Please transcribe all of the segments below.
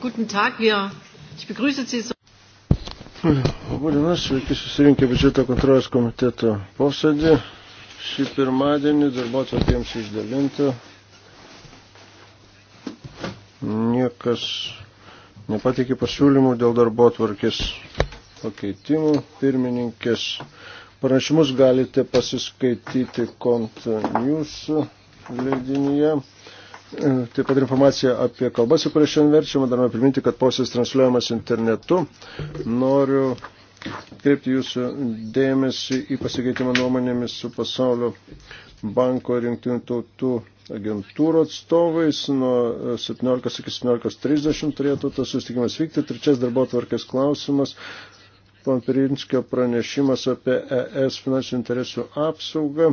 Guten Tag, wir, ich begrüße Sie so. Labadienas, sveiki susirinkę biudžeto kontrolės komiteto posėdį. Šį pirmadienį darbuotojams jiems išdalinta. Niekas nepateikė pasiūlymų dėl darbuotvarkės pakeitimų. Pirmininkės pranešimus galite pasiskaityti kont news leidinyje. Taip pat informacija apie kalbas, į kurias šiandien verčiama. Dar noriu priminti, kad posėdis transliuojamas internetu. Noriu kreipti jūsų dėmesį į pasikeitimą nuomonėmis su pasaulio banko ir jungtinių tautų agentūrų atstovais. Nuo 17 e, iki 17.30 turėtų tas susitikimas vykti. Trečias darbo tvarkės klausimas. Pampirinskio pranešimas apie ES finansinių interesų apsaugą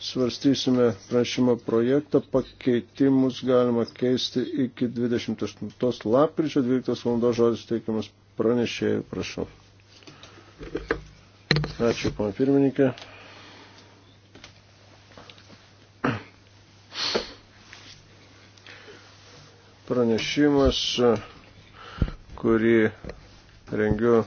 svarstysime prašymo projektą, pakeitimus galima keisti iki 28 lapkričio 12 val. žodis teikiamas pranešėjai, prašau. Ačiū, pana pirmininkė. Pranešimas, kurį rengiu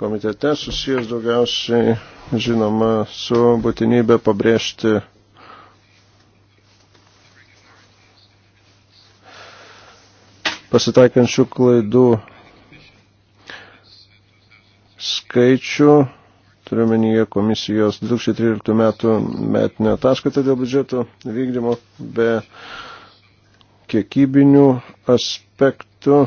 komitete, susijęs daugiausiai žinoma, su būtinybė pabrėžti pasitaikančių klaidų skaičių, turiuomenyje komisijos 2013 metų metinę ataskaitą dėl biudžeto vykdymo be kiekybinių aspektų.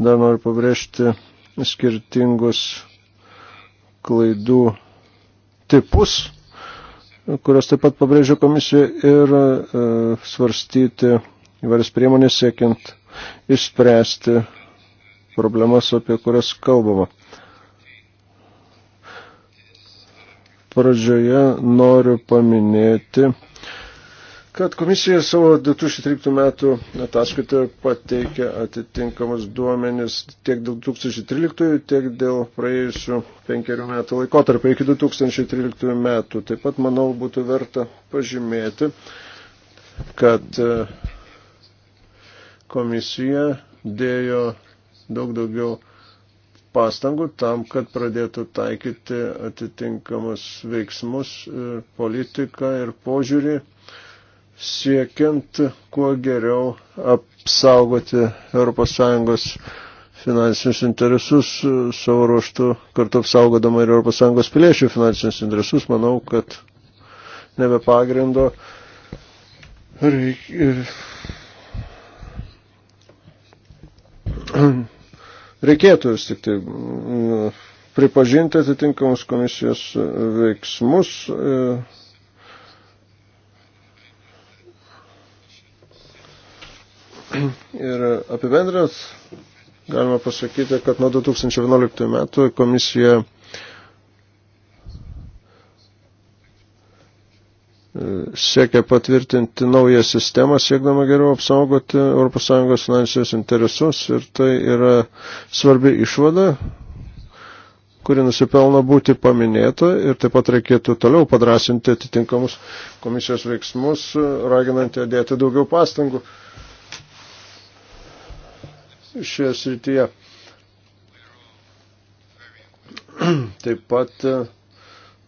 Dar noriu pabrėžti skirtingus klaidų tipus, kurios taip pat pabrėžia komisija ir e, svarstyti įvairias priemonės siekiant išspręsti problemas, apie kurias kalbama. Pradžioje noriu paminėti kad komisija savo 2013 metų ataskaitoje pateikė atitinkamus duomenis tiek dėl 2013, tiek dėl praėjusių penkerių metų laikotarpio iki 2013 metų. Taip pat, manau, būtų verta pažymėti, kad e, komisija dėjo daug daugiau pastangų tam, kad pradėtų taikyti atitinkamus veiksmus, e, politiką ir požiūrį siekiant kuo geriau apsaugoti ES finansinius interesus, e, savo ruoštų kartu apsaugodama ir ES piliečių finansinius interesus, manau, kad nebe pagrindo e, reikėtų vis tik tai mm, pripažinti atitinkamus komisijos veiksmus. E, Ir apibendrinant, galima pasakyti, kad nuo 2011 metų komisija e, siekia patvirtinti naują sistemą, siekdama geriau apsaugoti ES finansijos interesus ir tai yra svarbi išvada, kuri nusipelno būti paminėta ir taip pat reikėtų toliau padrasinti atitinkamus komisijos veiksmus, raginant dėti daugiau pastangų šioje srityje. Taip pat e,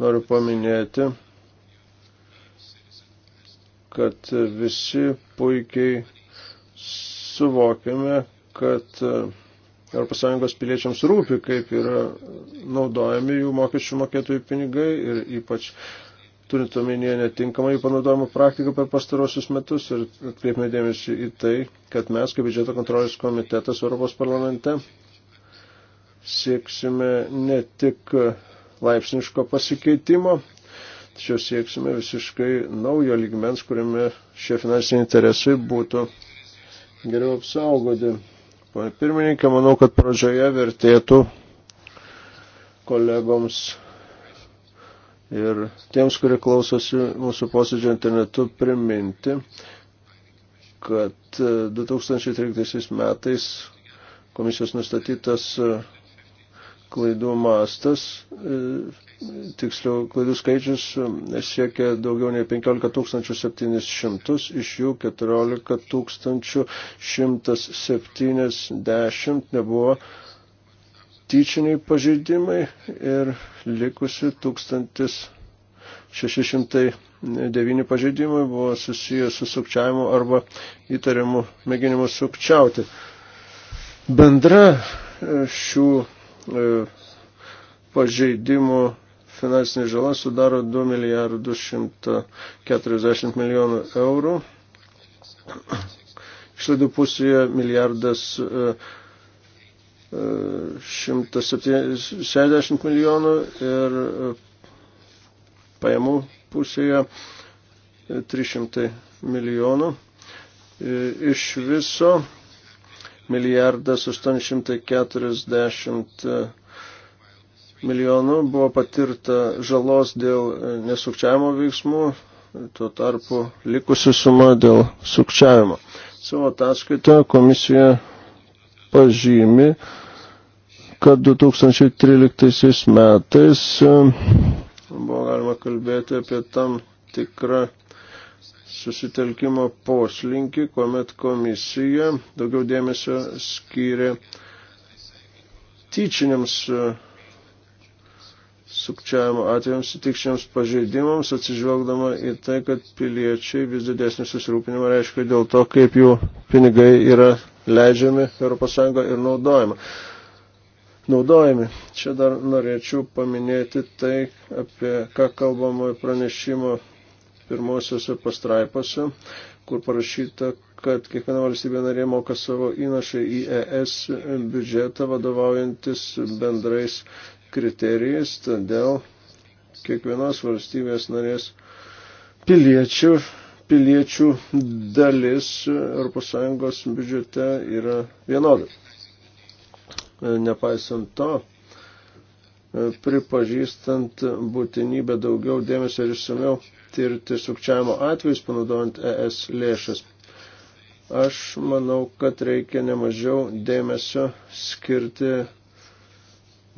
noriu paminėti, kad visi puikiai suvokiame, kad ES piliečiams rūpi, kaip yra naudojami jų mokesčių mokėtojų pinigai ir ypač turint omenyje netinkamai panaudojimo praktiką per pastarosius metus ir atkreipime dėmesį į tai, kad mes kaip biudžeto kontrolės komitetas Europos parlamente sieksime ne tik laipsniško pasikeitimo, tačiau sieksime visiškai naujo lygmens, kuriame šie finansiniai interesai būtų geriau apsaugoti. Pane pirmininkė, manau, kad pradžioje vertėtų kolegoms ir tiems, kurie klausosi mūsų posėdžio internetu, priminti, kad 2013 e, metais komisijos nustatytas e, klaidų mastas, e, tiksliau klaidų skaičius siekia daugiau nei 15 700, iš jų 14 170 nebuvo tyčiniai pažeidimai ir likusi 1609 pažeidimai buvo susijęs su sukčiavimu arba įtariamu mėginimu sukčiauti. Bendra e, šių e, pažeidimų finansinė žala sudaro 2 milijardus 140 milijonų eurų. Išlaidų pusėje milijardas 1 e, 160 milijonų ir e, pajamų pusėje 300 e, milijonų. E, iš viso milijardas 840 milijonų buvo patirta žalos dėl nesukčiavimo veiksmų, tuo tarpu likusi suma dėl sukčiavimo. Savo ataskaitoje komisija pažymi, kad 2013 metais e, buvo galima kalbėti apie tam tikrą susitelkimo poslinkį, kuomet komisija daugiau dėmesio skyrė tyčiniams e, sukčiavimo atvejams, tikščiams pažeidimams, atsižvelgdama į tai, kad piliečiai vis didesnį susirūpinimą reiškia dėl to, kaip jų pinigai yra leidžiami ES ir naudojama naudojami. Čia dar norėčiau paminėti tai, apie ką kalbama pranešimo pirmosiuose pastraipose, kur parašyta, kad kiekviena valstybė narė moka savo įnašą į ES biudžetą vadovaujantis bendrais kriterijais, todėl kiekvienos valstybės narės piliečių, piliečių dalis ES biudžete yra vienoda nepaisant to, e, pripažįstant būtinybę daugiau dėmesio ir išsamiau tirti sukčiavimo atvejus, panaudojant ES lėšas. Aš manau, kad reikia nemažiau dėmesio skirti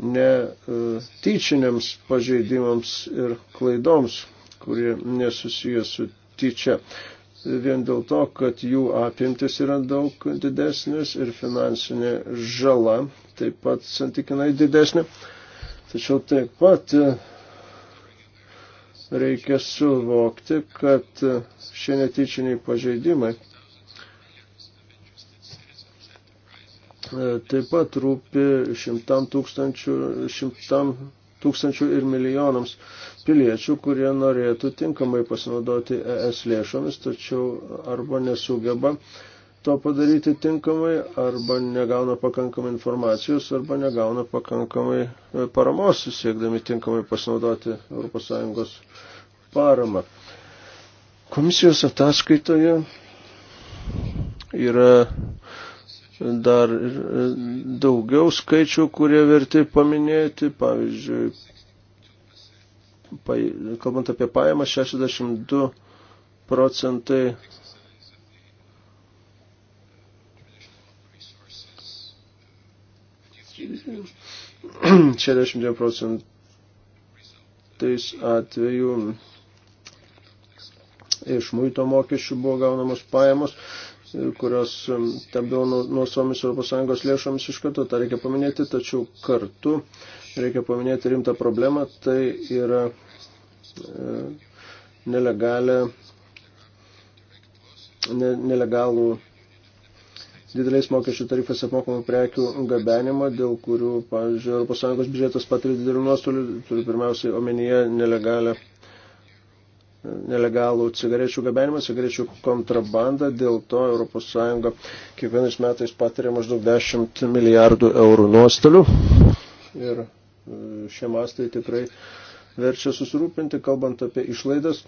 netyčiniams e, pažeidimams ir klaidoms, kurie nesusiję su tyčia. Vien dėl to, kad jų apimtis yra daug didesnis ir finansinė žala taip pat santykinai didesnė. Tačiau taip pat e, reikia suvokti, kad e, šie netyčiniai pažeidimai e, taip pat rūpi šimtam tūkstančių, šimtam tūkstančių ir milijonams piliečių, kurie norėtų tinkamai pasinaudoti ES lėšomis, tačiau arba nesugeba uh, to padaryti tinkamai, arba negauna pakankamai informacijos, arba negauna pakankamai e, paramos, siekdami tinkamai pasinaudoti ES paramą. Komisijos ataskaitoje yra dar e, daugiau skaičių, kurie verti paminėti, pavyzdžiui, kalbant apie pajamas, 62 procentai 62 procentais atveju iš muito mokesčių buvo gaunamos pajamos, kurios um, tabdavo nuosomis Europos Sąjungos lėšomis iš karto, tą reikia paminėti, tačiau kartu reikia paminėti rimtą problemą, tai yra uh, nelegalę, ne, nelegalų dideliais mokesčių tarifais apmokamų prekių gabenimą, dėl kurių, pavyzdžiui, ES biudžetas patiria didelių nuostolių, turi pirmiausiai omenyje nelegalę nelegalų cigarečių gabenimą, cigarečių kontrabandą, dėl to ES kiekvienais metais patiria maždaug 10 milijardų eurų nuostolių. Ir e, šie mastai tikrai verčia susirūpinti, kalbant apie išlaidas.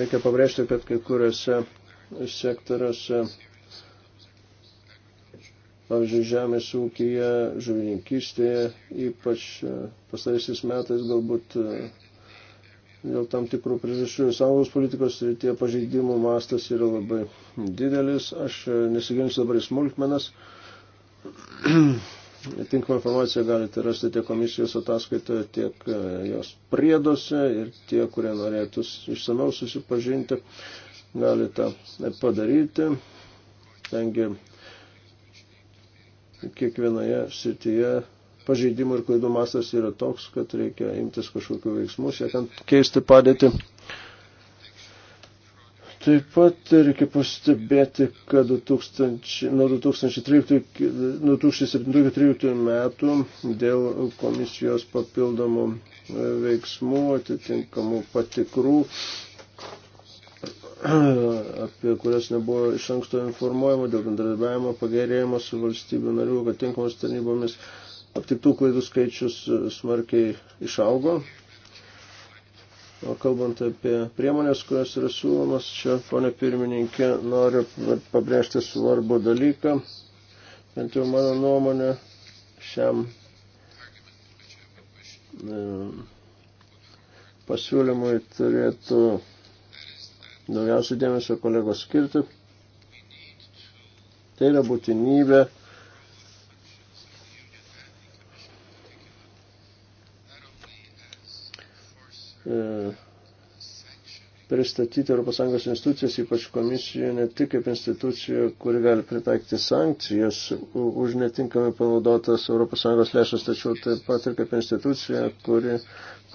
Reikia pabrėžti, kad kai kuriuose sektoriuose, pavyzdžiui, žemės ūkija, žuvininkystėje, ypač e, pastarysis metais galbūt e, dėl tam tikrų priežasčių sąjungos politikos srityje pažeidimų mastas yra labai didelis. Aš e, nesigilinsiu dabar į smulkmenas, Tinkamą informaciją galite rasti tiek komisijos ataskaitoje, tiek e, jos prieduose ir tie, kurie norėtų išsameu susipažinti, gali tą padaryti. Tengi kiekvienoje srityje pažeidimų ir klaidų mastas yra toks, kad reikia imtis kažkokių veiksmų, siekiant keisti padėtį. Taip pat reikia pastebėti, kad 2000, nuo 2013-2013 metų dėl komisijos papildomų e, veiksmų, atitinkamų patikrų, apie kurias nebuvo iš anksto informuojama, dėl bendradarbiavimo pagerėjimo su valstybių narių atitinkamos tarnybomis, aptiktų klaidų skaičius e, smarkiai išaugo, O kalbant apie priemonės, kurios yra siūlomas, čia, ponė pirmininkė, noriu pabrėžti svarbų dalyką, bent jau mano nuomonė, šiam e, pasiūlymui turėtų daugiausiai dėmesio kolegos skirti. Tai yra būtinybė E, pristatyti ES institucijas, ypač komisiją, ne tik kaip instituciją, kuri gali pritaikyti sankcijas už netinkamai panaudotas ES lėšas, tačiau taip pat ir kaip institucija, kuri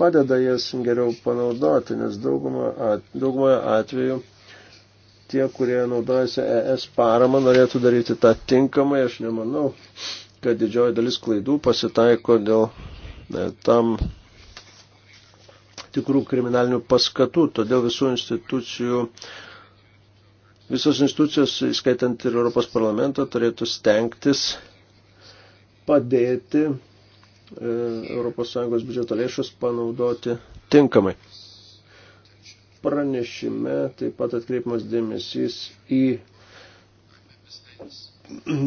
padeda jas geriau panaudoti, nes daugumoje atveju tie, kurie naudojasi ES paramą, norėtų daryti tą tinkamai. Aš nemanau, kad didžioji dalis klaidų pasitaiko dėl ne, tam tikrų kriminalinių paskatų, todėl visų institucijų, visos institucijos, įskaitant ir Europos parlamentą, turėtų stengtis padėti e, ES biudžeto lėšas panaudoti tinkamai. Pranešime taip pat atkreipimas dėmesys į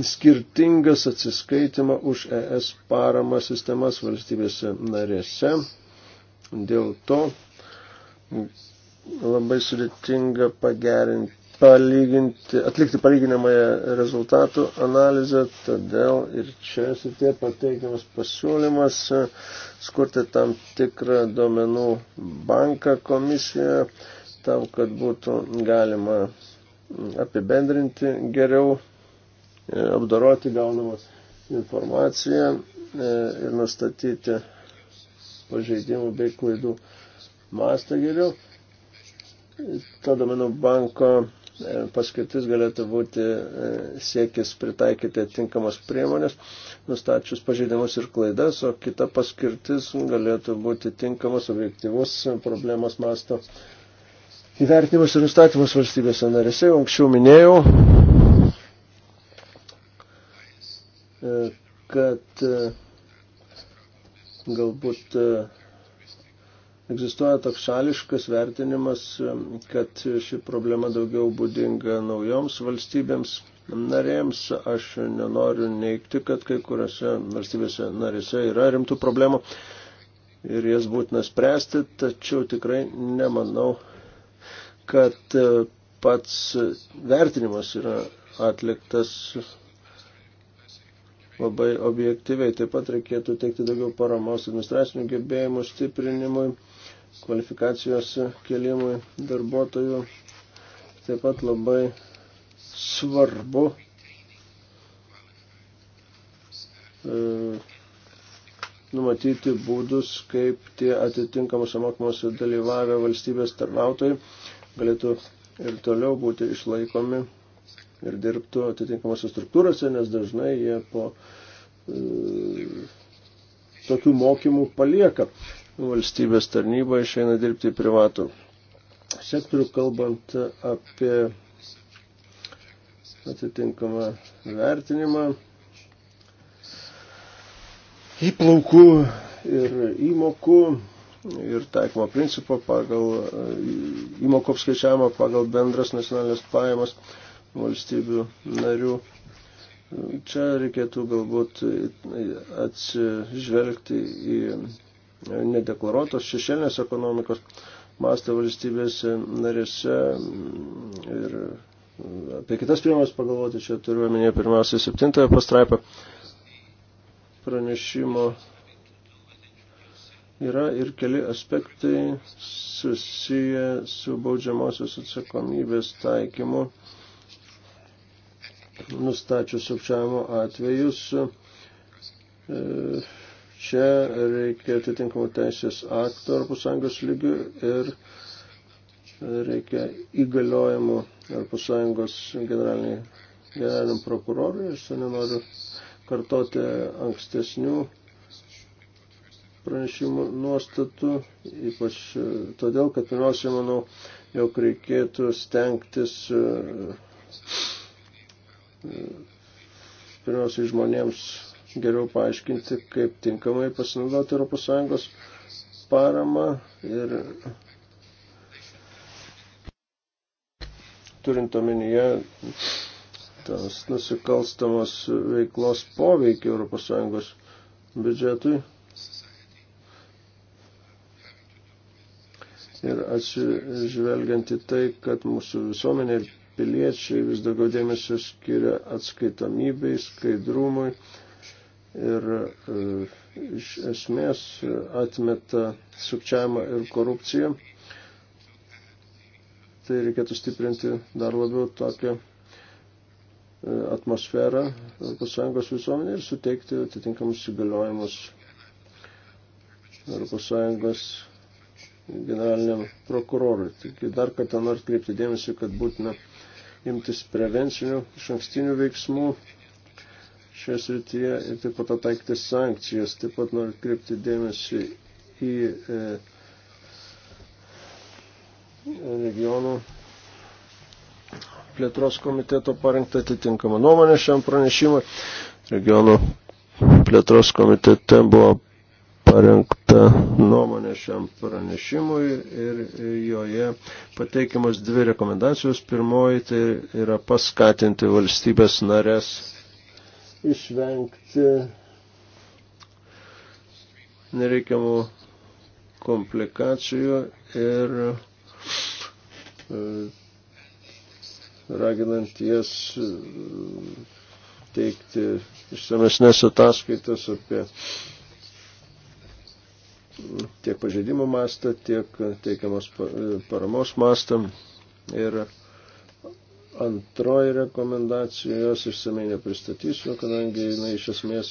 skirtingas atsiskaitimą už ES paramą sistemas valstybėse narėse. Dėl to labai sudėtinga pagerinti, palyginti, atlikti palyginamąją rezultatų analizę, todėl ir čia sitie pateikiamas pasiūlymas e, skurti tam tikrą duomenų banką komisiją, tam, kad būtų galima apibendrinti geriau, e, apdoroti gaunamą informaciją e, ir nustatyti pažeidimų bei klaidų mastą geriau. To domenų banko e, paskirtis galėtų būti e, siekis pritaikyti tinkamas priemonės, nustačius pažeidimus ir klaidas, o kita paskirtis galėtų būti tinkamas objektyvus problemos masto įvertinimas ir nustatymas valstybėse narėse. Jau anksčiau minėjau, e, kad Galbūt e, egzistuoja toks šališkas vertinimas, e, kad ši problema daugiau būdinga naujoms valstybėms narėms. Aš nenoriu neikti, kad kai kuriuose valstybėse narėse yra rimtų problemų ir jas būtina spręsti, tačiau tikrai nemanau, kad e, pats vertinimas yra atliktas labai objektyviai. Taip pat reikėtų teikti daugiau paramos administracinių gebėjimų stiprinimui, kvalifikacijos kelimui darbuotojų. Taip pat labai svarbu e, numatyti būdus, kaip tie atitinkamuose mokymuose dalyvavę valstybės tarnautojai galėtų ir toliau būti išlaikomi ir dirbtų atitinkamose struktūrose, nes dažnai jie po e, tokių mokymų palieka valstybės tarnybą, išeina dirbti į privatų sektorių, kalbant apie atitinkamą vertinimą įplaukų ir įmokų ir taikymo principo pagal įmokų apskaičiavimą pagal bendras nacionalinės pajamas valstybių narių. Čia reikėtų galbūt atsižvelgti į nedeklaruotos šešėlinės ekonomikos mastą valstybėse narėse ir apie kitas priemonės pagalvoti. Čia turiu omenyje pirmiausia septintąją pastraipą pranešimo. Yra ir keli aspektai susiję su baudžiamosios atsakomybės taikymu nustačius sukčiavimo atvejus. E, čia reikia atitinkamų teisės aktų Europos Sąjungos lygių ir reikia įgaliojimų Europos Sąjungos generaliniam prokurorui. Aš nenoriu kartoti ankstesnių pranešimų nuostatų, ypač todėl, kad pirmiausia, manau, jog reikėtų stengtis e, pirmiausiai žmonėms geriau paaiškinti, kaip tinkamai pasinaudoti ES paramą ir turint omenyje tas nusikalstamos veiklos poveikį ES biudžetui ir atsižvelgiant į tai, kad mūsų visuomenė ir piliečiai vis daugiau dėmesio skiria atskaitomybei, skaidrumui ir e, iš esmės atmeta sukčiavimą ir korupciją. Tai reikėtų stiprinti dar labiau tokią e, atmosferą ES visuomenė ir suteikti atitinkamus įgaliojimus ES generaliniam prokurorui. Taigi dar kartą noriu kreipti dėmesį, kad būtina imtis prevencinių iš ankstinių veiksmų šioje srityje ir taip pat ataikyti sankcijas. Taip pat noriu kreipti dėmesį į e, regionų plėtros komiteto parengtą atitinkamą nuomonę šiam pranešimui. Regionų plėtros komitete buvo parengta nuomonė šiam pranešimui ir joje pateikiamas dvi rekomendacijos. Pirmoji tai yra paskatinti valstybės narės išvengti nereikiamų komplikacijų ir e, raginant jas e, teikti išsamesnės ataskaitas apie tiek pažeidimo mastą, tiek teikiamos paramos mastą. Ir antroji rekomendacija, jos išsamei nepristatysiu, kadangi jinai iš esmės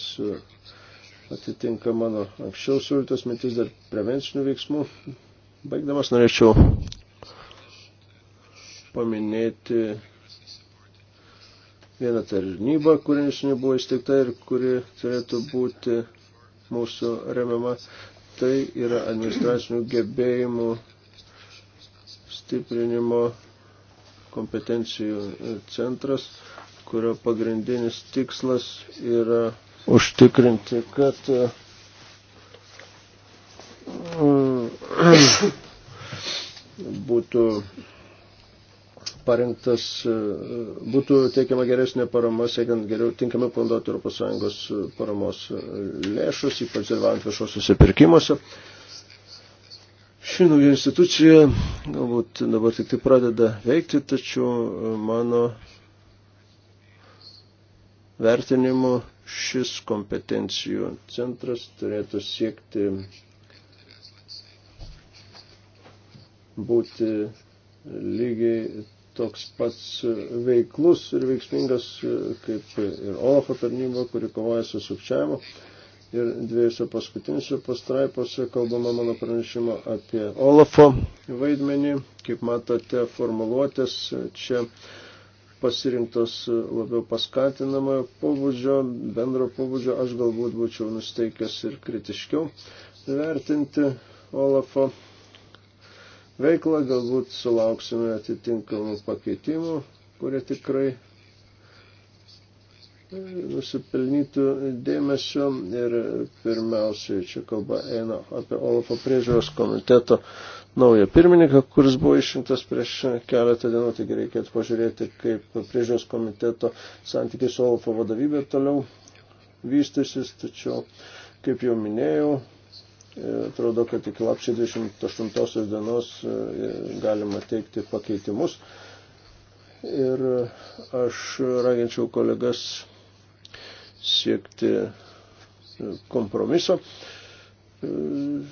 atitinka mano anksčiau siūlytas mintis dar prevencinių veiksmų. Baigdamas norėčiau paminėti vieną tarnybą, kuri nesiniai buvo įsteigta ir kuri turėtų būti mūsų remiama. Tai yra administracinių gebėjimų stiprinimo kompetencijų centras, kurio pagrindinis tikslas yra užtikrinti, kad uh, būtų parengtas, e, būtų teikiama geresnė parama, siekiant geriau tinkamai panaudoti ES e, paramos e, lėšus, ypač dalyvaujant viešosiuose pirkimuose. Ši nauja institucija galbūt dabar tik tai pradeda veikti, tačiau mano vertinimu šis kompetencijų centras turėtų siekti būti lygiai toks pats veiklus ir veiksmingas kaip ir OLAFO tarnyba, kuri kovoja su sukčiavimu. Ir dviejose paskutinėse pastraipose kalbama mano pranešimo apie OLAFO vaidmenį. Kaip matote, formuluotės čia pasirinktos labiau paskatinamojo pobūdžio, bendro pobūdžio, aš galbūt būčiau nusteikęs ir kritiškiau vertinti Olafo veiklą, galbūt sulauksime atitinkamų pakeitimų, kurie tikrai nusipelnytų dėmesio ir pirmiausiai čia kalba eina apie Olafo priežiūros komiteto naują pirmininką, kuris buvo išrinktas prieš keletą dienų, taigi reikėtų pažiūrėti, kaip priežiūros komiteto santykiai su Olafo vadovybė toliau vystysis, tačiau, kaip jau minėjau, E, atrodo, kad iki lapčio 28 dienos e, galima teikti pakeitimus. Ir aš raginčiau kolegas siekti e, kompromiso tam,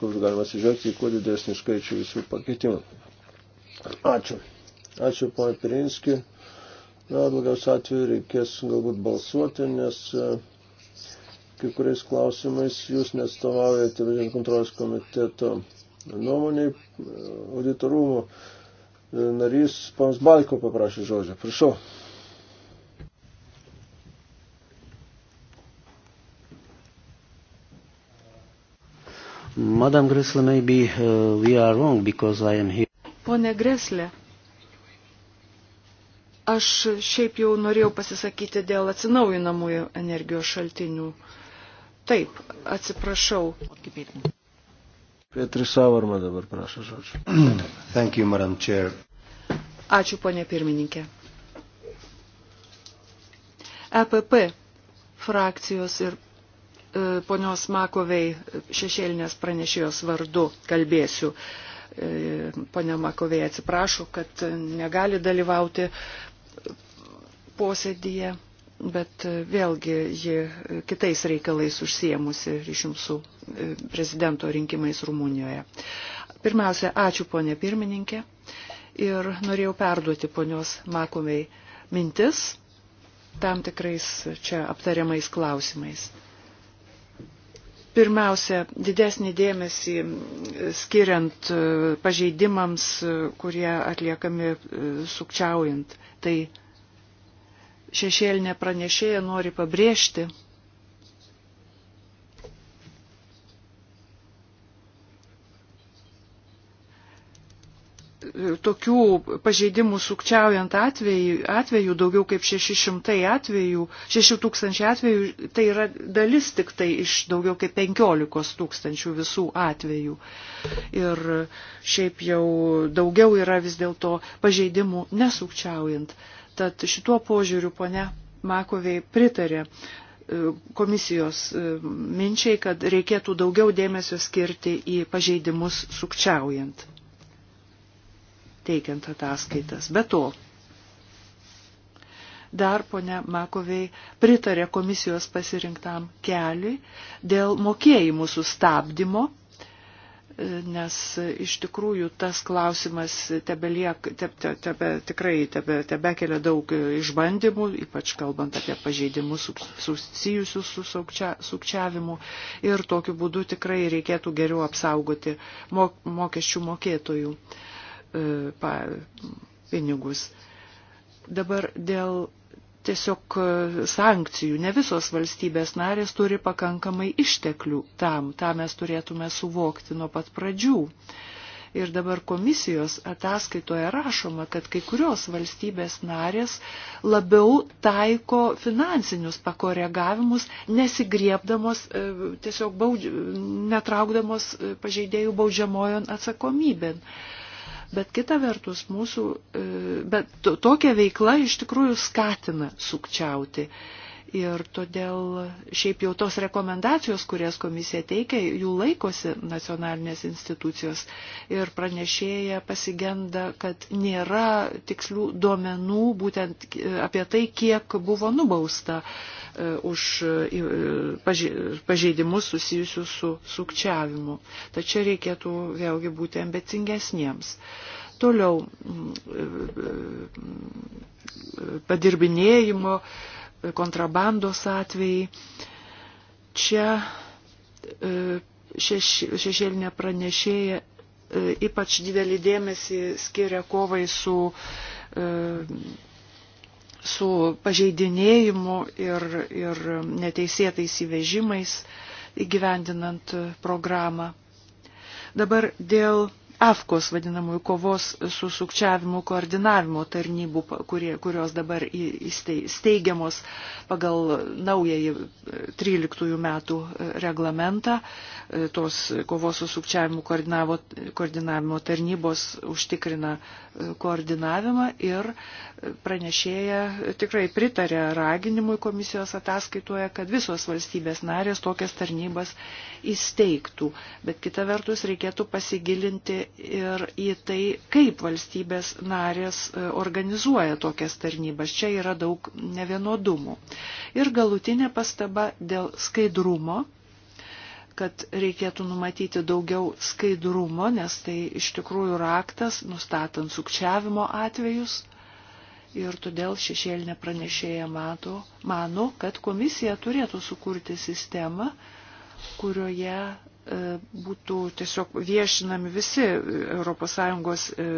kad galima atsižvelgti į kuo didesnį skaičių visų pakeitimų. Ačiū. Ačiū, ponai Pirinski. Na, daugiausia atveju reikės galbūt balsuoti, nes kai kuriais klausimais jūs neatstovaujate Vidinio kontrolės komiteto nuomoniai auditorumo narys Pams Balko paprašė žodžio. Prašau. Madam Gressle, maybe uh, we are wrong because I am here. Pone Greslė, aš šiaip jau norėjau pasisakyti dėl atsinaujinamųjų energijos šaltinių. Uh, Taip, atsiprašau. Petris Savarma dabar prašo žodžiu. Thank you, Madam Chair. Ačiū, ponė pirmininkė. EPP frakcijos ir e, ponios Makovei šešėlinės pranešėjos vardu kalbėsiu. E, ponia Makovei atsiprašo, kad negali dalyvauti posėdyje bet e, vėlgi ji e, kitais reikalais užsiemusi ryšium su e, prezidento rinkimais Rumunijoje. Pirmiausia, ačiū ponė pirmininkė ir norėjau perduoti ponios Makumiai mintis tam tikrais čia aptariamais klausimais. Pirmiausia, didesnį dėmesį skiriant pažeidimams, kurie atliekami sukčiaujant, tai šešėlinė pranešėja nori pabrėžti, tokių pažeidimų sukčiaujant atveju, atveju daugiau kaip 600 atvejų, 6000 atvejų, tai yra dalis tik tai iš daugiau kaip 15 tūkstančių visų atvejų. Ir šiaip jau daugiau yra vis dėlto pažeidimų nesukčiaujant Tad šituo požiūriu ponia Makoviai pritarė e, komisijos e, minčiai, kad reikėtų daugiau dėmesio skirti į pažeidimus sukčiaujant, teikiant ataskaitas. Be to, dar ponia Makoviai pritarė komisijos pasirinktam keliui dėl mokėjimų sustabdymo nes iš tikrųjų tas klausimas tebeliek, tebe, tebe, tikrai tebe, tebe kelia daug išbandymų, ypač kalbant apie pažeidimus susijusius su sukčia, sukčiavimu. Ir tokiu būdu tikrai reikėtų geriau apsaugoti mok, mokesčių mokėtojų e, pa, pinigus. Dabar dėl tiesiog e, sankcijų. Ne visos valstybės narės turi pakankamai išteklių tam. Ta mes turėtume suvokti nuo pat pradžių. Ir dabar komisijos ataskaitoje rašoma, kad kai kurios valstybės narės labiau taiko finansinius pakoregavimus, nesigriepdamos, e, tiesiog baudži, netraukdamos e, pažeidėjų baudžiamojon atsakomybėn. Bet kita vertus, mūsų, e, bet tokia veikla iš tikrųjų skatina sukčiauti. E, Ir todėl šiaip jau tos rekomendacijos, kurias komisija teikia, jų laikosi nacionalinės institucijos. Ir pranešėja pasigenda, kad nėra tikslių duomenų būtent apie tai, kiek buvo nubausta e, už e, pažeidimus susijusius su sukčiavimu. Tačiau reikėtų vėlgi būti ambicingesniems toliau e, padirbinėjimo kontrabandos atvejai. Čia e, šeš, šešėlinė pranešėja e, ypač didelį dėmesį skiria kovai su, e, su pažeidinėjimu ir, ir neteisėtais įvežimais įgyvendinant programą. Dabar dėl AFKOS vadinamųjų kovos su sukčiavimu koordinavimo tarnybų, kurie, kurios dabar steigiamos pagal naująjį 13 e, metų e, reglamentą. E, tos kovos su sukčiavimu koordinavimo tarnybos užtikrina koordinavimą ir pranešėja tikrai pritarė raginimui komisijos ataskaitoje, kad visos valstybės narės tokias tarnybas įsteigtų. Bet kita vertus reikėtų pasigilinti ir į tai, kaip valstybės narės e, organizuoja tokias tarnybas. Čia yra daug nevienodumų. Ir galutinė pastaba dėl skaidrumo kad reikėtų numatyti daugiau skaidrumo, nes tai iš tikrųjų raktas, nustatant sukčiavimo atvejus, ir todėl šešėlinė pranešėja mato, mano, kad komisija turėtų sukurti sistemą, kurioje e, būtų tiesiog viešinami visi ES e,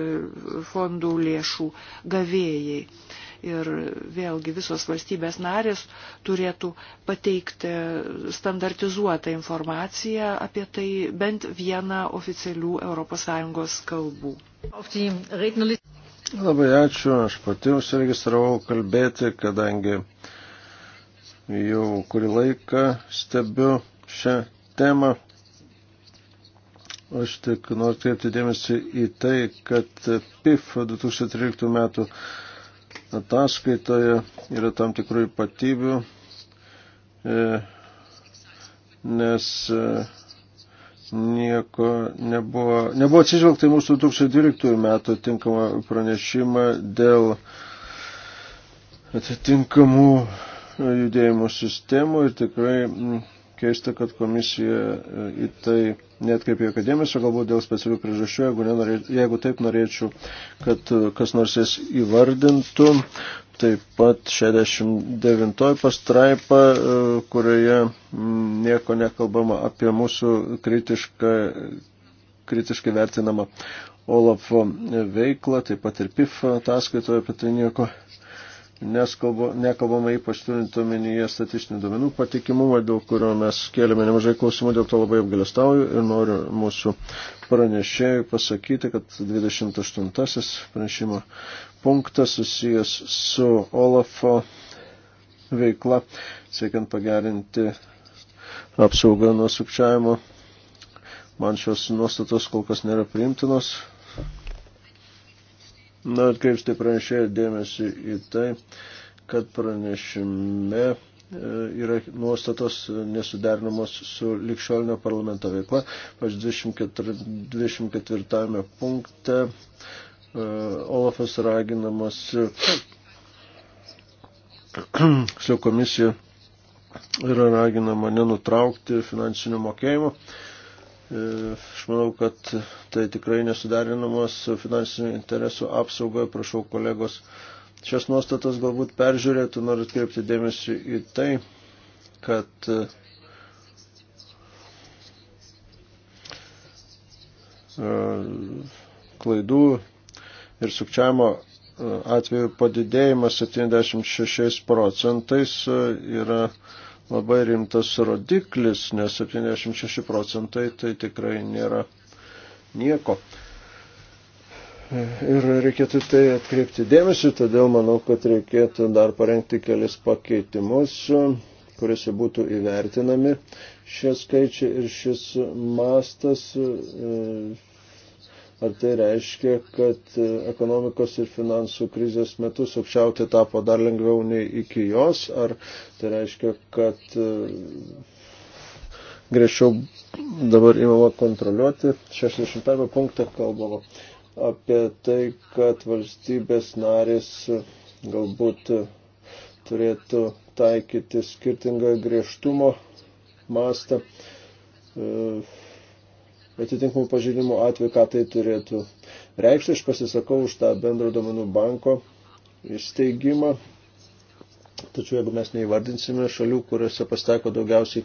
fondų lėšų gavėjai. Ir vėlgi visos valstybės narės turėtų pateikti standartizuotą informaciją apie tai bent vieną oficialių ES kalbų. Labai ačiū, aš pati užsiregistravau kalbėti, kadangi jau kurį laiką stebiu šią temą. Aš tik noriu atkreipti dėmesį į tai, kad PIF 2013 metų ataskaitoje yra tam tikrų ypatybių, e, nes e, nieko nebuvo, nebuvo atsižvelgta į mūsų 2012 metų tinkamą pranešimą dėl atitinkamų judėjimo sistemų ir tikrai keista, kad komisija e, į tai netkreipė jokio dėmesio, galbūt dėl specialių priežasčių, jeigu, nenorė, jeigu taip norėčiau, kad e, kas nors jas įvardintų. Taip pat 69 pastraipa, e, kurioje nieko nekalbama apie mūsų kritišką, kritiškai vertinamą Olafo veiklą, taip pat ir PIF ataskaitoje apie tai nieko Neskalbu, nekalbama ypač turint omenyje statistinių duomenų patikimumą, dėl kurio mes kėlėme nemažai klausimų, dėl to labai apgalestauju ir noriu mūsų pranešėjui pasakyti, kad 28 pranešimo punktas susijęs su Olafo veikla, siekiant pagerinti apsaugą nuo sukčiavimo. Man šios nuostatos kol kas nėra priimtinos, Na, atkreipsti pranešėją dėmesį į tai, kad pranešime e, yra nuostatos nesuderinamos su likščiolinio parlamento veikla. Pač 24, 24 punkte e, Olafas raginamas e, su komisija yra raginama nenutraukti finansinio mokėjimo. E, aš manau, kad tai tikrai nesudarinamos finansinių interesų apsaugoje. Prašau kolegos, šias nuostatas galbūt peržiūrėtų, noriu atkreipti dėmesį į tai, kad e, klaidų ir sukčiamo e, atveju padidėjimas 76 procentais yra labai rimtas rodiklis, nes 76 procentai tai tikrai nėra nieko. Ir reikėtų tai atkreipti dėmesį, todėl manau, kad reikėtų dar parengti kelis pakeitimus, kuriuose būtų įvertinami šie skaičiai ir šis mastas. E, Ar tai reiškia, kad e, ekonomikos ir finansų krizės metu sukčiauti tapo dar lengviau nei iki jos? Ar tai reiškia, kad e, griežčiau dabar įmama kontroliuoti? 61 punktą kalbama apie tai, kad valstybės narės e, galbūt turėtų taikyti skirtingą griežtumo mastą. E, atitinkamų pažeidimų atveju, ką tai turėtų reikšti. Aš pasisakau už tą bendro domenų banko įsteigimą. Tačiau jeigu mes neįvardinsime šalių, kuriuose pasteko daugiausiai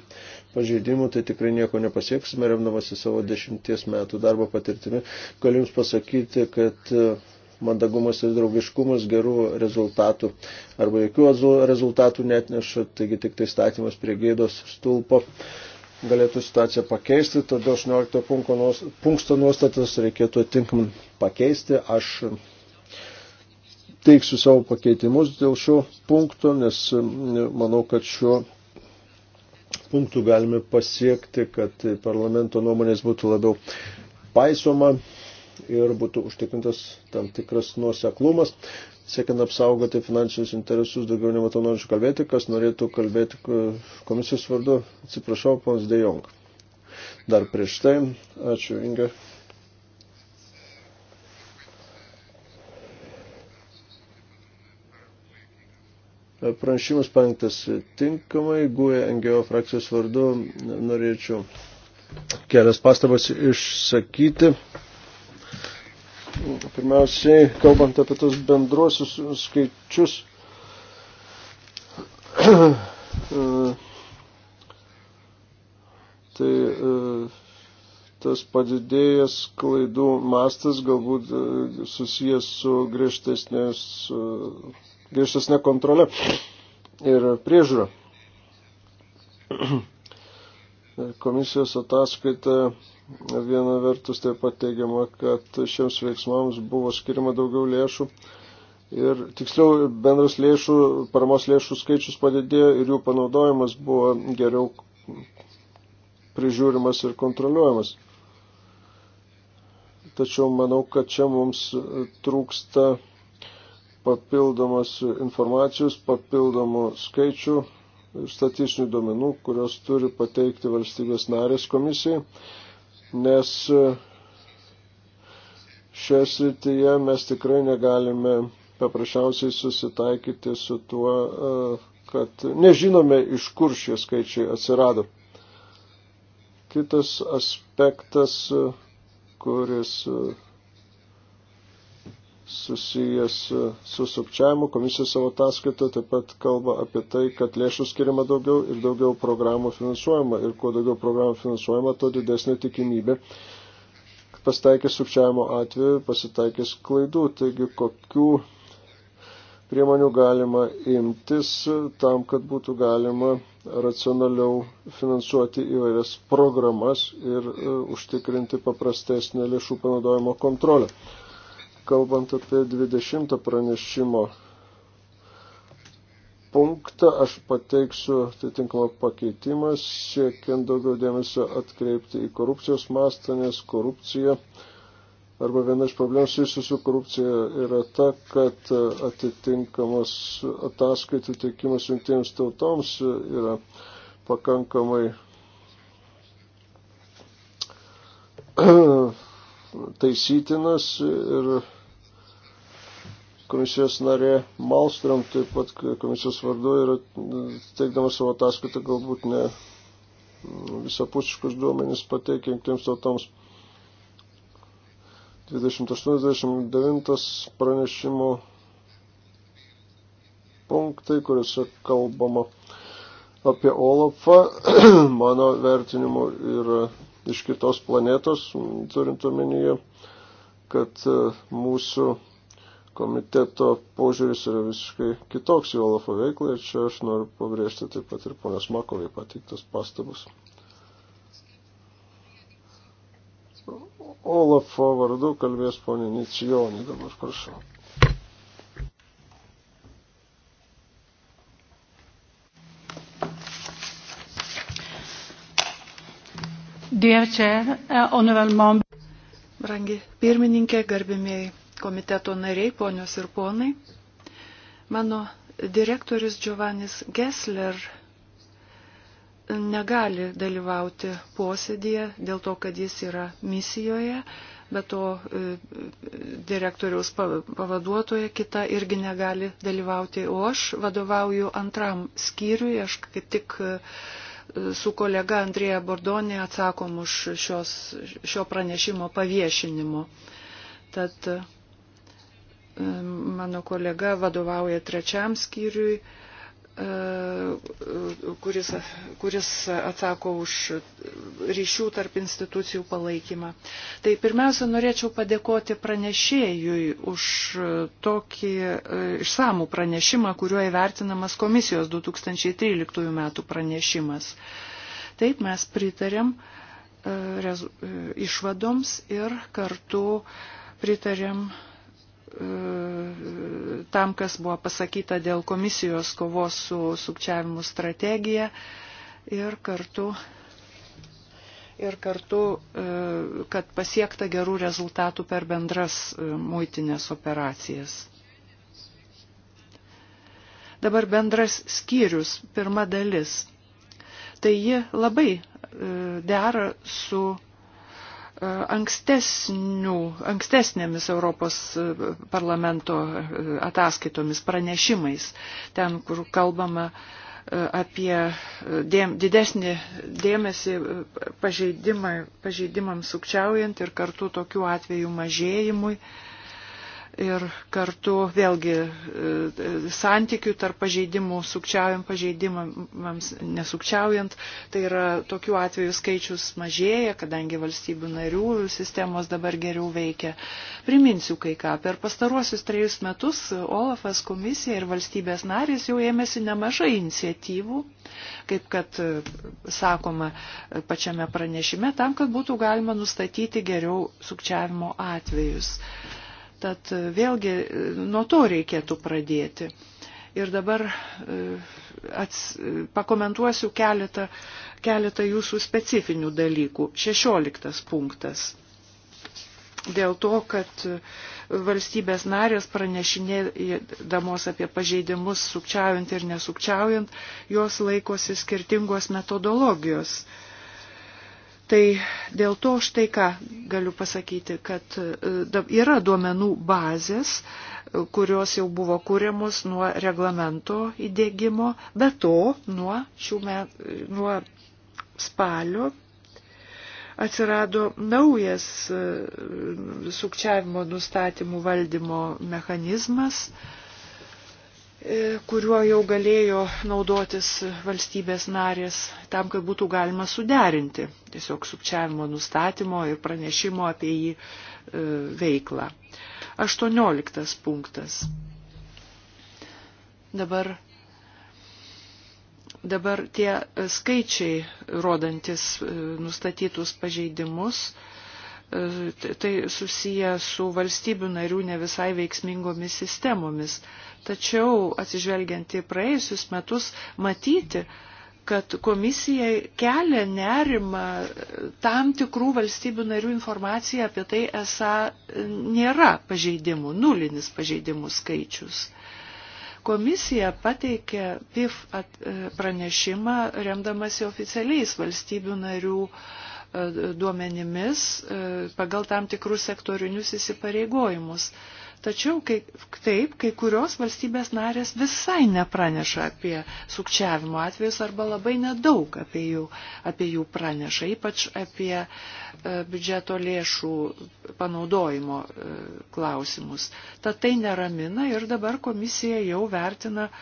pažeidimų, tai tikrai nieko nepasieksime, remdamasi savo dešimties metų darbo patirtimi. Galiu Jums pasakyti, kad e, mandagumas ir draugiškumas gerų rezultatų arba jokių rezultatų net neša, taigi tik tai statymas prie gėdos stulpo. Uh, galėtų situaciją pakeisti, todėl 18 punkto nuostatas reikėtų atinkamai pakeisti. Aš teiksiu savo pakeitimus dėl šio punkto, nes manau, kad šiuo punktu galime pasiekti, kad parlamento nuomonės būtų labiau paisoma ir būtų užtikrintas tam tikras nuoseklumas siekiant apsaugoti finansinius interesus, daugiau nematau norinčių kalbėti, kas norėtų kalbėti komisijos vardu, atsiprašau, pons De Jong. Dar prieš tai, ačiū Inga. Pranešimas penktas tinkamai, guoja e NGO frakcijos vardu, norėčiau kelias pastabas išsakyti. Pirmiausiai, kalbant apie tos bendruosius skaičius, tai e, tas padidėjęs klaidų mastas galbūt e, susijęs su griežtesnė e, kontrole ir priežiūra. Komisijos ataskaita viena vertus taip pat teigiama, kad šiems veiksmams buvo skirima daugiau lėšų. Ir tiksliau bendras lėšų, paramos lėšų skaičius padidėjo ir jų panaudojimas buvo geriau prižiūrimas ir kontroliuojamas. Tačiau manau, kad čia mums trūksta papildomas informacijos, papildomų skaičių, statistinių duomenų, kurios turi pateikti valstybės narės komisijai, nes e, šioje srityje mes tikrai negalime paprasčiausiai susitaikyti su tuo, e, kad nežinome, iš kur šie skaičiai atsirado. Kitas aspektas, kuris e, susijęs e, su sukčiavimu. Komisija savo ataskaitą taip pat kalba apie tai, kad lėšų skiriama daugiau ir daugiau programų finansuojama. Ir kuo daugiau programų finansuojama, tuo didesnė tikimybė, kad pasitaikės sukčiavimo atveju, pasitaikės klaidų. Taigi, kokių priemonių galima imtis tam, kad būtų galima racionaliau finansuoti įvairias programas ir uh, užtikrinti paprastesnę lėšų panaudojimo kontrolę. Kalbant apie 20 pranešimo punktą, aš pateiksiu atitinkamą pakeitimą, siekiant daugiau dėmesio atkreipti į korupcijos mastą, nes korupcija arba viena iš problemų susijusių su korupcija yra ta, kad atitinkamas ataskaitų teikimas jungtinėms tautoms yra pakankamai taisytinas ir komisijos narė Malstrom taip pat komisijos vardu yra teikdama savo ataskaitą galbūt ne visapusiškus duomenys pateikia jungtinėms tautoms. 28-29 pranešimo punktai, kuriuose kalbama apie Olafą, mano vertinimu yra iš kitos planetos, turint omenyje, kad e, mūsų komiteto požiūris yra visiškai kitoks į Olafo veiklą ir čia aš noriu pabrėžti taip pat ir ponios Makovai pateiktas pastabas. Olafo vardu kalbės ponė Nicijonė dabar, prašau. Uh, Brangi pirmininkė, garbimieji komiteto nariai, ponios ir ponai, mano direktorius Giovannis Gessler negali dalyvauti posėdėje dėl to, kad jis yra misijoje, bet to uh, direktoriaus pavaduotoja kita irgi negali dalyvauti, o aš vadovauju antram skyriui, aš kaip tik uh, su kolega Andrėja Bordonė atsakom už šios, šio pranešimo paviešinimo. Tad e, mano kolega vadovauja trečiam skyriui E, kuris, kuris atsako už ryšių tarp institucijų palaikymą. Tai pirmiausia, norėčiau padėkoti pranešėjui už tokį e, išsamų pranešimą, kuriuo įvertinamas komisijos 2013 metų pranešimas. Taip mes pritarėm e, išvadoms ir kartu pritarėm tam, kas buvo pasakyta dėl komisijos kovos su sukčiavimu strategija ir kartu, ir kartu, e, kad pasiekta gerų rezultatų per bendras e, muitinės operacijas. Dabar bendras skyrius, pirma dalis. Tai ji labai e, dera su E, ankstesnėmis Europos e, parlamento e, ataskaitomis, pranešimais, ten, kur kalbama apie dėm, didesnį dėmesį pažeidimams sukčiaujant ir kartu tokių atvejų mažėjimui. Uh, ir kartu vėlgi e, santykių tarp pažeidimų, sukčiaujant pažeidimams, nesukčiaujant, tai yra tokių atvejų skaičius mažėja, kadangi valstybių narių sistemos dabar geriau veikia. Priminsiu kai ką, per pastaruosius trejus metus Olafas komisija ir valstybės narės jau ėmėsi nemažai iniciatyvų, kaip kad e, sakoma e, pačiame pranešime, tam, kad būtų galima nustatyti geriau sukčiavimo atvejus. Thank you Tad e, vėlgi e, nuo to reikėtų pradėti. Ir dabar e, ats, pakomentuosiu keletą, keletą jūsų specifinių dalykų. Šešioliktas punktas. Dėl to, kad valstybės narės pranešinėdamos apie pažeidimus sukčiaujant ir nesukčiaujant, jos laikosi skirtingos metodologijos. Uh, Tai dėl to štai ką galiu pasakyti, kad e, yra duomenų bazės, e, kurios jau buvo kūriamos nuo reglamento įdėgymo, bet to nuo, met, e, nuo spalio atsirado naujas sukčiavimo nustatymų valdymo mechanizmas, E, kuriuo jau galėjo naudotis valstybės narės tam, kad būtų galima suderinti tiesiog sukčiavimo nustatymo ir pranešimo apie jį e, veiklą. 18 punktas. Dabar, dabar tie skaičiai rodantis e, nustatytus pažeidimus, tai susiję su valstybių narių ne visai veiksmingomis sistemomis Tačiau atsižvelgiant į praėjusius metus, matyti, kad komisija kelia nerimą tam tikrų valstybių narių informaciją apie tai esą nėra pažeidimų, nulinis pažeidimų skaičius. Komisija pateikė PIF e, pranešimą remdamasi oficialiais valstybių narių e, duomenimis e, pagal tam tikrus sektorinius įsipareigojimus. Tačiau kai, taip, kai kurios valstybės narės visai nepraneša apie sukčiavimo atvejus arba labai nedaug apie jų, apie jų praneša, ypač apie e, biudžeto lėšų panaudojimo e, klausimus. Tad tai neramina ir dabar komisija jau vertina e,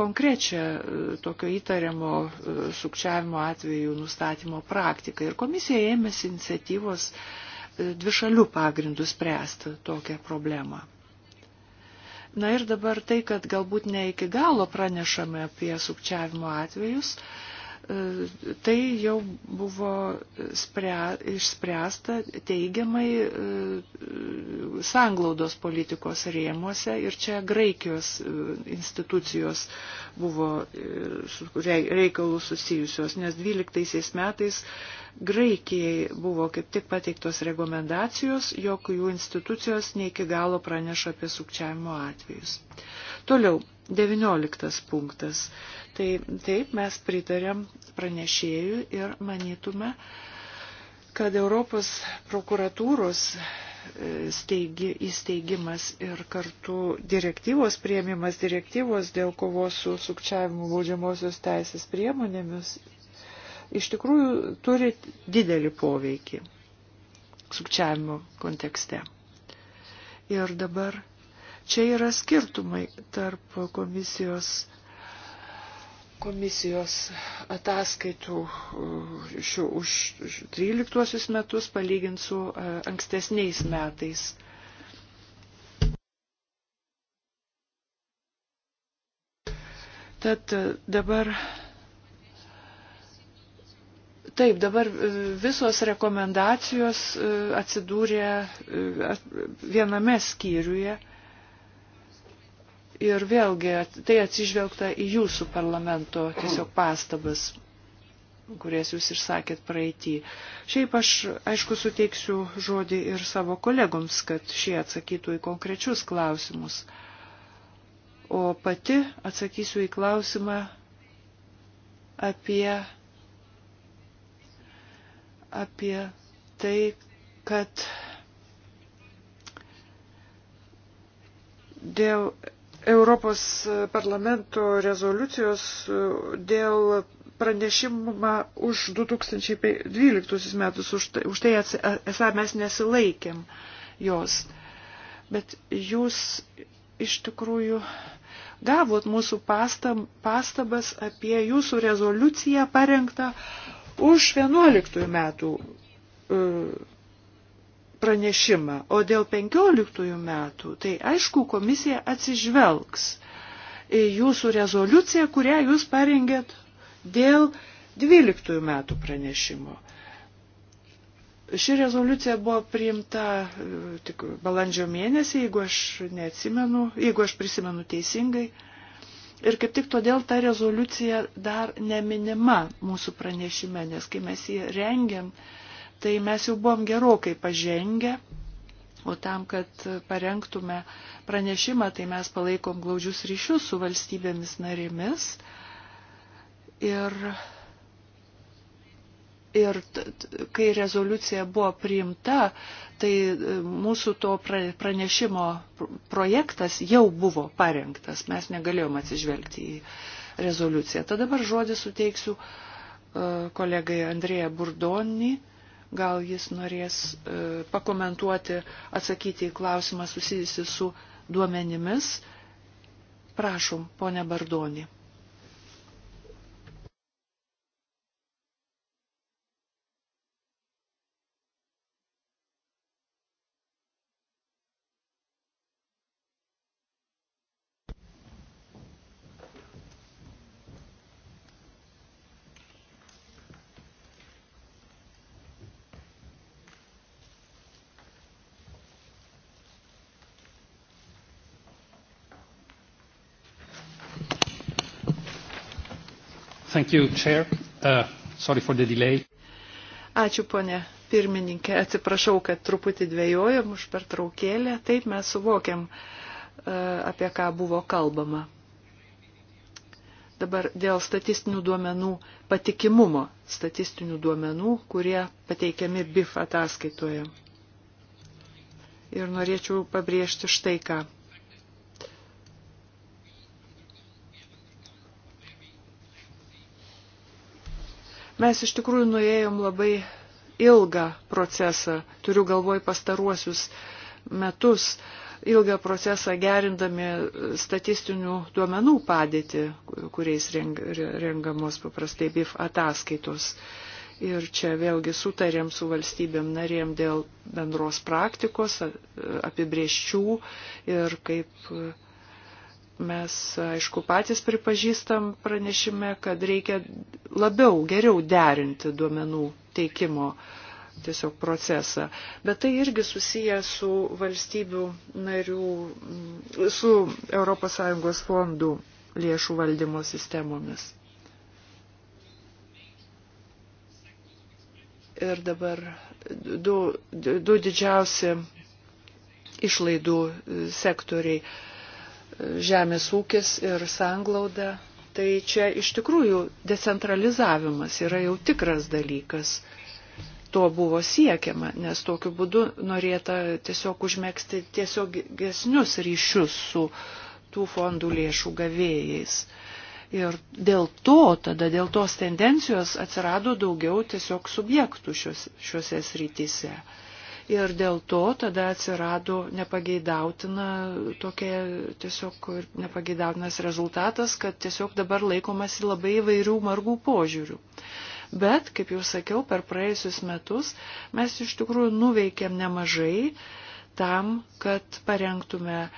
konkrečią e, tokio įtariamo e, sukčiavimo atvejų nustatymo praktiką. Ir komisija ėmėsi iniciatyvos e, dvišalių pagrindų spręsti tokią problemą. Na ir dabar tai, kad galbūt ne iki galo pranešame apie sukčiavimo atvejus, E, tai jau buvo spre, išspręsta teigiamai e, sanglaudos politikos rėmuose ir čia Graikijos e, institucijos buvo reikalus susijusios, nes 12 metais Graikijai buvo kaip tik pateiktos rekomendacijos, jog jų institucijos ne iki galo praneša apie sukčiavimo atvejus. Toliau, 19 punktas. Tai taip mes pritarėm pranešėjų ir manytume, kad Europos prokuratūros e, steigi, įsteigimas ir kartu direktyvos prieimimas, direktyvos dėl kovos su sukčiavimu baudžiamosios teisės priemonėmis iš tikrųjų turi didelį poveikį sukčiavimo kontekste. Ir dabar Čia yra skirtumai tarp komisijos, komisijos ataskaitų uh, šių, už 13 metus palyginti su uh, ankstesniais metais. Tad uh, dabar Taip, dabar visos rekomendacijos atsidūrė viename skyriuje ir vėlgi tai atsižvelgta į jūsų parlamento tiesiog pastabas, kurias jūs išsakėt praeitį. Šiaip aš, aišku, suteiksiu žodį ir savo kolegoms, kad šie atsakytų į konkrečius klausimus. O pati atsakysiu į klausimą apie, apie tai, kad dėl Europos parlamento rezoliucijos e, dėl pranešimą už 2012 metus, už tai, už tai e, esą mes nesilaikėm jos. Bet jūs iš tikrųjų gavot mūsų pastab, pastabas apie jūsų rezoliuciją parengtą už 11 metų uh, pranešimą. O dėl 15 metų, tai aišku, komisija atsižvelgs į jūsų rezoliuciją, kurią jūs parengėt dėl 12 metų pranešimo. Ši rezoliucija buvo priimta e, tik balandžio mėnesį, jeigu aš neatsimenu, jeigu aš prisimenu teisingai. Ir kaip tik todėl ta rezoliucija dar neminima mūsų pranešime, nes kai mes jį rengiam, uh, tai mes jau buvom gerokai pažengę. O tam, kad parengtume pranešimą, tai mes palaikom glaudžius ryšius su valstybėmis narėmis. Ir, ir t, t, kai rezoliucija buvo priimta, tai e, mūsų to pranešimo projektas jau buvo parengtas. Mes negalėjom atsižvelgti į rezoliuciją. Tad dabar žodį suteiksiu e, kolegai Andrėja Burdonį Gal jis norės e, pakomentuoti, atsakyti į klausimą susijusi su duomenimis. Prašom, ponė Bardoni. Thank you, Chair. Uh, sorry for the delay. Ačiū, ponė pirmininkė. Atsiprašau, kad truputį dvėjojom už pertraukėlę. Taip mes suvokiam, uh, apie ką buvo kalbama. Dabar dėl statistinių duomenų patikimumo, statistinių duomenų, kurie pateikiami BIF ataskaitoje. Ir norėčiau pabrėžti štai ką. Mes iš tikrųjų nuėjom labai ilgą procesą, turiu galvoj pastaruosius metus, ilgą procesą gerindami statistinių duomenų padėtį, kuriais rengamos paprastai BIF ataskaitos. Ir čia vėlgi sutarėm su valstybėm narėm dėl bendros praktikos, apibrieščių ir kaip Mes, aišku, patys pripažįstam pranešime, kad reikia labiau, geriau derinti duomenų teikimo tiesiog procesą. Bet tai irgi susiję su valstybių narių, mm, su ES fondų lėšų valdymo sistemomis. Ir dabar du, du didžiausi išlaidų sektoriai žemės ūkis ir sanglauda, tai čia iš tikrųjų decentralizavimas yra jau tikras dalykas. To buvo siekiama, nes tokiu būdu norėta tiesiog užmėgsti tiesiog gesnius ryšius su tų fondų lėšų gavėjais. Ir dėl to, tada dėl tos tendencijos atsirado daugiau tiesiog subjektų šios, šiuose srityse ir dėl to tada atsirado nepageidautina tokia tiesiog nepageidautinas rezultatas, kad tiesiog dabar laikomasi labai įvairių margų požiūrių. Bet, kaip jau sakiau, per praėjusius metus mes iš tikrųjų nuveikėm nemažai tam, kad parengtume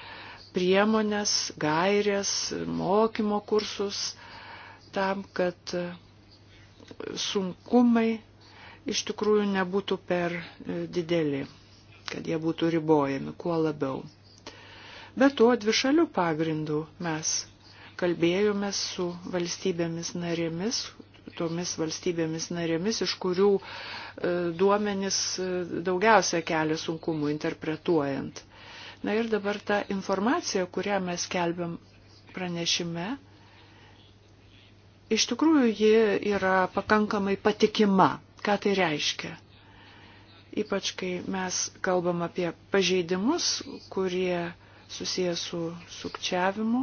priemonės, gairės, mokymo kursus, tam, kad sunkumai iš tikrųjų nebūtų per e, dideli, kad jie būtų ribojami kuo labiau. Be to, dvišalių pagrindų mes kalbėjomės su valstybėmis narėmis, tomis valstybėmis narėmis, iš kurių e, duomenis e, daugiausia kelia sunkumų interpretuojant. Na ir dabar ta informacija, kurią mes kelbiam pranešime, iš tikrųjų ji yra pakankamai patikima ką tai reiškia. Ypač kai mes kalbam apie pažeidimus, kurie susijęs su sukčiavimu,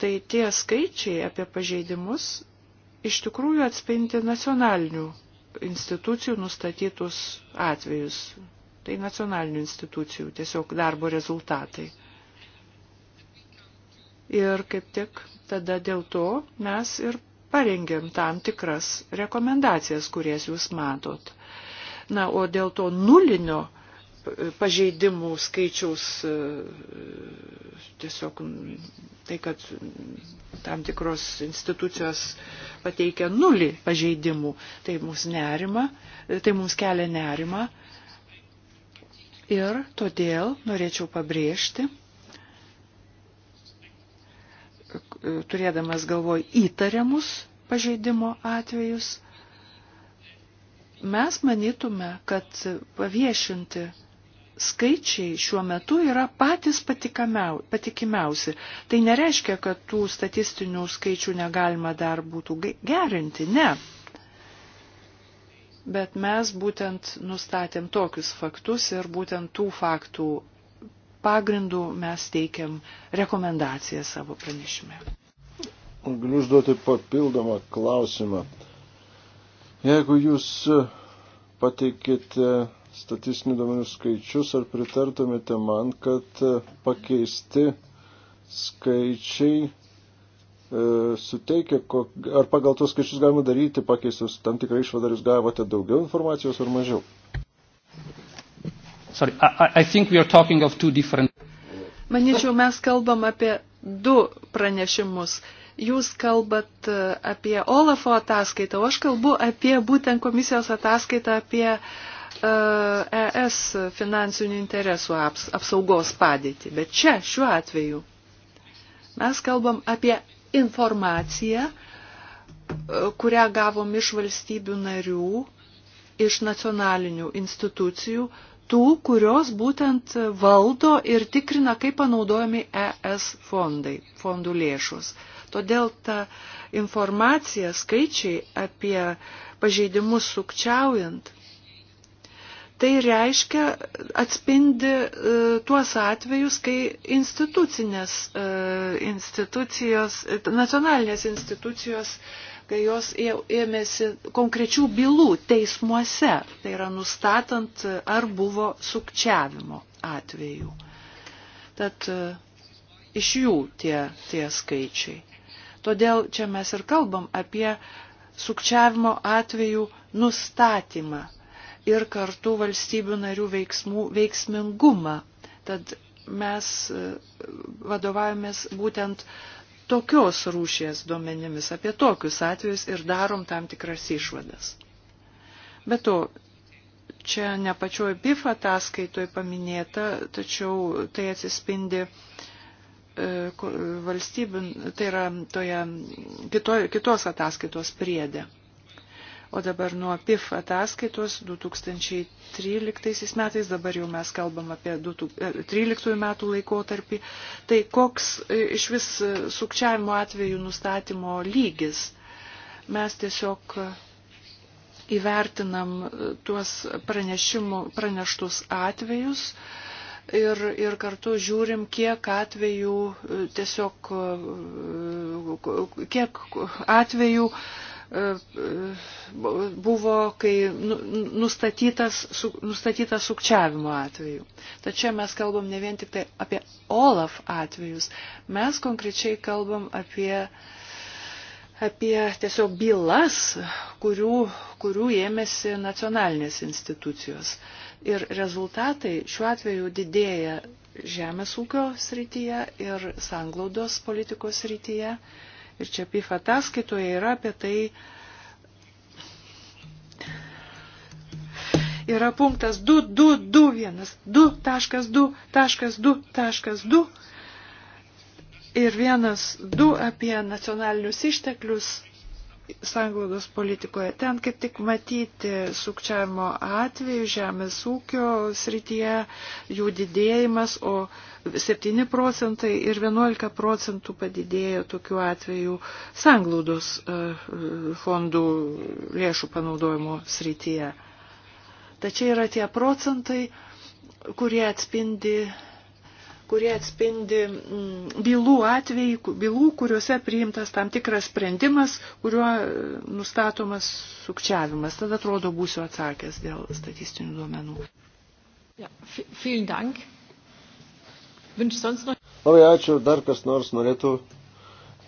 tai tie skaičiai apie pažeidimus iš tikrųjų atspinti nacionalinių institucijų nustatytus atvejus. Tai nacionalinių institucijų tiesiog darbo rezultatai. Ir kaip tik tada dėl to mes ir parengėm tam tikras rekomendacijas, kurias jūs matot. Na, o dėl to nulinio pažeidimų skaičiaus e, tiesiog tai, kad tam tikros institucijos pateikia nulį pažeidimų, tai mums nerima, tai mums kelia nerima. Ir todėl norėčiau pabrėžti, E, turėdamas galvoj įtariamus pažeidimo atvejus, mes manytume, kad paviešinti skaičiai šiuo metu yra patys patikimiausi. Tai nereiškia, kad tų statistinių skaičių negalima dar būtų gerinti, ne. Bet mes būtent nustatėm tokius faktus ir būtent tų faktų pagrindų mes teikiam rekomendaciją savo pranešime. Galiu užduoti papildomą klausimą. Jeigu jūs e, pateikite statistinių duomenų skaičius, ar pritartumėte man, kad e, pakeisti skaičiai e, suteikia, ar pagal tos skaičius galima daryti pakeistus tam tikrą išvadą, jūs gavote daugiau informacijos ar mažiau? sorry, I, I think we are talking of two different. Manyčiau, mes kalbam apie du pranešimus. Jūs kalbat e, apie Olafo ataskaitą, o aš kalbu apie būtent komisijos ataskaitą apie uh, e, ES finansinių interesų aps, apsaugos padėtį. Bet čia, šiuo atveju, mes kalbam apie informaciją, e, kurią gavom iš valstybių narių, iš nacionalinių institucijų tų, kurios būtent valdo ir tikrina, kaip panaudojami ES fondai, fondų lėšus. Todėl ta informacija, skaičiai apie pažeidimus sukčiaujant, tai reiškia atspindi e, tuos atvejus, kai institucinės e, institucijos, nacionalinės institucijos e, kai jos ėmėsi konkrečių bylų teismuose, tai yra nustatant, ar buvo sukčiavimo atvejų. Tad e, iš jų tie, tie skaičiai. Todėl čia mes ir kalbam apie sukčiavimo atvejų nustatymą ir kartu valstybių narių veiksmų veiksmingumą. Tad mes e, vadovavomės būtent uh, tokios rūšies duomenimis, apie tokius atvejus ir darom tam tikras išvadas. Be to, čia ne pačioj BIF ataskaitoje paminėta, tačiau tai atsispindi e, valstybių, tai yra toje kito, kitos ataskaitos priedė. O dabar nuo PIF ataskaitos 2013 metais, dabar jau mes kalbam apie 2013 e, metų laikotarpį, tai koks e, iš vis e, sukčiavimo atvejų nustatymo lygis. Mes tiesiog įvertinam tuos praneštus atvejus, ir, ir kartu žiūrim, kiek atvejų tiesiog, kiek atvejų E, e, buvo, kai nu, nustatytas, nustatytas sukčiavimo atveju. Tačiau mes kalbam ne vien tik tai apie OLAF atvejus, mes konkrečiai kalbam apie, apie tiesiog bylas, kurių, kurių ėmėsi nacionalinės institucijos. Ir rezultatai šiuo atveju didėja žemės ūkio srityje ir sanglaudos politikos srityje. Ir čia PIF ataskaitoje yra apie tai. Yra punktas 2221, 2.2.2.2 ir vienas du apie nacionalinius išteklius sanglaudos politikoje. Ten kaip tik matyti sukčiavimo atveju žemės ūkio srityje, jų didėjimas, o 7 procentai ir 11 procentų padidėjo tokių atvejų sanglaudos e, fondų lėšų panaudojimo srityje. Tačiau yra tie procentai, kurie atspindi kurie atspindi mm, bylų atvejai, bylų, kuriuose priimtas tam tikras sprendimas, kuriuo e, nustatomas sukčiavimas. Tada atrodo būsiu atsakęs dėl statistinių duomenų. Ja, vielen Dank. Wünscht sonst noch... Labai ačiū, dar kas nors norėtų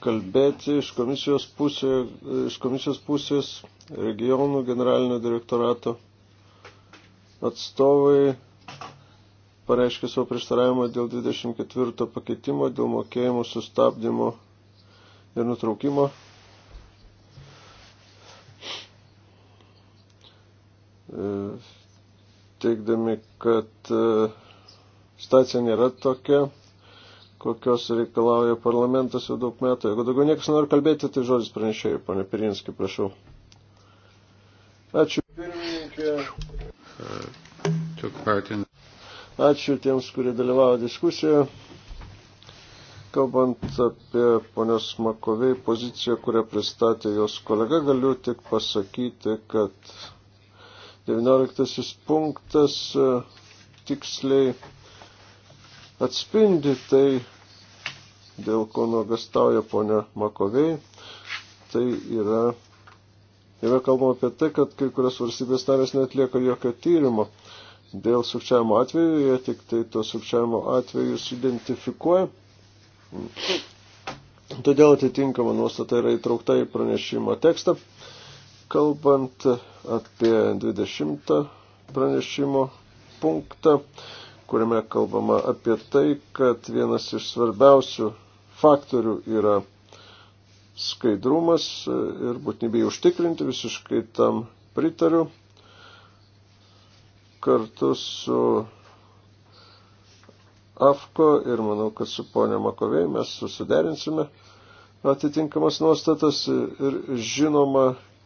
kalbėti iš komisijos, pusė, iš komisijos pusės regionų generalinio direktorato atstovai pareiškė savo prieštaravimą dėl 24 pakeitimo, dėl mokėjimų sustabdymo ir nutraukimo. E, Teikdami, kad e, stacija nėra tokia, kokios reikalauja parlamentas jau daug metų. Jeigu daugiau niekas nori kalbėti, tai žodis pranešėjai, ponė Pirinski, prašau. Ačiū pirmininkė. Uh, Ačiū tiems, kurie dalyvavo diskusijoje. Kalbant apie ponios Makovei poziciją, kurią pristatė jos kolega, galiu tik pasakyti, kad 19 punktas e, tiksliai atspindi tai, dėl ko nuogastauja ponia Makovei. Tai yra, yra kalbama apie tai, kad kai kurios valstybės narės netlieka jokio tyrimo dėl sukčiavimo atveju, jie tik tai tos sukčiavimo atvejus identifikuoja. Todėl atitinkama nuostata yra įtraukta į pranešimo tekstą. Kalbant apie 20 pranešimo punktą, kuriame kalbama apie tai, kad vienas iš svarbiausių faktorių yra skaidrumas ir būtinybė užtikrinti, visiškai tam pritariu kartu su AFKO ir manau, kad su ponia Makovėj mes susiderinsime atitinkamas nuostatas ir žinoma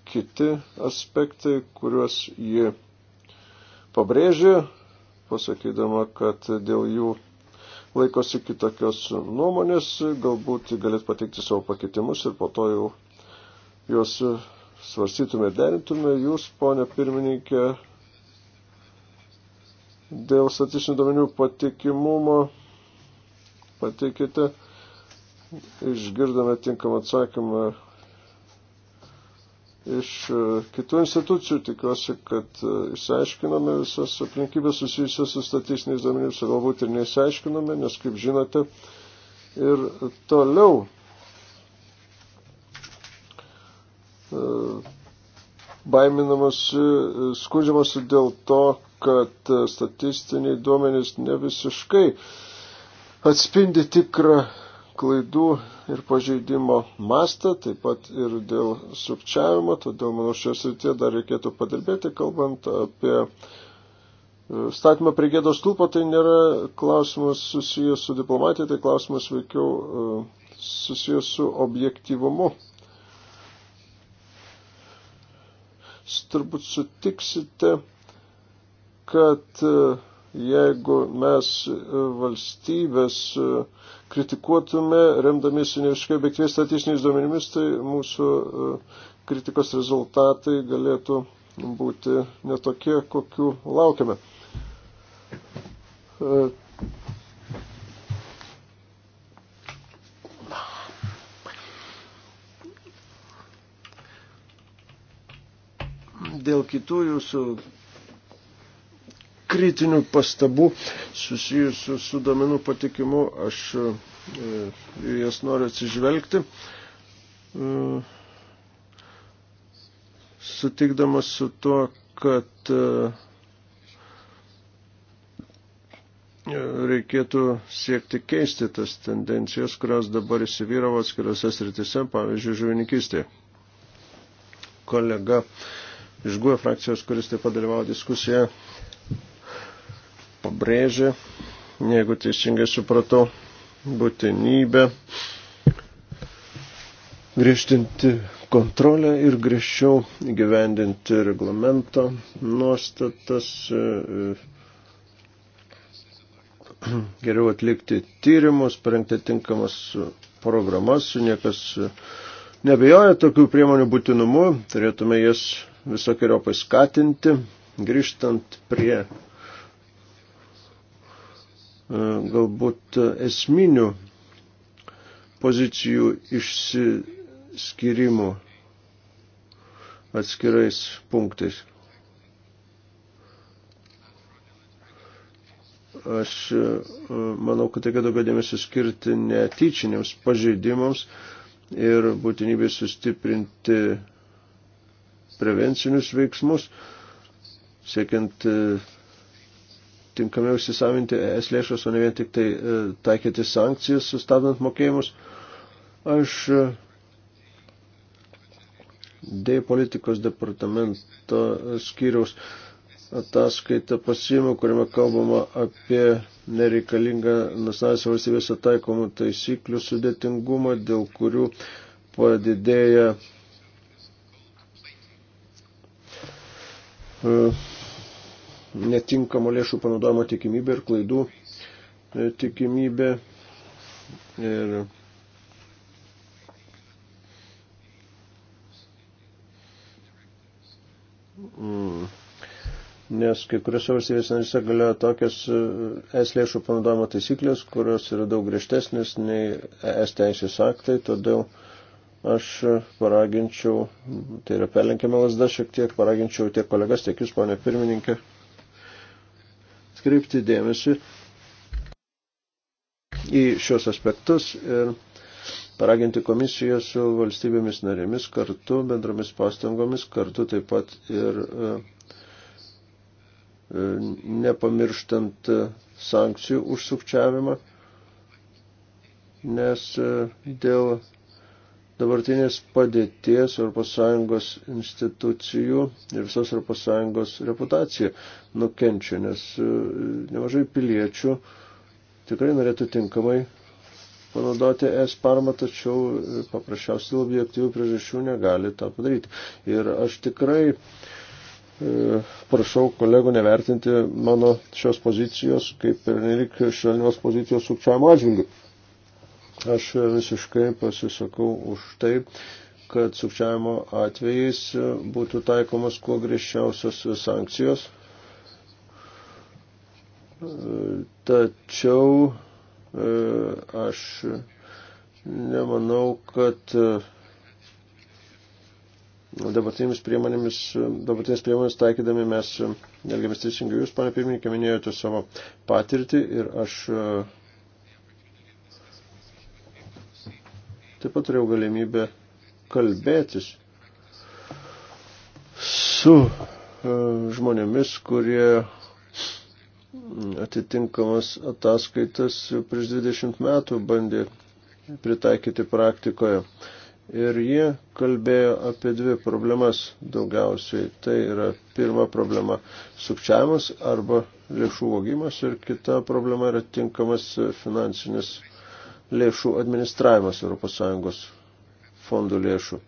kiti aspektai, kuriuos ji pabrėžė, pasakydama, kad dėl jų laikosi kitokios nuomonės, galbūt galėt pateikti savo pakeitimus ir po to jau juos svarstytume ir derintume. Jūs, ponė pirmininkė, dėl statistinių duomenių patikimumo pateikite. Išgirdome tinkamą atsakymą iš e, kitų institucijų. Tikiuosi, kad e, išsiaiškinome visas aplinkybės susijusios su statistiniais duomenimis, o galbūt ir neišsiaiškinome, nes, kaip žinote, ir toliau e, baiminamas, e, skundžiamas dėl to, kad e, statistiniai duomenys ne visiškai atspindi tikrą klaidų ir pažeidimo mastą, taip pat ir dėl sukčiavimo, todėl manau šios rytie dar reikėtų padirbėti, kalbant apie e, statymą prie gėdos stulpo, tai nėra klausimas susijęs su diplomatija, tai klausimas veikiau susijęs su objektyvumu turbūt sutiksite, kad e, jeigu mes e, valstybės e, kritikuotume, remdamiesi ne visiškai objektyviais statistiniais duomenimis, tai mūsų kritikos rezultatai galėtų būti netokie, kokiu laukiame. dėl kitų jūsų kritinių pastabų susijusių su domenų patikimu, aš e, į jas noriu atsižvelgti, e, sutikdamas su tuo, kad e, reikėtų siekti keisti tas tendencijas, kurios dabar įsivyravo atskirose sritise, pavyzdžiui, žuvininkystėje. Kolega uh, iš GUE frakcijos, kuris taip pat dalyvavo diskusiją, pabrėžė, jeigu teisingai supratau, būtinybę griežtinti kontrolę ir griežčiau gyvendinti reglamento nuostatas, e, geriau atlikti tyrimus, parengti tinkamas programas, niekas nebejoja tokių priemonių būtinumu, turėtume jas visokiojopai skatinti. Grįžtant prie e, galbūt esminių pozicijų išsiskirimų atskirais punktais. Aš e, manau, kad reikia daugiau dėmesio skirti netyčiniams pažeidimams ir būtinybė sustiprinti prevencinius veiksmus, siekiant e, tinkamiau įsisavinti es lėšas, o ne vien tik tai e, taikyti sankcijas, sustabdant mokėjimus. Aš e, dėjau politikos departamento skyriaus ataskaitą pasiimu, kuriame kalbama apie nereikalingą nacionalinės valstybės ataikomų taisyklių sudėtingumą, dėl kurių padidėja E, netinkamo lėšų panaudojimo tikimybė ir klaidų e, tikimybė. Ir mm. nes kai kuriuose valstybės narėse galioja tokios e, es lėšų panaudojimo taisyklės, kurios yra daug griežtesnės nei es teisės aktai, todėl uh, aš paraginčiau, tai yra perlenkėme lasdą šiek tiek, paraginčiau tiek kolegas, tiek jūs, ponė pirmininkė, atkreipti dėmesį į šios aspektus ir paraginti komisiją su valstybėmis narėmis kartu, bendromis pastangomis, kartu taip pat ir e, nepamirštant sankcijų už sukčiavimą, nes e, dėl dabartinės padėties ES institucijų ir visos ES reputacija nukenčia, nes e, nemažai piliečių tikrai norėtų tinkamai panaudoti es parmą, tačiau e, paprasčiausiai objektyvių priežasčių negali tą padaryti. Ir aš tikrai e, prašau kolegų nevertinti mano šios pozicijos kaip ir nelik švelnios pozicijos sukčiavimo atžvilgiu. Aš visiškai pasisakau už tai, kad sukčiavimo atvejais būtų taikomas kuo griežčiausios sankcijos. Tačiau e, aš nemanau, kad e, dabartinėmis priemonėmis, dabartinės priemonės taikydami mes e, elgiamės teisingai. Jūs, pane pirmininkė, minėjote savo patirtį ir aš Taip pat turėjau galimybę kalbėtis su e, žmonėmis, kurie atitinkamas ataskaitas prieš 20 metų bandė pritaikyti praktikoje. Ir jie kalbėjo apie dvi problemas daugiausiai. Tai yra pirma problema - sukčiavimas arba lėšų vogimas ir kita problema yra tinkamas finansinis lėšų administravimas ES fondų lėšų.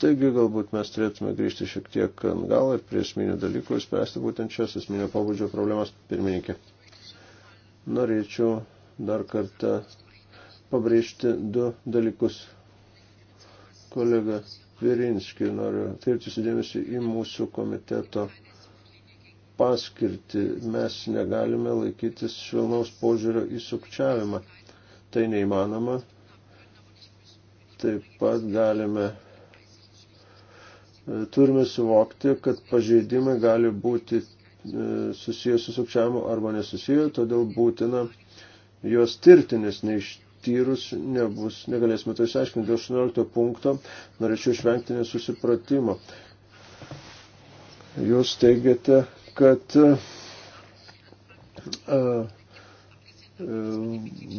Taigi galbūt mes turėtume grįžti šiek tiek gal ir prie esminių dalykų ir spręsti būtent šias esminio pabudžio problemas pirmininkė. Norėčiau dar kartą pabrėžti du dalykus. Kolega Virinski, noriu atkreipti sudėmesį į mūsų komiteto paskirtį. Mes negalime laikytis švelnaus požiūrio į sukčiavimą tai neįmanoma. Taip pat galime, e, turime suvokti, kad pažeidimai gali būti e, susijęs su sukčiavimu arba nesusiję, todėl būtina juos tirti, nes neištyrus nebus, negalėsime to išsiaiškinti. Dėl 18 punkto norėčiau išvengti nesusipratimo. Jūs teigiate, kad a, e, a,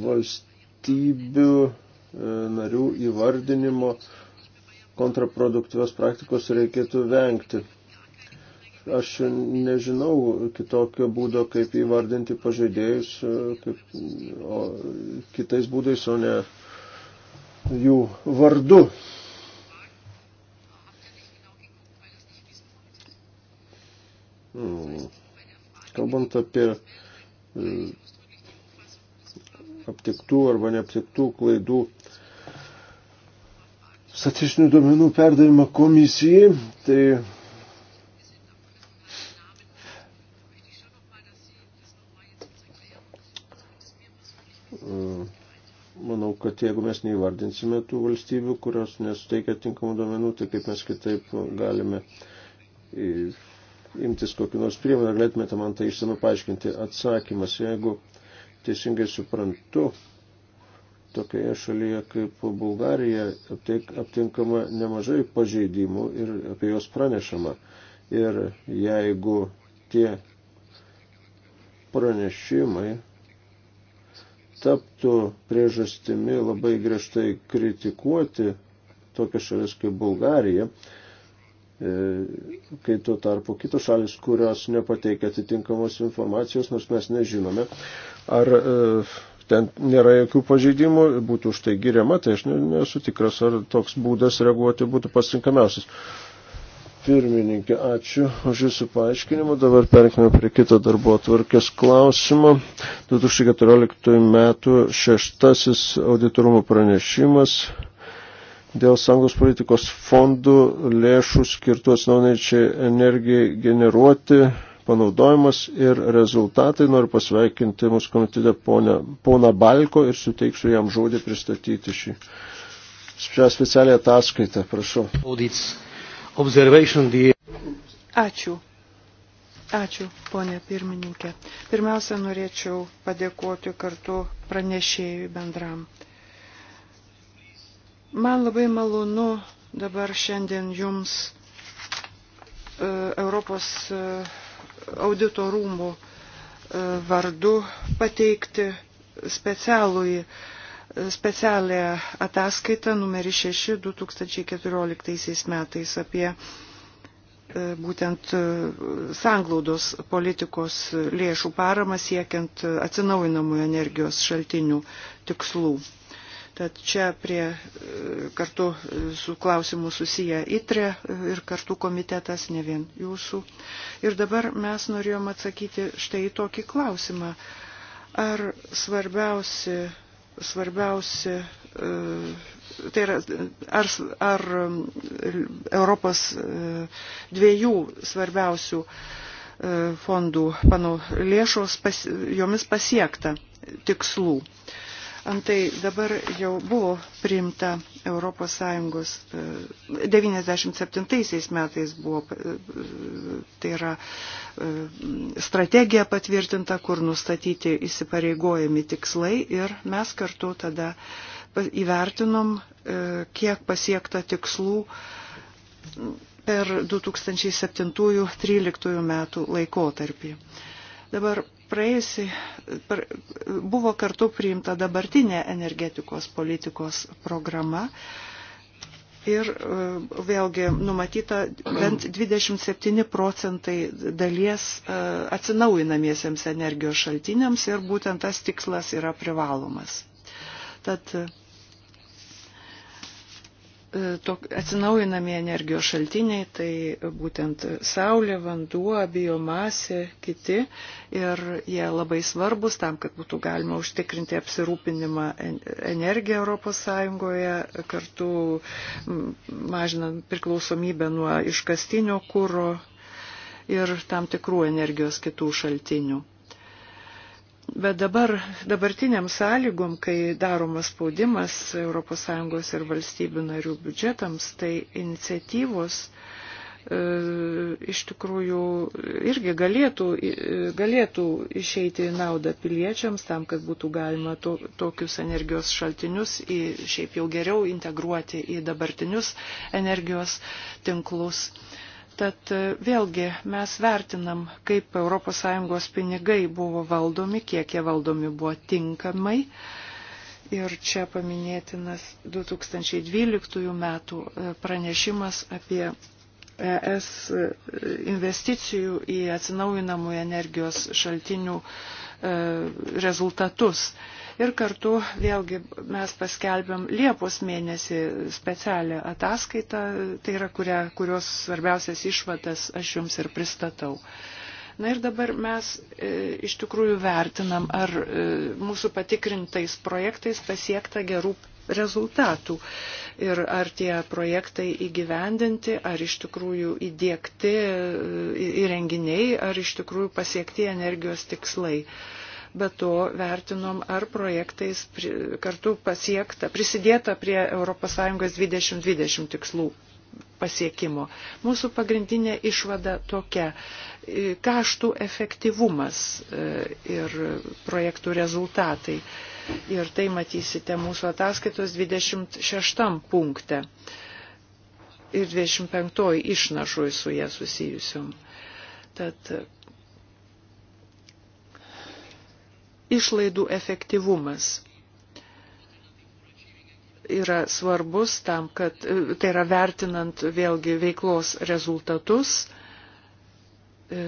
valst, valstybių e, narių įvardinimo kontraproduktyvios praktikos reikėtų vengti. Aš nežinau kitokio būdo, kaip įvardinti pažeidėjus e, kaip, o, kitais būdais, o ne jų vardu. Hmm. Kalbant apie e, aptiktų arba neaptiktų klaidų statistinių duomenų perdavimą komisijai, tai manau, kad jeigu mes neįvardinsime tų valstybių, kurios nesuteikia tinkamų duomenų, tai kaip mes kitaip galime imtis kokiu nors priemonę, galėtumėte man tai išsame paaiškinti. Atsakymas, jeigu teisingai suprantu, tokioje šalyje kaip Bulgarija aptinkama nemažai pažeidimų ir apie juos pranešama. Ir jeigu tie pranešimai taptų priežastimi labai griežtai kritikuoti tokias šalis kaip Bulgarija, e, kai tuo tarpu kitos šalis, kurios nepateikia atitinkamos informacijos, nors mes nežinome, ar e, ten nėra jokių pažeidimų, būtų už tai giriama, tai aš nesu tikras, ar toks būdas reaguoti būtų pasinkamiausias. Pirmininkė, ačiū už Jūsų paaiškinimą. Dabar perkime prie kito darbo atvarkės klausimo. 2014 metų šeštasis auditorumo pranešimas dėl sąjungos politikos fondų lėšų skirtų atsinaunančiai energijai generuoti panaudojimas ir rezultatai. Noriu pasveikinti mūsų komitete poną Balko ir suteiksiu jam žodį pristatyti šį šią specialią ataskaitą. Prašau. Ačiū. Ačiū, ponė pirmininkė. Pirmiausia, norėčiau padėkoti kartu pranešėjui bendram. Man labai malonu dabar šiandien jums e, Europos e, auditorumų e, vardu pateikti specialųjį e, specialią ataskaitą numerį 6 2014 metais apie e, būtent sanglaudos politikos lėšų paramą siekiant atsinaujinamų energijos šaltinių tikslų. Tad čia prie e, kartu e, su klausimu susiję ITRE e, ir kartu komitetas, ne vien jūsų. Ir dabar mes norėjom atsakyti štai į tokį klausimą. Ar svarbiausi, svarbiausi tai yra, ar, ar Europos dviejų svarbiausių fondų panau, lėšos pas, jomis pasiekta tikslų. Uh, Antai dabar jau buvo priimta ES, 97 e, metais buvo, e, tai yra e, strategija patvirtinta, kur nustatyti įsipareigojami tikslai ir mes kartu tada įvertinom, kiek pasiekta tikslų per 2007-2013 metų laikotarpį. Dabar praėjusi, pra, buvo kartu priimta dabartinė energetikos politikos programa ir e, vėlgi numatyta bent 27 procentai dalies e, atsinaujinamiesiems energijos šaltiniams ir būtent tas tikslas yra privalomas. Tad E, atsinaujinami energijos šaltiniai, tai būtent saulė, vanduo, biomasė, kiti ir jie labai svarbus tam, kad būtų galima užtikrinti apsirūpinimą energiją ES, kartu mažinant priklausomybę nuo iškastinio kūro ir tam tikrų energijos kitų šaltinių. Bet dabar, dabartiniam sąlygom, kai daromas spaudimas ES ir valstybių narių biudžetams, tai iniciatyvos e, iš tikrųjų irgi galėtų, e, galėtų išeiti į naudą piliečiams tam, kad būtų galima to, tokius energijos šaltinius į, šiaip jau geriau integruoti į dabartinius energijos tinklus. E, Tad e, vėlgi mes vertinam, kaip ES pinigai buvo valdomi, kiek jie valdomi buvo tinkamai. Ir čia paminėtinas 2012 metų e, pranešimas apie e, ES investicijų į atsinaujinamų energijos šaltinių rezultatus. Ir kartu vėlgi mes paskelbėm Liepos mėnesį specialią ataskaitą, tai yra kuria, kurios svarbiausias išvadas aš jums ir pristatau. Na ir dabar mes e, iš tikrųjų vertinam, ar e, mūsų patikrintais projektais pasiekta gerų rezultatų ir ar tie projektai įgyvendinti, ar iš tikrųjų įdėkti e, įrenginiai, ar iš tikrųjų pasiekti energijos tikslai. E, bet to vertinom, ar projektais kartu pasiekta, prisidėta prie ES 2020 tikslų pasiekimo. Mūsų pagrindinė išvada tokia - kaštų efektyvumas e, ir projektų rezultatai. Ir tai matysite mūsų ataskaitos 26 punkte ir 25 išnašui su jie susijusium. Tad išlaidų efektyvumas yra svarbus tam, kad tai yra vertinant vėlgi veiklos rezultatus. E,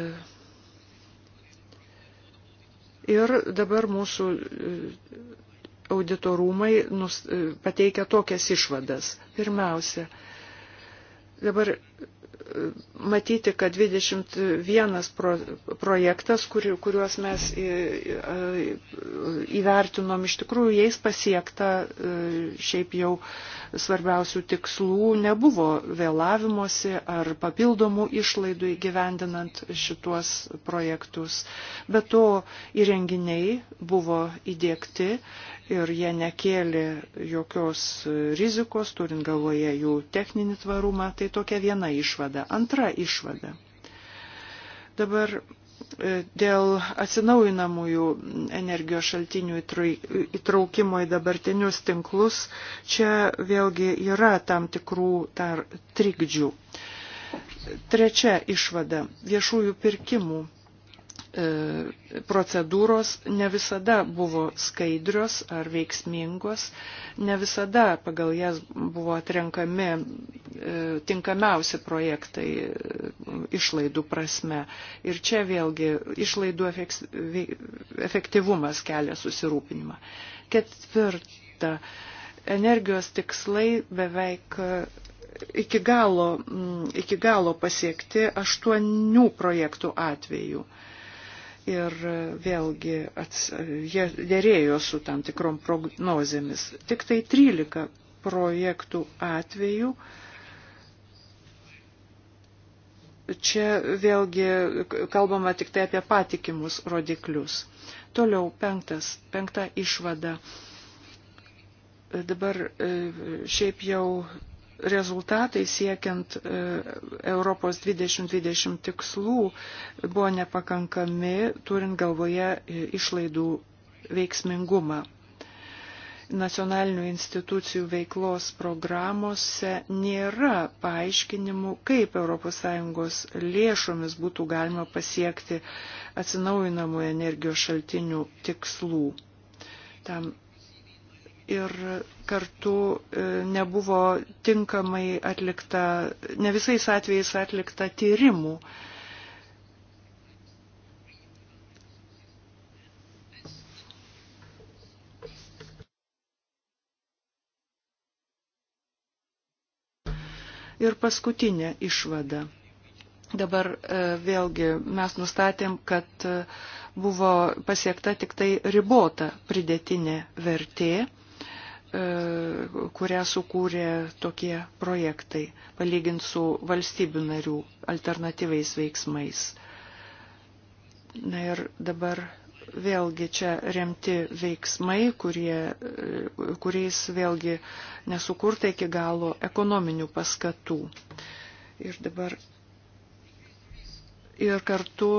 ir dabar mūsų e, auditorumai nus, e, pateikia tokias išvadas. Pirmiausia, dabar matyti, kad 21 pro, projektas, kur, kuriuos mes įvertinom, iš tikrųjų jais pasiekta e, šiaip jau svarbiausių tikslų, nebuvo vėlavimuose ar papildomų išlaidų įgyvendinant šituos projektus. Bet to įrenginiai buvo įdėkti ir jie nekėlė jokios rizikos, turint galvoje jų techninį tvarumą, tai tokia viena išvada yra antra išvada. Dabar e, dėl atsinaujinamųjų energijos šaltinių įtraukimo į dabartinius tinklus, čia vėlgi yra tam tikrų tar, trikdžių. Trečia išvada - viešųjų pirkimų E, procedūros ne visada buvo skaidrios ar veiksmingos, ne visada pagal jas buvo atrenkami e, tinkamiausi projektai e, išlaidų prasme. Ir čia vėlgi išlaidų efektyvumas kelia susirūpinimą. Ketvirta, energijos tikslai beveik iki galo, iki galo pasiekti aštuonių projektų atveju ir vėlgi ats, jie dėrėjo su tam tikrom prognozėmis. Tik tai 13 projektų atveju čia vėlgi kalbama tik tai apie patikimus rodiklius. Toliau penktas, penkta išvada. Dabar e, šiaip jau rezultatai siekiant e, Europos 2020 tikslų buvo nepakankami, turint galvoje e, išlaidų veiksmingumą. Nacionalinių institucijų veiklos programuose nėra paaiškinimų, kaip ES lėšomis būtų galima pasiekti atsinaujinamų energijos šaltinių tikslų. Tam ir kartu e, nebuvo tinkamai atlikta, ne visais atvejais atlikta tyrimų. Ir paskutinė išvada. Dabar e, vėlgi mes nustatėm, kad e, buvo pasiekta tik tai ribota pridėtinė vertė E, kurią sukūrė tokie projektai, palygint su valstybių narių alternatyviais veiksmais. Na ir dabar vėlgi čia remti veiksmai, kurie, e, kuriais vėlgi nesukurta iki galo ekonominių paskatų. Ir dabar ir kartu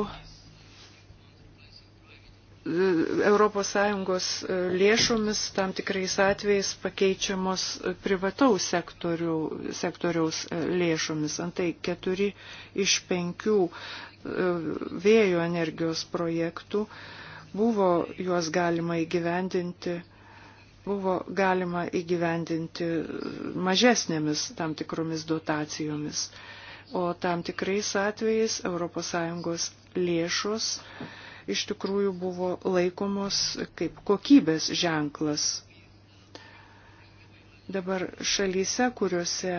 ES e, lėšomis tam tikrais atvejais pakeičiamos e, privataus sektorių, sektoriaus e, lėšomis. Antai keturi iš penkių vėjo energijos projektų buvo juos galima įgyvendinti buvo galima įgyvendinti mažesnėmis tam tikromis dotacijomis. O tam tikrais atvejais ES lėšos uh, iš tikrųjų buvo laikomos kaip kokybės ženklas. Dabar šalyse, kuriuose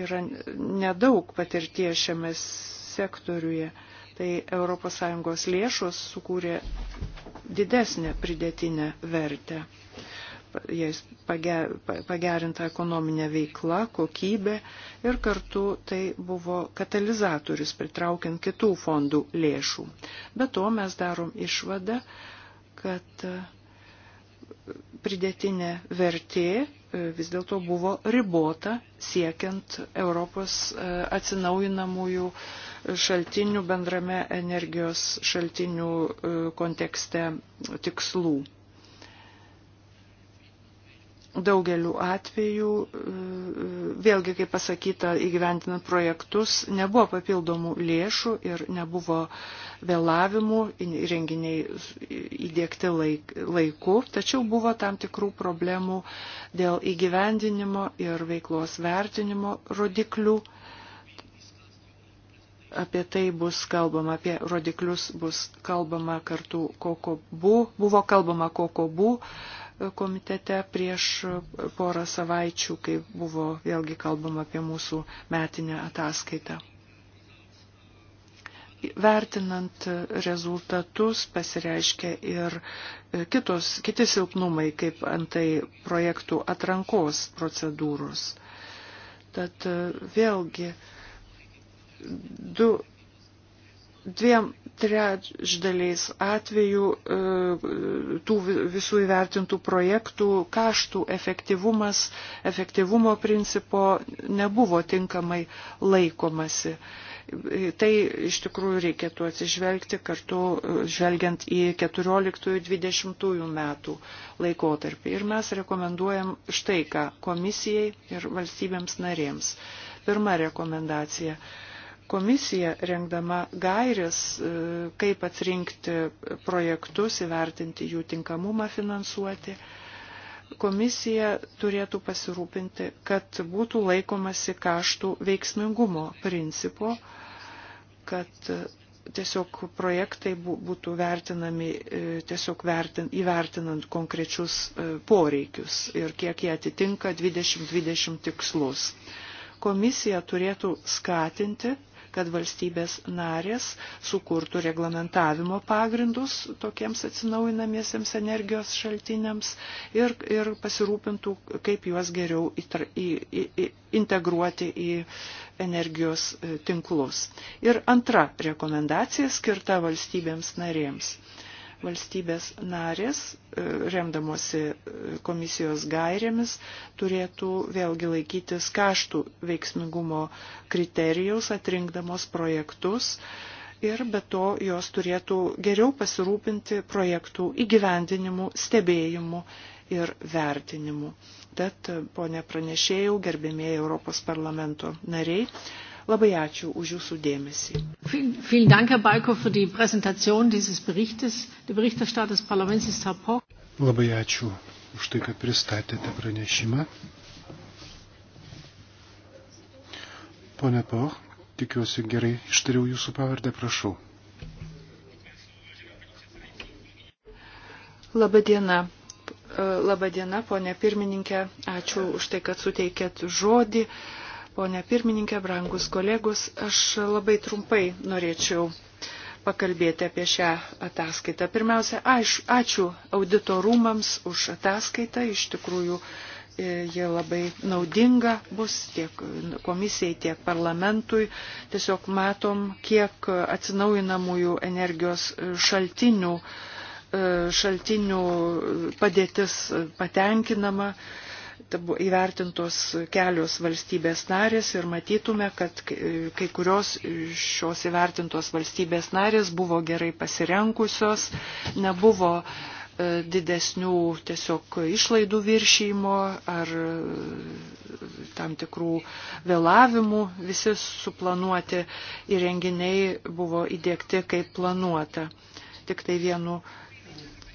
yra nedaug patirties šiame sektoriuje, tai ES lėšos sukūrė didesnę pridėtinę vertę jais pagerinta ekonominė veikla, kokybė ir kartu tai buvo katalizatorius pritraukiant kitų fondų lėšų. Be to mes darom išvadą, kad e, pridėtinė vertė e, vis dėlto buvo ribota siekiant Europos e, atsinaujinamųjų šaltinių bendrame energijos šaltinių kontekste tikslų daugeliu atveju, e, vėlgi, kaip pasakyta, įgyventinant projektus, nebuvo papildomų lėšų ir nebuvo vėlavimų, renginiai įdėkti laik, laiku, tačiau buvo tam tikrų problemų dėl įgyvendinimo ir veiklos vertinimo rodiklių. Apie tai bus kalbama, apie rodiklius bus kalbama kartu kokobu, buvo kalbama kokobu komitete prieš porą savaičių, kai buvo vėlgi kalbama apie mūsų metinę ataskaitą vertinant rezultatus pasireiškia ir kitos, kiti silpnumai, kaip antai projektų atrankos procedūros. Tad vėlgi du dviem trečdaliais atvejų e, tų visų įvertintų projektų kaštų efektyvumas, efektyvumo principo nebuvo tinkamai laikomasi. Tai iš tikrųjų reikėtų atsižvelgti kartu, e, žvelgiant į 14-20 metų laikotarpį. Ir mes rekomenduojam štai ką komisijai ir valstybėms narėms. Pirma rekomendacija Komisija rengdama gairės, e, kaip atrinkti projektus, įvertinti jų tinkamumą finansuoti, komisija turėtų pasirūpinti, kad būtų laikomasi kaštų veiksmingumo principo, kad tiesiog projektai būtų vertinami e, tiesiog vertin, įvertinant konkrečius e, poreikius ir kiek jie atitinka 2020 tikslus. Komisija turėtų skatinti kad valstybės narės sukurtų reglamentavimo pagrindus tokiems atsinaujinamiesiems energijos šaltiniams ir, ir pasirūpintų, kaip juos geriau įtra, į, į, į, integruoti į energijos e, tinklus. Ir antra rekomendacija skirta valstybėms narėms valstybės narės, e, remdamosi e, komisijos gairėmis, turėtų vėlgi laikytis kaštų veiksmingumo kriterijus, atrinkdamos projektus ir be to jos turėtų geriau pasirūpinti projektų įgyvendinimu, stebėjimu ir vertinimu. Tad, e, ponė pranešėjau, gerbėmėjai Europos parlamento nariai, Labai ačiū už Jūsų dėmesį. Vielen Dank, Herr Balko, für die Präsentation dieses Berichtes. Der Berichterstatter des Parlaments ist Herr Poch. Labai ačiū už tai, kad pristatėte pranešimą. Pone Poch, tikiuosi gerai ištariau Jūsų pavardę, prašau. Labadiena. E, Labadiena, ponė pirmininkė. Ačiū už tai, kad suteikėt žodį. Uh, ponė pirmininkė, brangus kolegus. Aš labai trumpai norėčiau pakalbėti apie šią ataskaitą. Pirmiausia, aš, ačiū auditorumams už ataskaitą. Iš tikrųjų, e, jie labai naudinga bus tiek komisijai, tiek parlamentui. Tiesiog matom, kiek atsinaujinamųjų energijos šaltinių, e, šaltinių padėtis patenkinama įvertintos kelios valstybės narės ir matytume, kad kai kurios šios įvertintos valstybės narės buvo gerai pasirenkusios, nebuvo e, didesnių tiesiog išlaidų viršymo ar e, tam tikrų vėlavimų. Visi suplanuoti įrenginiai buvo įdėkti kaip planuota. Tik tai vienu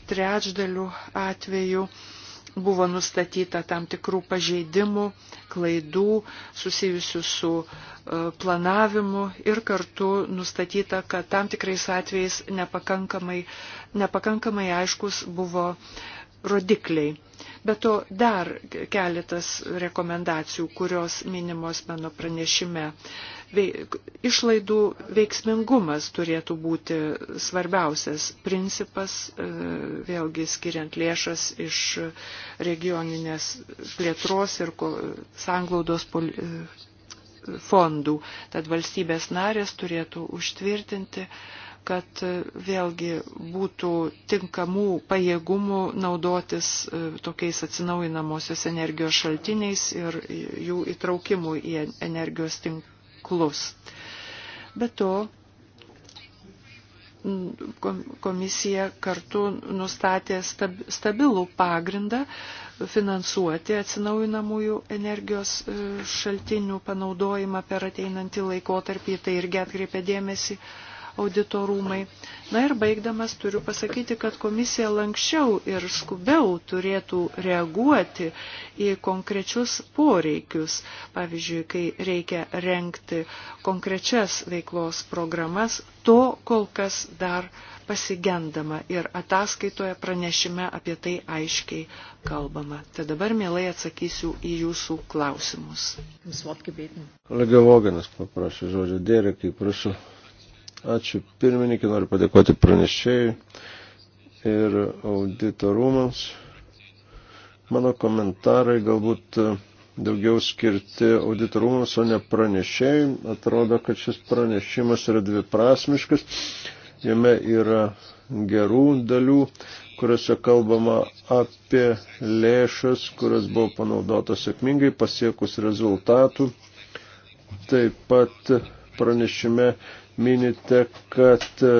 trečdaliu atveju buvo nustatyta tam tikrų pažeidimų, klaidų susijusių su e, planavimu ir kartu nustatyta, kad tam tikrais atvejais nepakankamai, nepakankamai aiškus buvo uh, rodikliai. Be to dar keletas rekomendacijų, kurios minimos mano pranešime. Išlaidų veiksmingumas turėtų būti svarbiausias principas, e, vėlgi skiriant lėšas iš regioninės plėtros ir sanglaudos e, fondų. Tad valstybės narės turėtų užtvirtinti kad e, vėlgi būtų tinkamų pajėgumų naudotis e, tokiais atsinaujinamosios energijos šaltiniais ir jų įtraukimų į energijos tinklus. Be to, komisija kartu nustatė stabilų pagrindą finansuoti atsinaujinamųjų energijos e, šaltinių panaudojimą per ateinantį laikotarpį, tai irgi atkreipė dėmesį auditorumai. Na ir baigdamas turiu pasakyti, kad komisija lankščiau ir skubiau turėtų reaguoti į konkrečius poreikius. Pavyzdžiui, kai reikia renkti konkrečias veiklos programas, to kol kas dar pasigendama ir ataskaitoje pranešime apie tai aiškiai kalbama. Tai dabar mielai atsakysiu į jūsų klausimus. Kolega Voganas paprašė žodžio dėrė, kaip prašau. Ačiū pirmininkė, noriu padėkoti pranešėjai ir auditorumams. Mano komentarai galbūt daugiau skirti auditorumams, o ne pranešėjai. Atrodo, kad šis pranešimas yra dviprasmiškas. Jame yra gerų dalių, kuriuose kalbama apie lėšas, kurios buvo panaudotos sėkmingai pasiekus rezultatų. Taip pat pranešime minite, kad e,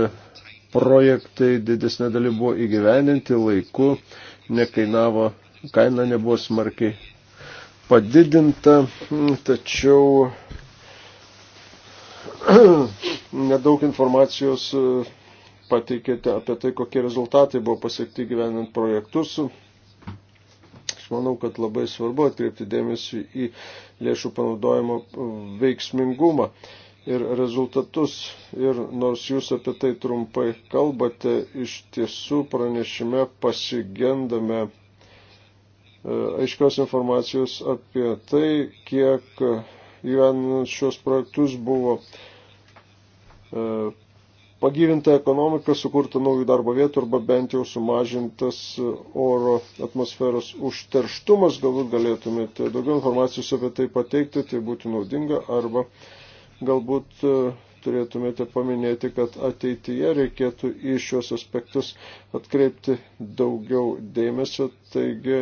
projektai didesnė daly buvo įgyveninti laiku, nekainavo, kaina nebuvo smarkiai padidinta, tačiau nedaug informacijos e, pateikėte apie tai, kokie rezultatai buvo pasiekti gyvenant projektus. Aš manau, kad labai svarbu atkreipti dėmesį į lėšų panaudojimo veiksmingumą. Uh, ir rezultatus. Ir nors jūs apie tai trumpai kalbate, iš tiesų pranešime pasigendame e, aiškios informacijos apie tai, kiek gyvenant šios projektus buvo e, pagyvinta ekonomika, sukurta naujų darbo vietų arba bent jau sumažintas oro atmosferos užterštumas. Galbūt galėtumėte daugiau informacijos apie tai pateikti, tai būtų naudinga arba uh, Galbūt e, turėtumėte paminėti, kad ateityje reikėtų į šios aspektus atkreipti daugiau dėmesio. Taigi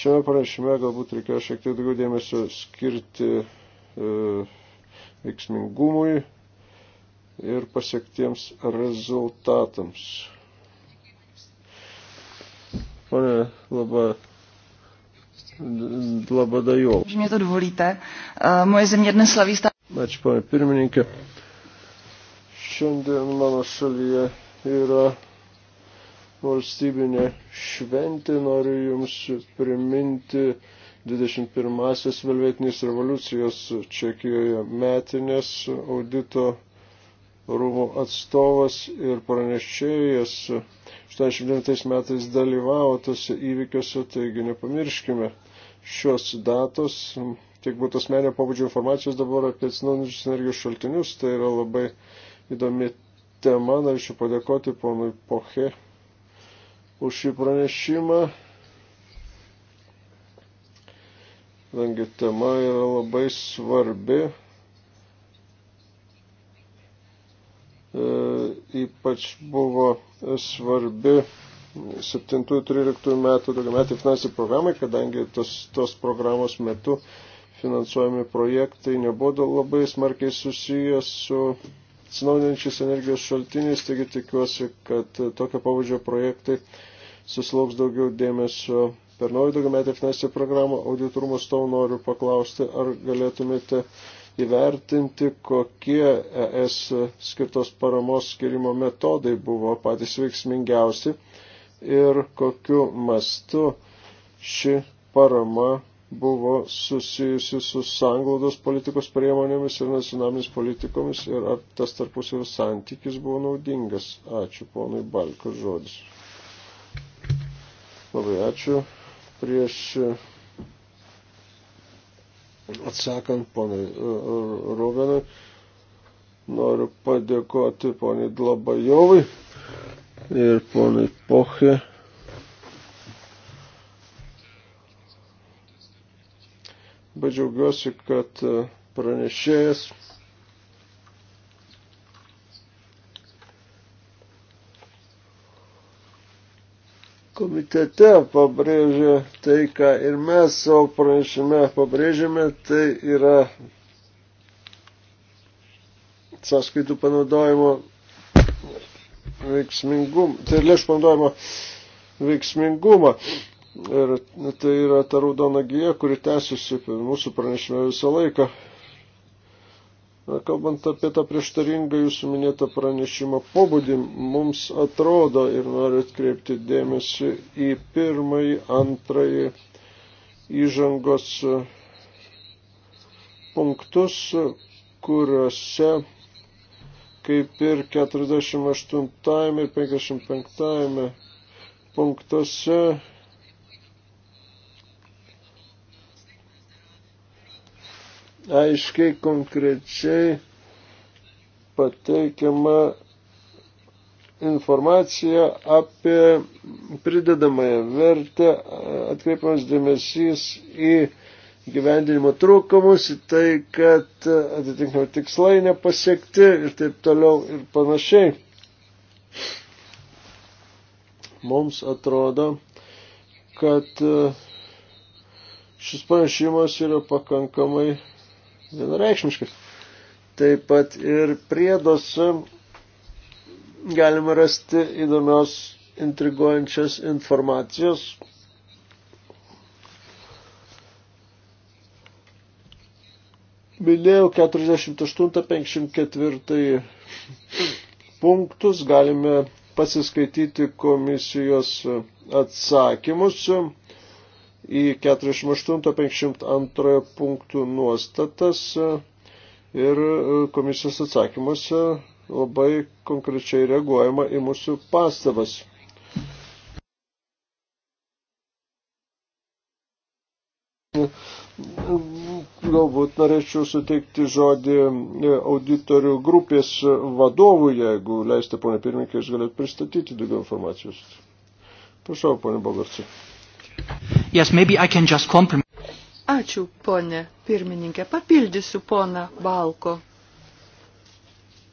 šiame pranešime galbūt reikėjo šiek tiek daugiau dėmesio skirti e, veiksmingumui ir pasiektiems rezultatams. Pane Laba, Labadajov. Že mě to dovolíte. E, moje země dnes slaví stále. Ačiū, ponė pirmininkė. Šiandien mano šalyje yra valstybinė šventė. Noriu Jums priminti 21-asios Velvetinės revoliucijos Čekijoje metinės audito rūmų atstovas ir pranešėjas 89 metais dalyvavo tose įvykiuose, taigi nepamirškime šios datos, tiek būtų asmenio pabudžio informacijos dabar apie atsinaujinančius energijos šaltinius. Tai yra labai įdomi tema. Norėčiau padėkoti ponui Poche už šį pranešimą. Kadangi tema yra labai svarbi. E, ypač buvo svarbi 7-13 metų daugiametį finansinį programą, kadangi tos, tos programos metu finansuojami projektai nebuvo labai smarkiai susijęs su atsinaujinančiais energijos šaltiniais, taigi tikiuosi, kad tokio pavadžio projektai susilauks daugiau dėmesio per naują daugiametę finansinę programą. Auditorumų stovų noriu paklausti, ar galėtumėte įvertinti, kokie ES skirtos paramos skirimo metodai buvo patys veiksmingiausi ir kokiu mastu ši parama buvo susijusi su sanglaudos politikos priemonėmis ir nacionalinės politikomis ir ar tas tarpusavio santykis buvo naudingas. Ačiū ponui Balko žodis. Labai ačiū. Prieš e, atsakant ponai e, Rovenui, noriu padėkoti poniai Dlabajovai ir ponai Poche Bet džiaugiuosi, kad e, pranešėjas komitete pabrėžė tai, ką ir mes savo pranešime pabrėžėme, tai yra sąskaitų panaudojimo veiksmingumą, tai lėšų panaudojimo veiksmingumą. Ir nu, tai yra ta raudona gyja, kuri tęsiasi mūsų pranešime visą laiką. Kalbant apie tą prieštaringą jūsų minėtą pranešimo pobūdį, mums atrodo ir noriu atkreipti dėmesį į pirmąjį, antrąjį įžangos punktus, kuriuose kaip ir 48 ir 55 punktuose aiškiai, konkrečiai pateikiama informacija apie pridedamąją vertę, atkreipiamas dėmesys į gyvendinimo trūkumus, į tai, kad atitinkami tikslai nepasiekti ir taip toliau ir panašiai. Mums atrodo, kad šis pranešimas yra pakankamai vienareikšmiškai. Taip pat ir prieduose galima rasti įdomios intriguojančias informacijos. Minėjau 48-54 punktus, galime pasiskaityti komisijos atsakymus į 48-52 punktų nuostatas ir e, komisijos atsakymuose labai konkrečiai reaguojama į mūsų pastabas. Galbūt norėčiau suteikti žodį e, auditorių grupės vadovų, jeigu leisite, ponė pirmininkė, jūs galėt pristatyti daugiau informacijos. Prašau, ponė Bogarcija. Yes, maybe I can just compliment. Ačiū, ponė pirmininkė. Papildysiu poną Balko.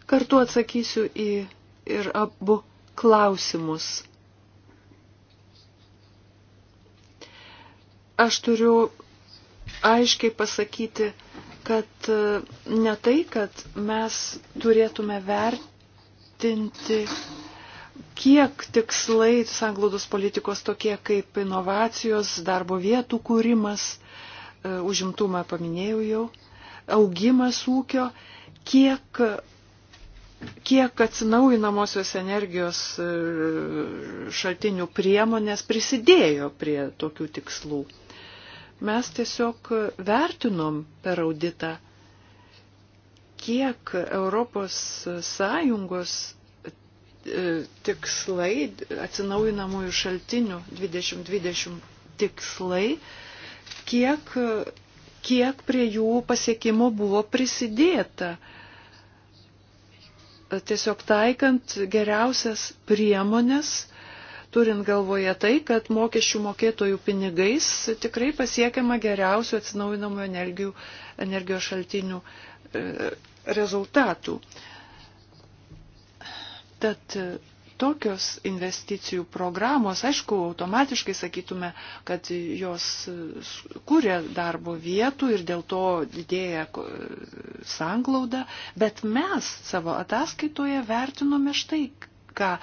Kartu atsakysiu į ir abu klausimus. Aš turiu aiškiai pasakyti, kad e, ne tai, kad mes turėtume vertinti kiek tikslai sanglaudos politikos tokie kaip inovacijos, darbo vietų kūrimas, e, užimtumą paminėjau jau, augimas ūkio, kiek, kiek atsinaujinamosios energijos e, šaltinių priemonės prisidėjo prie tokių tikslų. Mes tiesiog vertinom per auditą, kiek Europos Sąjungos E, tikslai, atsinaujinamųjų šaltinių 2020 tikslai, kiek, kiek prie jų pasiekimo buvo prisidėta. Tiesiog taikant geriausias priemonės, turint galvoje tai, kad mokesčių mokėtojų pinigais tikrai pasiekiama geriausių atsinaujinamų energijos šaltinių e, rezultatų. Tad e, tokios investicijų programos, aišku, automatiškai sakytume, kad jos e, kūrė darbo vietų ir dėl to didėja e, sanglauda, bet mes savo ataskaitoje vertinome štai ką,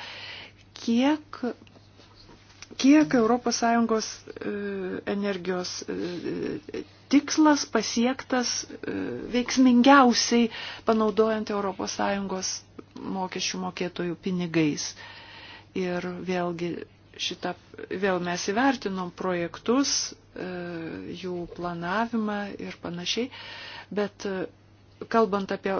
kiek kiek ES energijos tikslas pasiektas veiksmingiausiai panaudojant ES mokesčių mokėtojų pinigais. Ir vėlgi šitą, vėl mes įvertinom projektus, e, jų planavimą ir panašiai, bet e, kalbant apie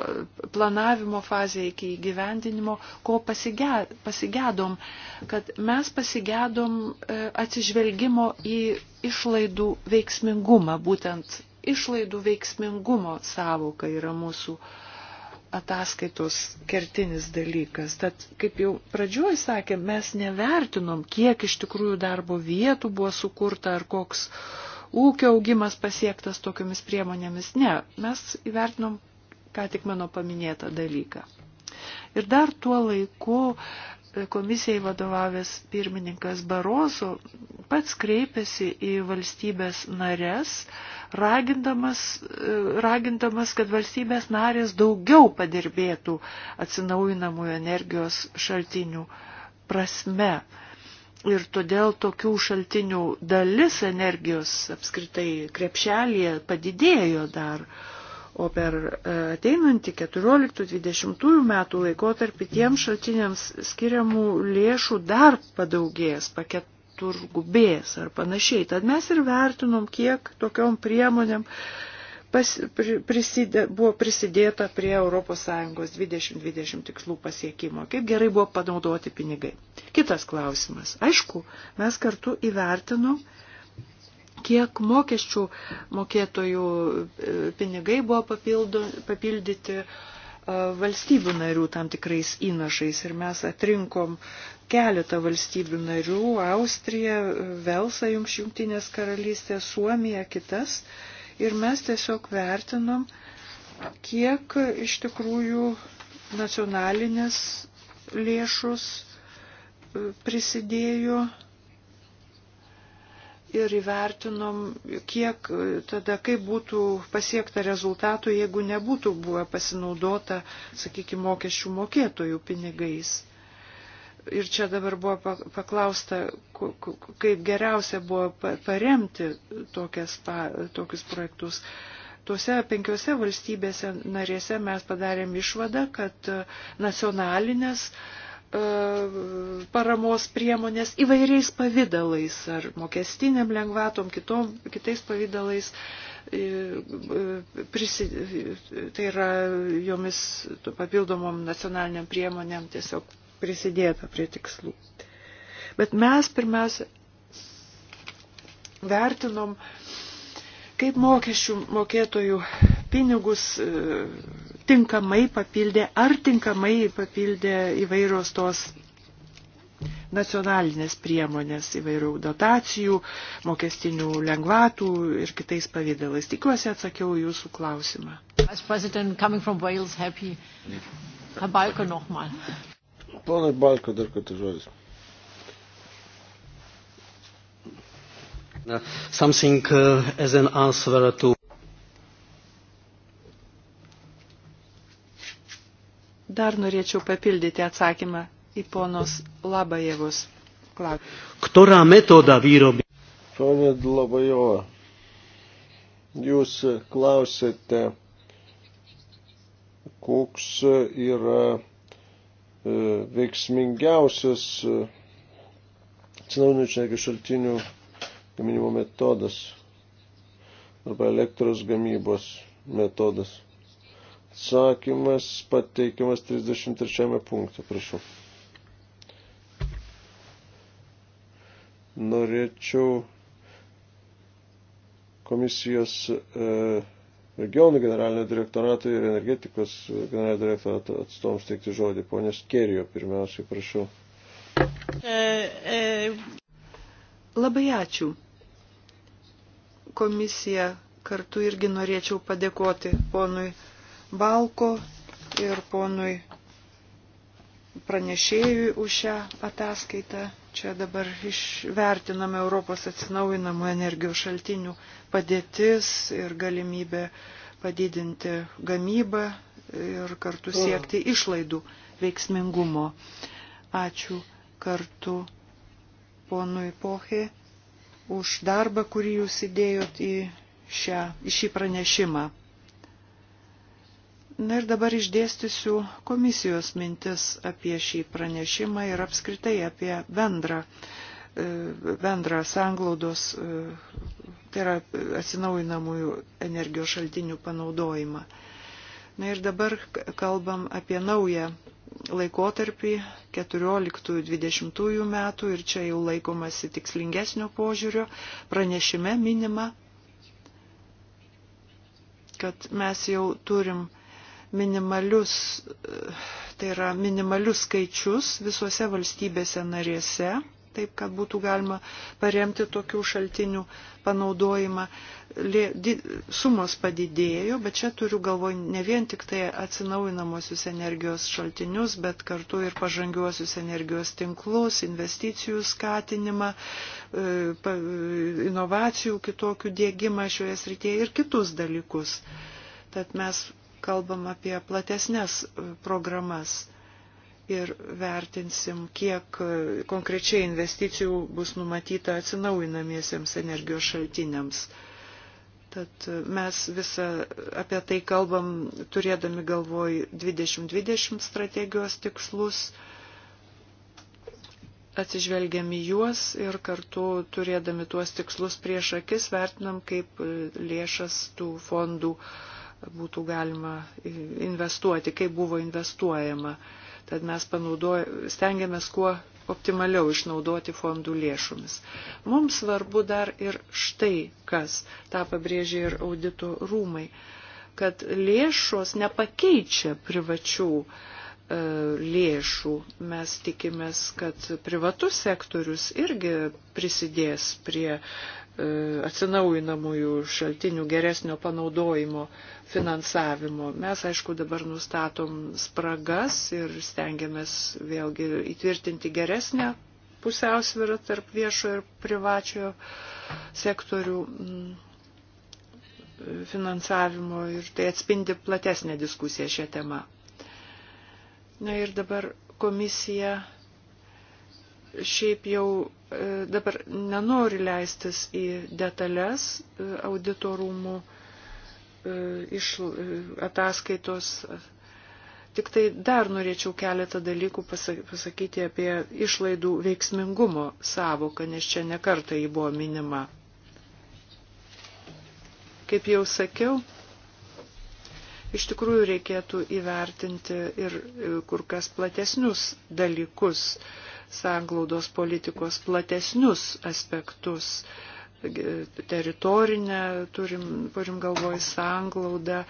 planavimo fazę iki įgyvendinimo, ko pasigėdom, kad mes pasigėdom e, atsižvelgimo į išlaidų veiksmingumą, būtent išlaidų veiksmingumo savoka yra mūsų uh, ataskaitos kertinis dalykas. Tad, kaip jau pradžioj sakė, mes nevertinom, kiek iš tikrųjų darbo vietų buvo sukurta ar koks ūkio augimas pasiektas tokiamis priemonėmis. Ne, mes įvertinom ką tik mano paminėtą dalyką. Ir dar tuo laiku komisijai vadovavęs pirmininkas Barozo pats kreipėsi į valstybės narės, ragindamas, ragindamas kad valstybės narės daugiau padirbėtų atsinaujinamųjų energijos šaltinių prasme. Ir todėl tokių šaltinių dalis energijos apskritai krepšelėje padidėjo dar. Uh, O per e, ateinantį 14-20 metų laikotarpį tiem šaltiniams skiriamų lėšų dar padaugės, paketurgubės ar panašiai. Tad mes ir vertinom, kiek tokiom priemonėm pas, prisidė, buvo prisidėta prie ES 2020 tikslų pasiekimo, kaip gerai buvo panaudoti pinigai. Kitas klausimas. Aišku, mes kartu įvertinom kiek mokesčių mokėtojų e, pinigai buvo papildo, papildyti e, valstybių narių tam tikrais įnašais. Ir mes atrinkom keletą valstybių narių - Austriją, Velsą, Jungtinės karalystės, Suomiją, kitas. Ir mes tiesiog vertinom, kiek iš tikrųjų nacionalinės lėšus e, prisidėjo ir įvertinom, kiek tada, kaip būtų pasiekta rezultatų, jeigu nebūtų buvę pasinaudota, sakykime, mokesčių mokėtojų pinigais. Ir čia dabar buvo paklausta, kaip geriausia buvo paremti tokias, tokius projektus. Tuose penkiose valstybėse narėse mes padarėm išvadą, kad nacionalinės uh, E, paramos priemonės įvairiais pavydalais, ar mokestiniam lengvatom, kitom, kitais pavydalais, e, e, prisi, tai yra jomis papildomom nacionaliniam priemonėm tiesiog prisidėta prie tikslų. Bet mes pirmiausia vertinom, kaip mokesčių mokėtojų pinigus tinkamai papildė, ar tinkamai papildė įvairios tos nacionalinės priemonės įvairių dotacijų, mokestinių lengvatų ir kitais pavydalais. Tikiuosi atsakiau jūsų klausimą. Wales, happy. Balko Ponai Balko, dar kartą žodis. Uh, something uh, as an answer to Dar norėčiau papildyti atsakymą į ponos Labajevus klausimą. Ktorą metodą vyrobi? Pone Labajova, jūs klausėte, koks yra e, veiksmingiausias e, atsinaujinančių energijos šaltinių gaminimo metodas arba elektros gamybos metodas atsakymas pateikiamas 33 punktą, prašau. Norėčiau komisijos e, regionų generalinio direktorato ir energetikos generalinio direktorato atstovams teikti žodį. Ponės Kerijo, pirmiausiai, prašau. E, e... Labai ačiū. Komisija kartu irgi norėčiau padėkoti ponui Balko ir ponui pranešėjui už šią ataskaitą. Čia dabar išvertiname Europos atsinaujinamų energijos šaltinių padėtis ir galimybė padidinti gamybą ir kartu mm. siekti išlaidų veiksmingumo. Ačiū kartu ponui Pohė už darbą, kurį jūs įdėjot į, šią, į šį pranešimą. Na ir dabar išdėstysiu komisijos mintis apie šį pranešimą ir apskritai apie bendrą, e, bendrą sanglaudos, e, tai yra atsinaujinamųjų energijos šaltinių panaudojimą. Na ir dabar kalbam apie naują laikotarpį 14-20 metų ir čia jau laikomasi tikslingesnio požiūrio, pranešime minima, kad mes jau turim minimalius, tai yra minimalius skaičius visose valstybėse narėse, taip kad būtų galima paremti tokių šaltinių panaudojimą. Sumos padidėjo, bet čia turiu galvoj ne vien tik tai atsinaujinamosius energijos šaltinius, bet kartu ir pažangiuosius energijos tinklus, investicijų skatinimą, e, inovacijų kitokių dėgymą šioje srityje ir kitus dalykus. Tad mes kalbam apie platesnės e, programas ir vertinsim, kiek e, konkrečiai investicijų bus numatyta atsinaujinamiesiems energijos šaltiniams. Tad e, mes visą apie tai kalbam, turėdami galvoj 2020 strategijos tikslus, atsižvelgiami juos ir kartu turėdami tuos tikslus prieš akis vertinam, kaip lėšas tų fondų uh, būtų galima investuoti, kaip buvo investuojama. Tad mes stengiamės kuo optimaliau išnaudoti fondų lėšomis. Mums svarbu dar ir štai kas, tą pabrėžė ir audito rūmai, kad lėšos nepakeičia privačių e, lėšų. Mes tikimės, kad privatus sektorius irgi prisidės prie E, atsinaujinamųjų šaltinių geresnio panaudojimo finansavimo. Mes, aišku, dabar nustatom spragas ir stengiamės vėlgi įtvirtinti geresnę pusiausvyrą tarp viešo ir privačiojo sektorių mm, finansavimo ir tai atspindi platesnę diskusiją šią temą. Na ir dabar komisija šiaip jau e, dabar nenori leistis į detalės e, auditorumų e, iš ataskaitos. Tik tai dar norėčiau keletą dalykų pasakyti apie išlaidų veiksmingumo savoką, nes čia nekarta jį buvo minima. Kaip jau sakiau, iš tikrųjų reikėtų įvertinti ir kur kas platesnius dalykus. Uh, sanglaudos politikos platesnius aspektus. Teritorinę turim, turim galvoj sanglaudą,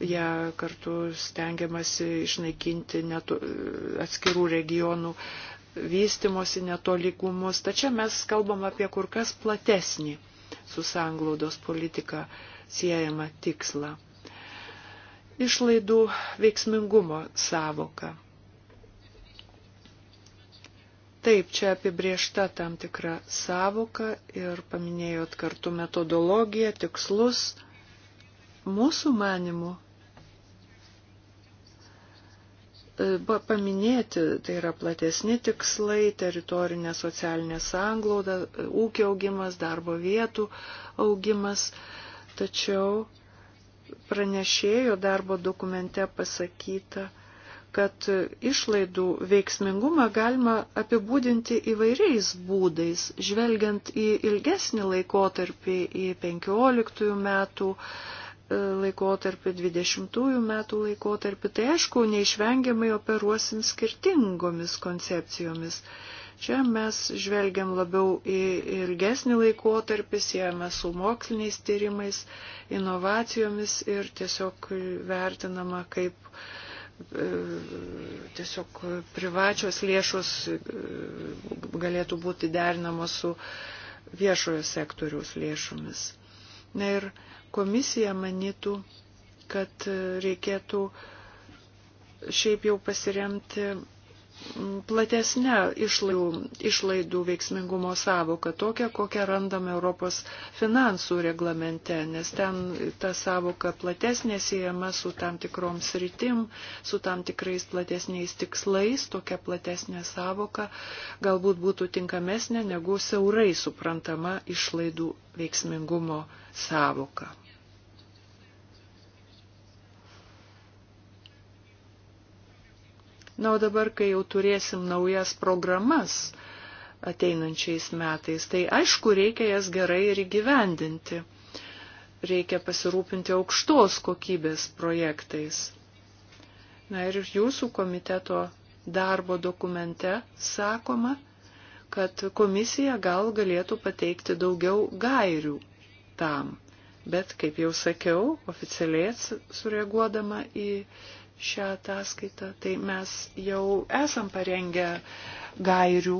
ją kartu stengiamasi išnaikinti netu, atskirų regionų vystimosi netolikumus. Tačiau mes kalbam apie kur kas platesnį su sanglaudos politika siejama tiksla. Išlaidų veiksmingumo savoka. Taip, čia apibriešta tam tikra savoka ir paminėjot kartu metodologiją, tikslus. Mūsų manimu e, paminėti, tai yra platesni tikslai, teritorinė socialinė sanglauda, e, ūkio augimas, darbo vietų augimas, tačiau pranešėjo darbo dokumente pasakyta, kad išlaidų veiksmingumą galima apibūdinti įvairiais būdais, žvelgiant į ilgesnį laikotarpį, į 15 metų e, laikotarpį, 20 metų laikotarpį, tai aišku, neišvengiamai operuosim skirtingomis koncepcijomis. Čia mes žvelgiam labiau į ilgesnį laikotarpį, siejame su moksliniais tyrimais, inovacijomis ir tiesiog vertinama, kaip uh, E, tiesiog privačios lėšos e, galėtų būti derinamos su viešojo sektoriaus lėšomis. Na ir komisija manytų, kad reikėtų šiaip jau pasiremti platesnę išlaidų, išlaidų veiksmingumo savoką, tokią, kokią randame Europos finansų reglamente, nes ten ta savoka platesnė siejama su tam tikrom sritim, su tam tikrais platesniais tikslais, tokia platesnė savoka galbūt būtų tinkamesnė negu siaurai suprantama išlaidų veiksmingumo savoka. Na, o dabar, kai jau turėsim naujas programas ateinančiais metais, tai aišku, reikia jas gerai ir įgyvendinti. Reikia pasirūpinti aukštos kokybės projektais. Na ir jūsų komiteto darbo dokumente sakoma, kad komisija gal galėtų pateikti daugiau gairių tam. Bet, kaip jau sakiau, oficialiai sureaguodama į šią ataskaitą, tai mes jau esam parengę gairių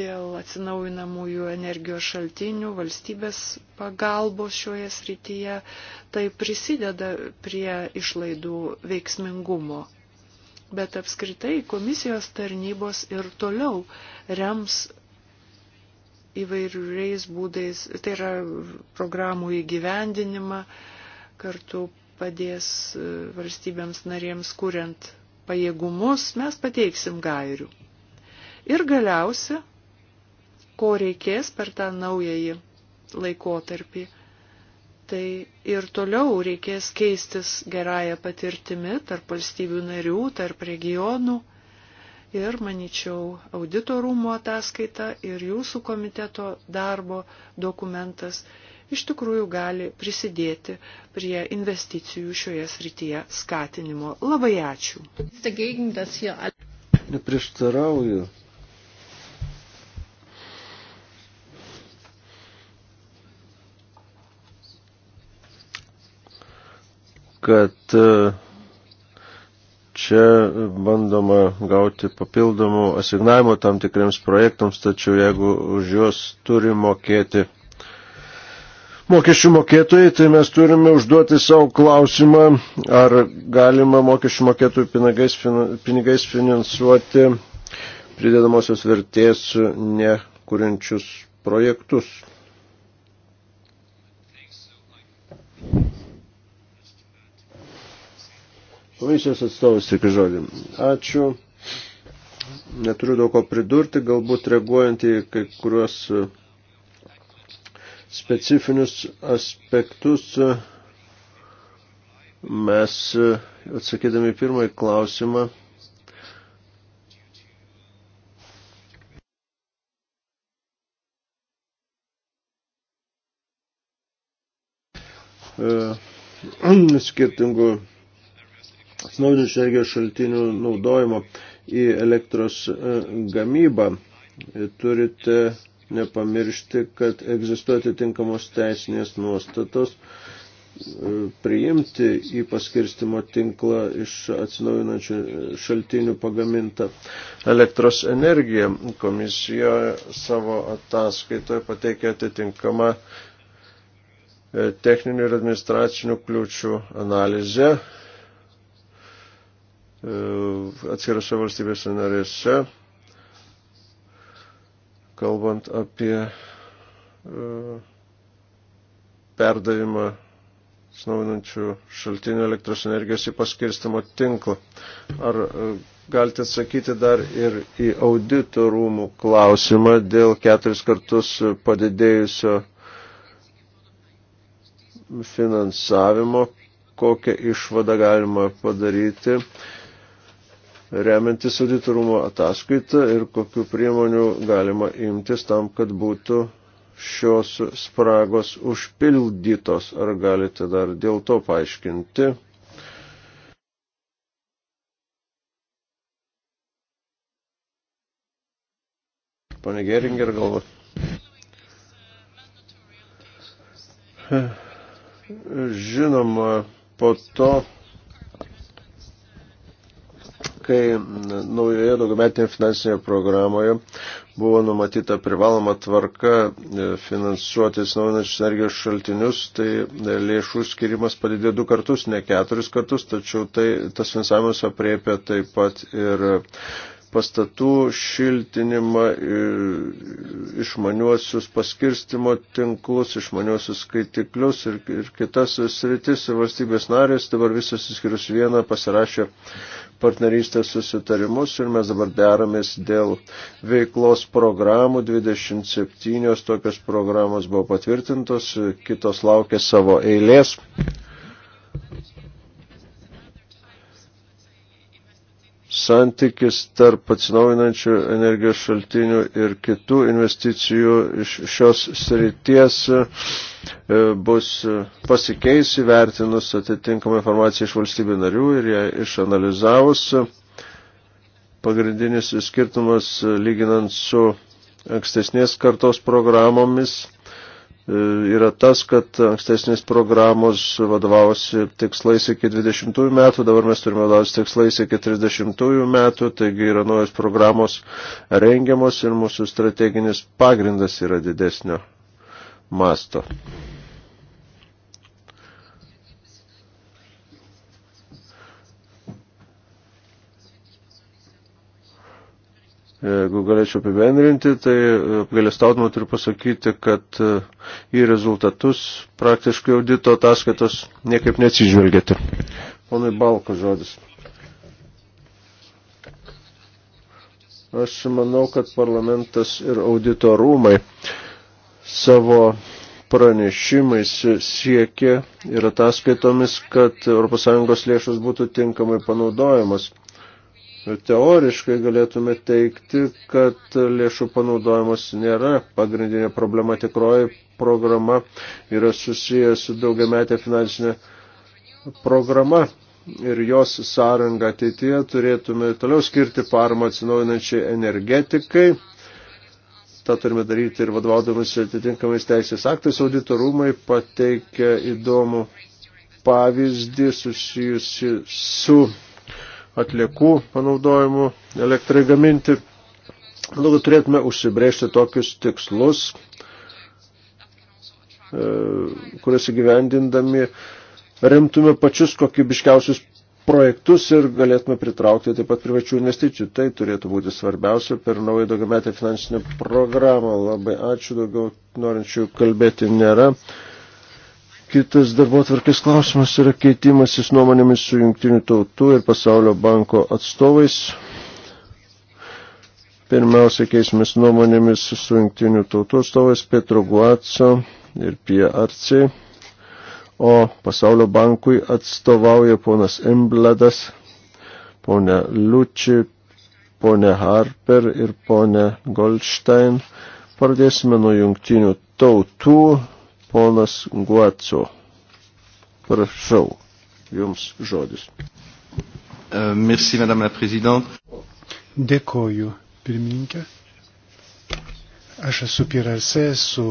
dėl atsinaujinamųjų energijos šaltinių, valstybės pagalbos šioje srityje, tai prisideda prie išlaidų veiksmingumo. Bet apskritai komisijos tarnybos ir toliau rems įvairiais būdais, tai yra programų įgyvendinimą, kartu padės e, valstybėms narėms kuriant pajėgumus, mes pateiksim gairių. Ir galiausia, ko reikės per tą naująjį laikotarpį, tai ir toliau reikės keistis gerąją patirtimi tarp valstybių narių, tarp regionų. Ir, manyčiau, auditorumo ataskaita ir jūsų komiteto darbo dokumentas iš tikrųjų gali prisidėti prie investicijų šioje srityje skatinimo. Labai ačiū. Neprieštarauju. kad e, čia bandoma gauti papildomų asignavimų tam tikriems projektams, tačiau jeigu už juos turi mokėti mokesčių mokėtojai, tai mes turime užduoti savo klausimą, ar galima mokesčių mokėtojų pinigais, pinigais finansuoti pridedamosios vertės nekuriančius projektus. Komisijos atstovas tik žodį. Ačiū. Neturiu daug ko pridurti, galbūt reaguojant į kai kuriuos specifinius aspektus. Mes, atsakydami pirmąjį klausimą, e, skirtingų atsinaujinančių energijos šaltinių naudojimo į elektros e, gamybą. Turite nepamiršti, kad egzistuoja atitinkamos teisinės nuostatos e, priimti į paskirstimo tinklą iš atsinaujinančių šaltinių pagamintą elektros energiją. Komisija savo ataskaitoje pateikė atitinkamą e, techninių ir administracinių kliūčių analizę e, atskirose valstybėse narėse kalbant apie e, perdavimą atsinaujinančių šaltinių elektros energijos į paskirstimo tinklą. Ar e, galite atsakyti dar ir į audito rūmų klausimą dėl keturis kartus padidėjusio finansavimo, kokią išvadą galima padaryti remiantis auditorumo ataskaitą ir kokiu priemonių galima imtis tam, kad būtų šios spragos užpildytos. Ar galite dar dėl to paaiškinti? Pane Geringer, galbūt. Žinoma, po to kai naujoje daugiametinėje finansinėje programoje buvo numatyta privaloma tvarka e, finansuoti atsinaujinančius energijos šaltinius, tai e, lėšų skirimas padidėjo du kartus, ne keturis kartus, tačiau tai, tas finansavimas apriepia taip pat ir pastatų šiltinimą, išmaniuosius paskirstimo tinklus, išmaniuosius skaitiklius ir, ir kitas sritis ir valstybės narės dabar visas įskirius vieną pasirašė partnerystės susitarimus ir mes dabar deramės dėl veiklos programų. 27 tokios programos buvo patvirtintos, kitos laukia savo eilės. santykis tarp atsinaujinančių energijos šaltinių ir kitų investicijų iš šios srities e, bus pasikeis įvertinus atitinkamą informaciją iš valstybių narių ir ją išanalizavus. Pagrindinis skirtumas lyginant su ankstesnės kartos programomis E, yra tas, kad ankstesnės programos vadovavosi tikslais iki 20 metų, dabar mes turime vadovausi tikslais iki 30 metų, taigi yra naujos programos rengiamos ir mūsų strateginis pagrindas yra didesnio masto. Jeigu galėčiau apibendrinti, tai e, apgalėstautumą turiu pasakyti, kad e, į rezultatus praktiškai audito ataskaitos niekaip neatsižvelgėte. Ponai Balko žodis. Aš manau, kad parlamentas ir audito rūmai savo pranešimais siekia ir ataskaitomis, kad ES lėšos būtų tinkamai panaudojamos teoriškai galėtume teikti, kad lėšų panaudojimas nėra pagrindinė problema. Tikroji programa yra susijęs su daugiametė finansinė programa ir jos sąrangą ateityje turėtume toliau skirti paramą atsinaujinančiai energetikai. Ta turime daryti ir vadovaudamas atitinkamais teisės aktais. Auditorumai pateikia įdomų pavyzdį susijusi su atliekų panaudojimu elektrai gaminti. Manau, kad turėtume užsibrėžti tokius tikslus, e, kurias įgyvendindami remtume pačius kokybiškiausius projektus ir galėtume pritraukti taip pat privačių investicijų. Tai turėtų būti svarbiausia per naują daugiametę finansinę programą. Labai ačiū, daugiau norinčių kalbėti nėra. Kitas darbo tvarkės klausimas yra keitimasis nuomonėmis su jungtinių tautų ir pasaulio banko atstovais. Pirmiausia, keisimės nuomonėmis su jungtinių tautų atstovais Petro Guaco ir Pie Arciai, o pasaulio bankui atstovauja ponas Imbladas, ponė Luči, ponė Harper ir ponė Goldstein. Pradėsime nuo jungtinių tautų Ponas Guaco, prašau, jums žodis. E, merci, madame la présidente. Dėkoju, pirmininkė. Aš esu Pirarse, su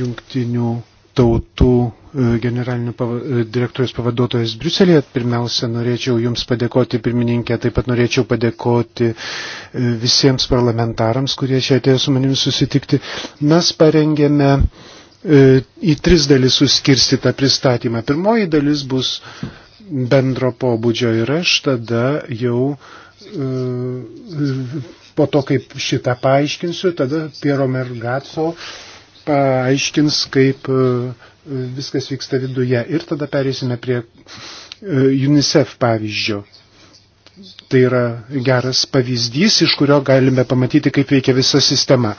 jungtinių tautų e, generalinio pav... E, direktorius pavaduotojas Briuselėje. Pirmiausia, norėčiau Jums padėkoti, pirmininkė, taip pat norėčiau padėkoti visiems parlamentarams, kurie čia atėjo su manimi susitikti. Mes parengėme E, į tris dalis suskirstytą pristatymą. Pirmoji dalis bus bendro pobūdžio ir aš tada jau e, po to, kaip šitą paaiškinsiu, tada Piero Mergaco paaiškins, kaip e, viskas vyksta viduje. Ir tada perėsime prie UNICEF pavyzdžio. Tai yra geras pavyzdys, iš kurio galime pamatyti, kaip veikia visa sistema.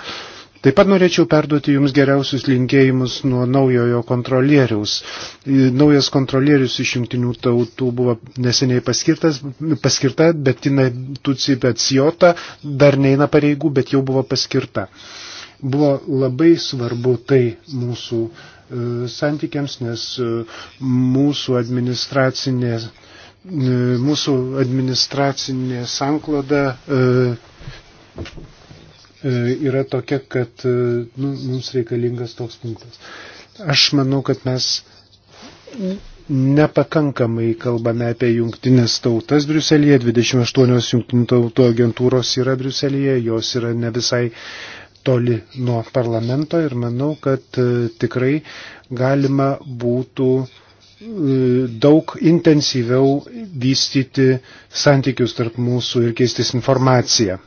Taip pat norėčiau perduoti Jums geriausius linkėjimus nuo naujojo kontrolieriaus. Naujas kontrolierius iš jungtinių tautų buvo neseniai paskirta, bet Tina Tucipacijota dar neina pareigų, bet jau buvo paskirta. Buvo labai svarbu tai mūsų e, santykiams, nes e, mūsų administracinė, e, mūsų administracinė sankloda E, yra tokia, kad e, nu, mums reikalingas toks punktas. Aš manau, kad mes nepakankamai kalbame apie jungtinės tautas Briuselėje. 28 jungtinių tautų agentūros yra Briuselėje, jos yra ne visai toli nuo parlamento ir manau, kad e, tikrai galima būtų daug intensyviau vystyti santykius tarp mūsų ir keistis informaciją.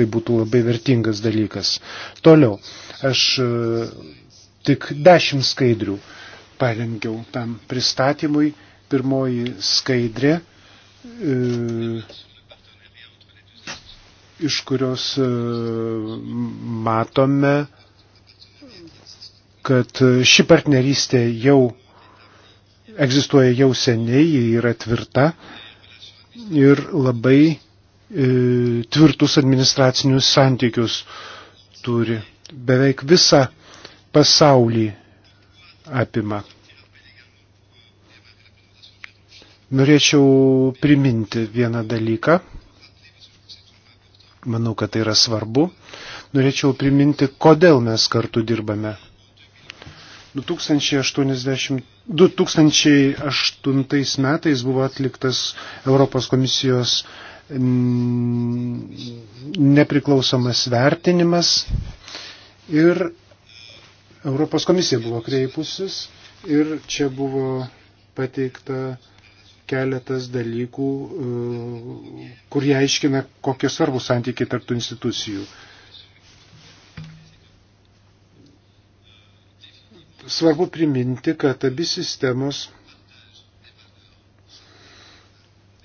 Tai būtų labai vertingas dalykas. Toliau, aš e, tik dešimt skaidrių parengiau tam pristatymui. Pirmoji skaidrė, e, iš kurios e, matome, kad ši partnerystė jau egzistuoja jau seniai, ji yra tvirta ir labai E, tvirtus administracinius santykius turi. Beveik visą pasaulį apima. Norėčiau priminti vieną dalyką. Manau, kad tai yra svarbu. Norėčiau priminti, kodėl mes kartu dirbame. 2080, 2008 metais buvo atliktas Europos komisijos uh, nepriklausomas vertinimas ir Europos komisija buvo kreipusis ir čia buvo pateikta keletas dalykų, e, kurie aiškina, kokie svarbus santykiai tarptų institucijų. Svarbu priminti, kad abi sistemos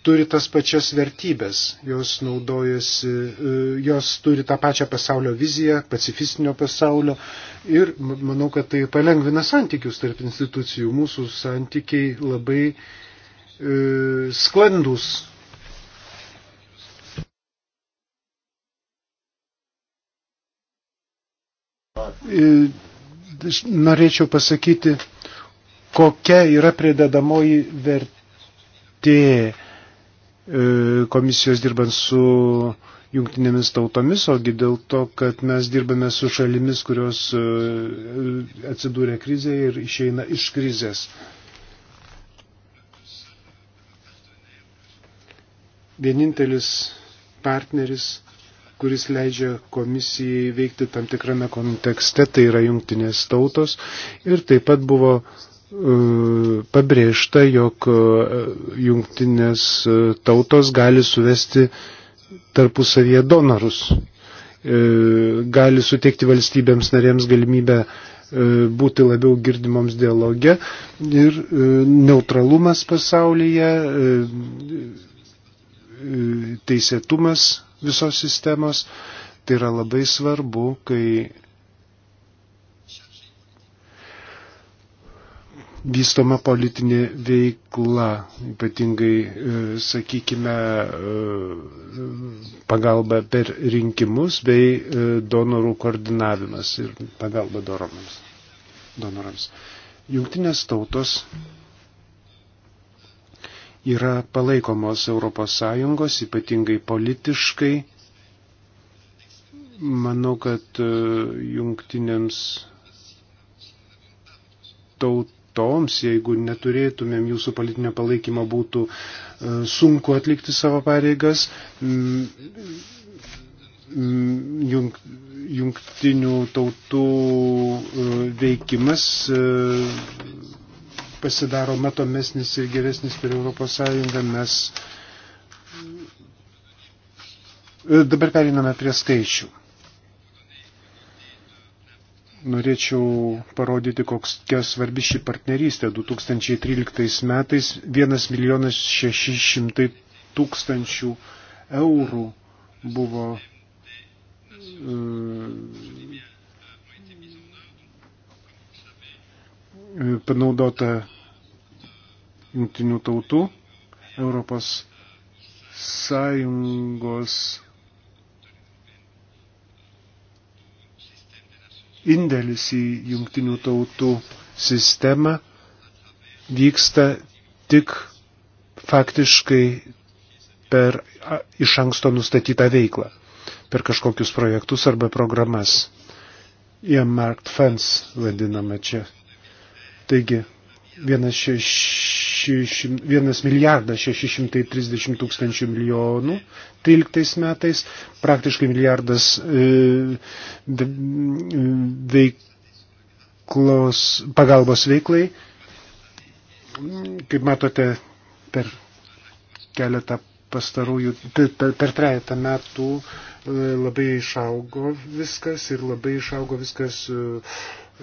turi tas pačias vertybės, jos naudojasi, e, jos turi tą pačią pasaulio viziją, pacifistinio pasaulio ir manau, kad tai palengvina santykius tarp institucijų. Mūsų santykiai labai e, sklandus. E, norėčiau pasakyti, kokia yra pridedamoji vertė E, komisijos dirbant su jungtinėmis tautomis, ogi dėl to, kad mes dirbame su šalimis, kurios e, atsidūrė krizėje ir išeina iš krizės. Vienintelis partneris, kuris leidžia komisijai veikti tam tikrame kontekste, tai yra jungtinės tautos ir taip pat buvo E, pabrėžta, jog e, jungtinės e, tautos gali suvesti tarpusavie donorus, gali suteikti valstybėms narėms galimybę būti labiau girdimoms dialoge ir neutralumas pasaulyje, teisėtumas visos sistemos, tai yra labai svarbu, kai vystoma politinė veikla, ypatingai, e, sakykime, e, pagalba per rinkimus bei e, donorų koordinavimas ir pagalba doromams, donorams. Jungtinės tautos yra palaikomos ES, ypatingai politiškai. Manau, kad jungtinėms tautoms toms, jeigu neturėtumėm jūsų politinio palaikymo, būtų e, sunku atlikti savo pareigas. Mm, mm, jung, jungtinių tautų e, veikimas e, pasidaro matomesnis ir geresnis per Europos Sąjungą. Mes dabar periname prie skaičių norėčiau parodyti, kokia svarbi ši partnerystė. 2013 metais 1 milijonas 600 tūkstančių eurų buvo e, panaudota jungtinių tautų Europos Sąjungos indėlis į jungtinių tautų sistemą vyksta tik faktiškai per iš anksto nustatytą veiklą, per kažkokius projektus arba programas. Earmarked funds vadinama čia. Taigi, vienas šeš 600, 1 milijardas 630 tūkstančių milijonų 13 metais, praktiškai milijardas e, veiklos, pagalbos veiklai. Kaip matote, per keletą pastarųjų, per, per trejata metų e, labai išaugo viskas ir labai išaugo viskas e,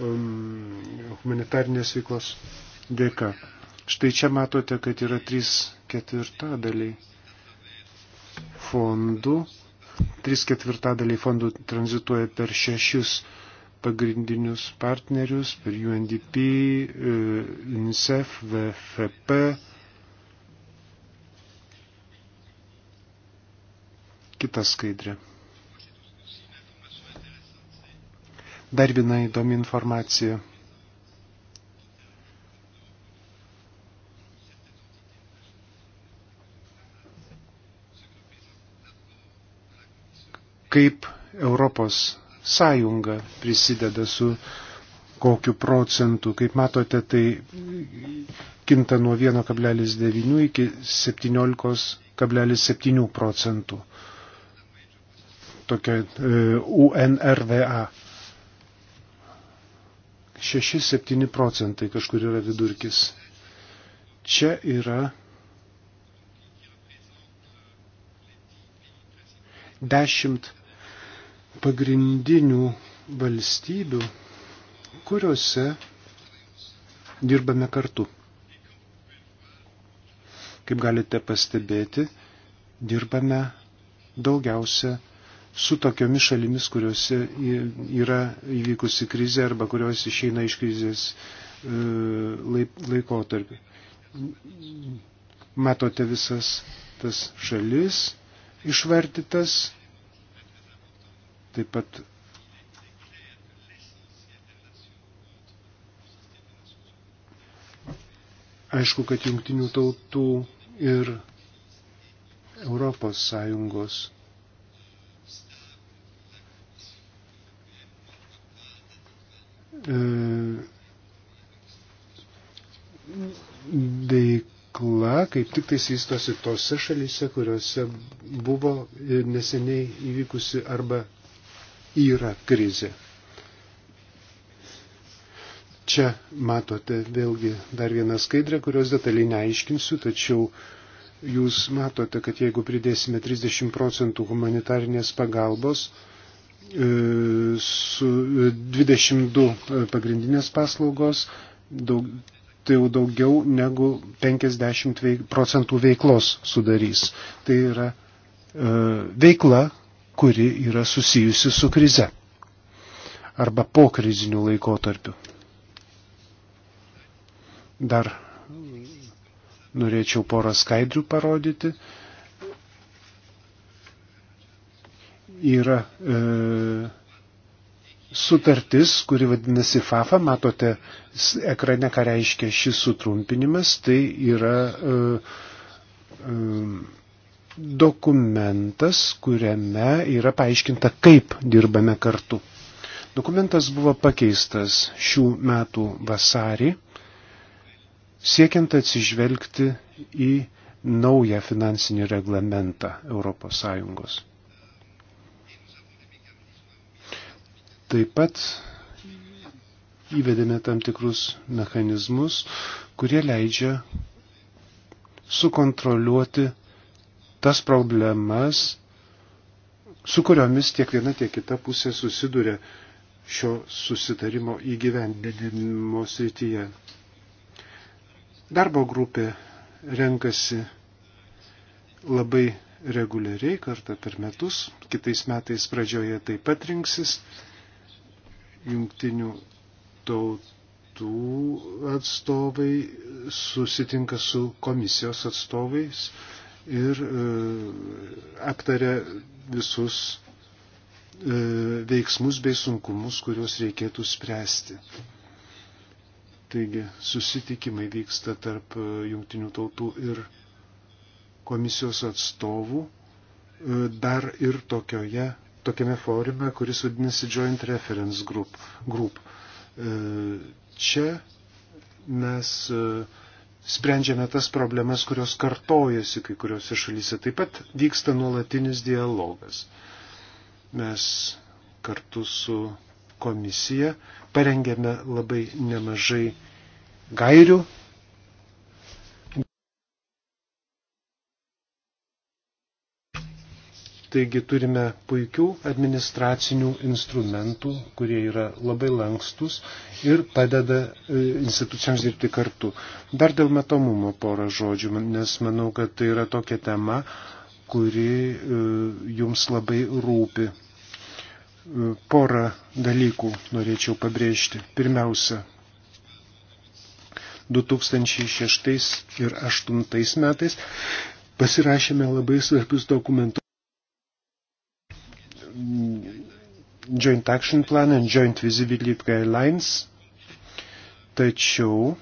um, humanitarnės veiklos dėka. Štai čia matote, kad yra trys ketvirtadaliai fondų. Trys ketvirtadaliai fondų tranzituoja per šešius pagrindinius partnerius, per UNDP, e, UNICEF, VFP. Kita skaidrė. Dar viena įdomi informacija kaip Europos sąjunga prisideda su kokiu procentu. Kaip matote, tai kinta nuo 1,9 iki 17,7 procentų. Tokia e, UNRVA. 6-7 procentai kažkur yra vidurkis. Čia yra dešimt pagrindinių valstybių, kuriuose dirbame kartu. Kaip galite pastebėti, dirbame daugiausia su tokiomis šalimis, kuriuose yra įvykusi krizė arba kurios išeina iš krizės e, laikotarpį. Matote visas tas šalis išvardytas, Taip pat aišku, kad jungtinių tautų ir Europos Sąjungos e, veikla kaip tik tai vystosi tose šalyse, kuriuose buvo neseniai įvykusi arba yra krizė. Čia matote vėlgi dar vieną skaidrę, kurios detaliai neaiškinsiu, tačiau jūs matote, kad jeigu pridėsime 30 procentų humanitarnės pagalbos, e, su 22 e, e, pagrindinės paslaugos, daug, tai jau daugiau negu 50 procentų veiklos sudarys. Tai yra e, veikla, kuri yra susijusi su krize arba po kriziniu laikotarpiu. Dar norėčiau porą skaidrių parodyti. Yra e, sutartis, kuri vadinasi FAFA, matote ekrane, ką reiškia šis sutrumpinimas, tai yra e, e, dokumentas, kuriame yra paaiškinta, kaip dirbame kartu. Dokumentas buvo pakeistas šių metų vasarį, siekiant atsižvelgti į naują finansinį reglamentą ES. Taip pat įvedėme tam tikrus mechanizmus, kurie leidžia sukontroliuoti tas problemas, su kuriomis tiek viena, tiek kita pusė susiduria šio susitarimo įgyvendinimo srityje. Darbo grupė renkasi labai reguliariai kartą per metus, kitais metais pradžioje taip pat rinksis jungtinių tautų atstovai, susitinka su komisijos atstovais, ir e, aptarė visus e, veiksmus bei sunkumus, kuriuos reikėtų spręsti. Taigi susitikimai vyksta tarp e, jungtinių tautų ir komisijos atstovų dar ir tokioje, tokiame forume, kuris vadinasi Joint Reference Group. group. Čia mes sprendžiame tas problemas, kurios kartojasi kai kuriuose šalyse. Taip pat vyksta nuolatinis dialogas. Mes kartu su komisija parengėme labai nemažai gairių Taigi turime puikių administracinių instrumentų, kurie yra labai lankstus ir padeda e, institucijoms dirbti kartu. Dar dėl matomumo porą žodžių, nes manau, kad tai yra tokia tema, kuri e, jums labai rūpi. E, porą dalykų norėčiau pabrėžti. Pirmiausia, 2006 ir 2008 metais pasirašėme labai svarbius dokumentus. Joint Action Plan and Joint Visibility Guidelines, tačiau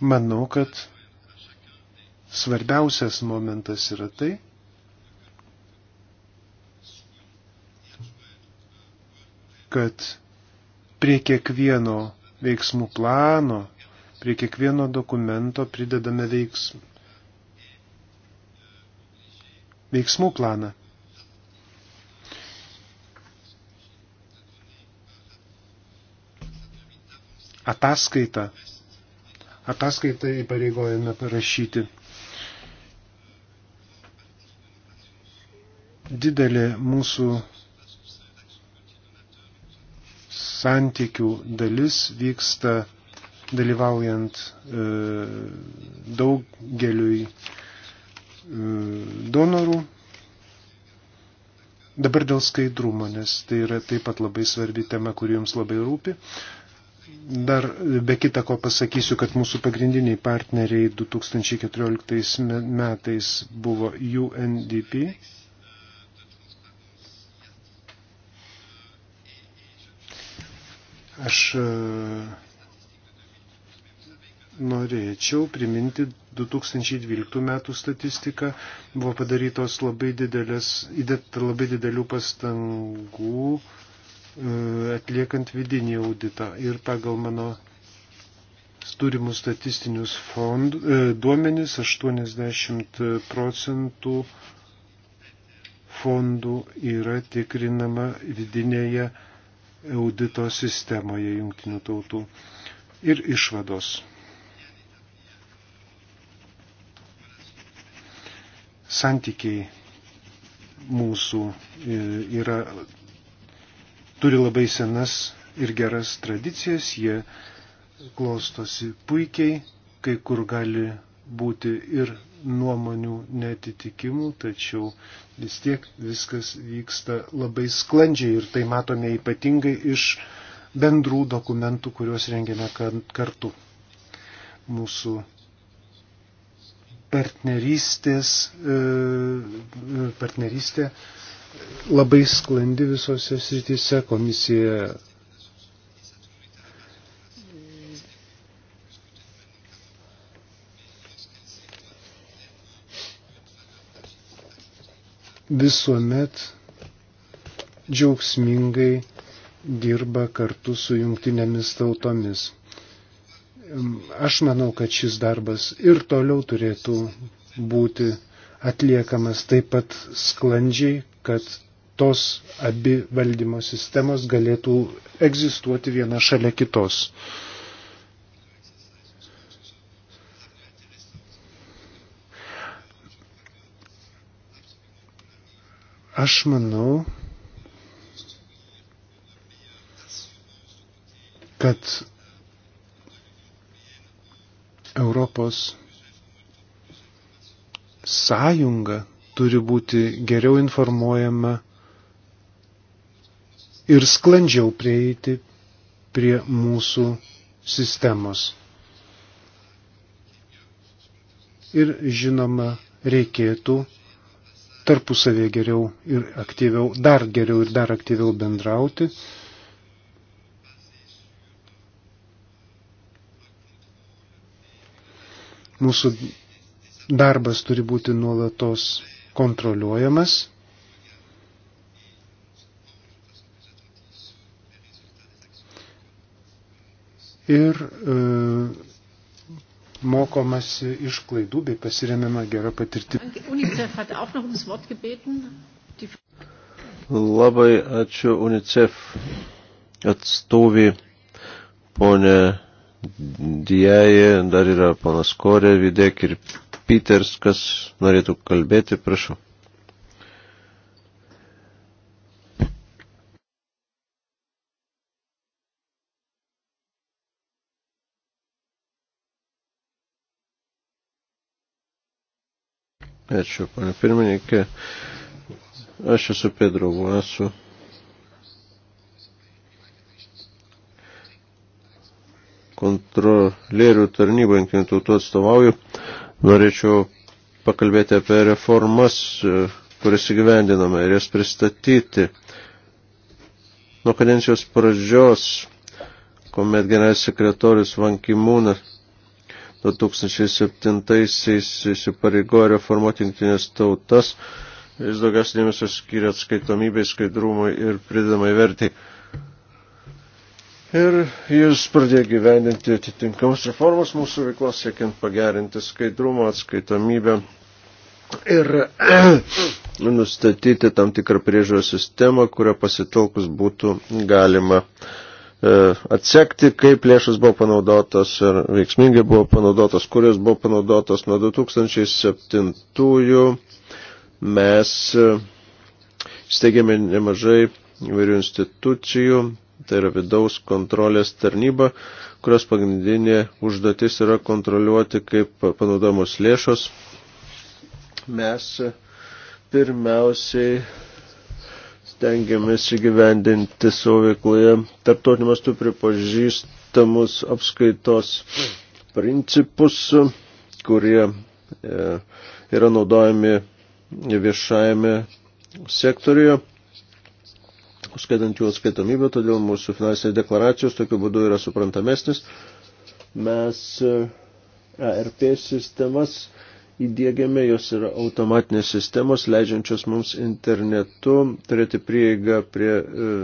manau, kad svarbiausias momentas yra tai, kad prie kiekvieno veiksmų plano Prie kiekvieno dokumento pridedame veiks... veiksmų planą. Ataskaita. Ataskaitą įpareigojame parašyti. Didelė mūsų santykių dalis vyksta dalyvaujant e, daugeliui e, donorų. Dabar dėl skaidrumo, nes tai yra taip pat labai svarbi tema, kuri jums labai rūpi. Dar be kita ko pasakysiu, kad mūsų pagrindiniai partneriai 2014 metais buvo UNDP. Aš uh, norėčiau priminti 2012 metų statistiką. Buvo padarytos labai didelės, įdėta labai didelių pastangų e, atliekant vidinį auditą. Ir pagal mano turimus statistinius fond, e, duomenis 80 procentų fondų yra tikrinama vidinėje audito sistemoje jungtinių tautų ir išvados. santykiai mūsų e, yra, turi labai senas ir geras tradicijas, jie klostosi puikiai, kai kur gali būti ir nuomonių netitikimų, tačiau vis tiek viskas vyksta labai sklandžiai ir tai matome ypatingai iš bendrų dokumentų, kuriuos rengiame kartu. Mūsų partnerystės, e, e, partnerystė labai sklandi visose srityse. Komisija visuomet džiaugsmingai dirba kartu su jungtinėmis tautomis. Aš manau, kad šis darbas ir toliau turėtų būti atliekamas taip pat sklandžiai, kad tos abi valdymo sistemos galėtų egzistuoti viena šalia kitos. Aš manau, kad Europos sąjunga turi būti geriau informuojama ir sklandžiau prieiti prie mūsų sistemos. Ir žinoma, reikėtų tarpusavėje geriau ir aktyviau, dar geriau ir dar aktyviau bendrauti, Mūsų darbas turi būti nuolatos kontroliuojamas. Ir e, mokomasi iš klaidų bei pasiremiama gera patirtimi. Labai ačiū UNICEF atstovį, ponė Dieji, dar yra panas Korė, Videk ir Peters, kas norėtų kalbėti, prašau. Ačiū, panė pirmininkė. Aš esu Pedro Vasu. kontrolierių tarnybą jungtinių tautų atstovauju, norėčiau pakalbėti apie reformas, e, kurias įgyvendiname ir jas pristatyti. Nuo kadencijos pradžios, kuomet generalinis sekretorius Vankimūnas 2007-aisiais įsipareigojo reformuoti jungtinės tautas, jis daugiausiai dėmesio skiria atskaitomybei, skaidrumui ir pridamai vertai. Ir jis pradėjo gyveninti atitinkamus reformas mūsų veiklos, siekiant pagerinti skaidrumą, atskaitomybę ir nustatyti tam tikrą priežiūros sistemą, kurią pasitelkus būtų galima e, atsekti, kaip lėšas buvo panaudotas ir veiksmingai buvo panaudotas, kurios buvo panaudotas nuo 2007-ųjų. Mes e, steigėme nemažai įvairių institucijų, tai yra vidaus kontrolės tarnyba, kurios pagrindinė užduotis yra kontroliuoti, kaip panaudojamos lėšos. Mes e, pirmiausiai stengiamės įgyvendinti savo veikloje tarptautiniu mastu pripažįstamus apskaitos principus, kurie e, yra naudojami viešajame sektorijoje skaitant jų atskaitomybę, todėl mūsų finansinės deklaracijos tokiu būdu yra suprantamesnis. Mes e, ARP sistemas įdėgiame, jos yra automatinės sistemos, leidžiančios mums internetu turėti prieigą prie e,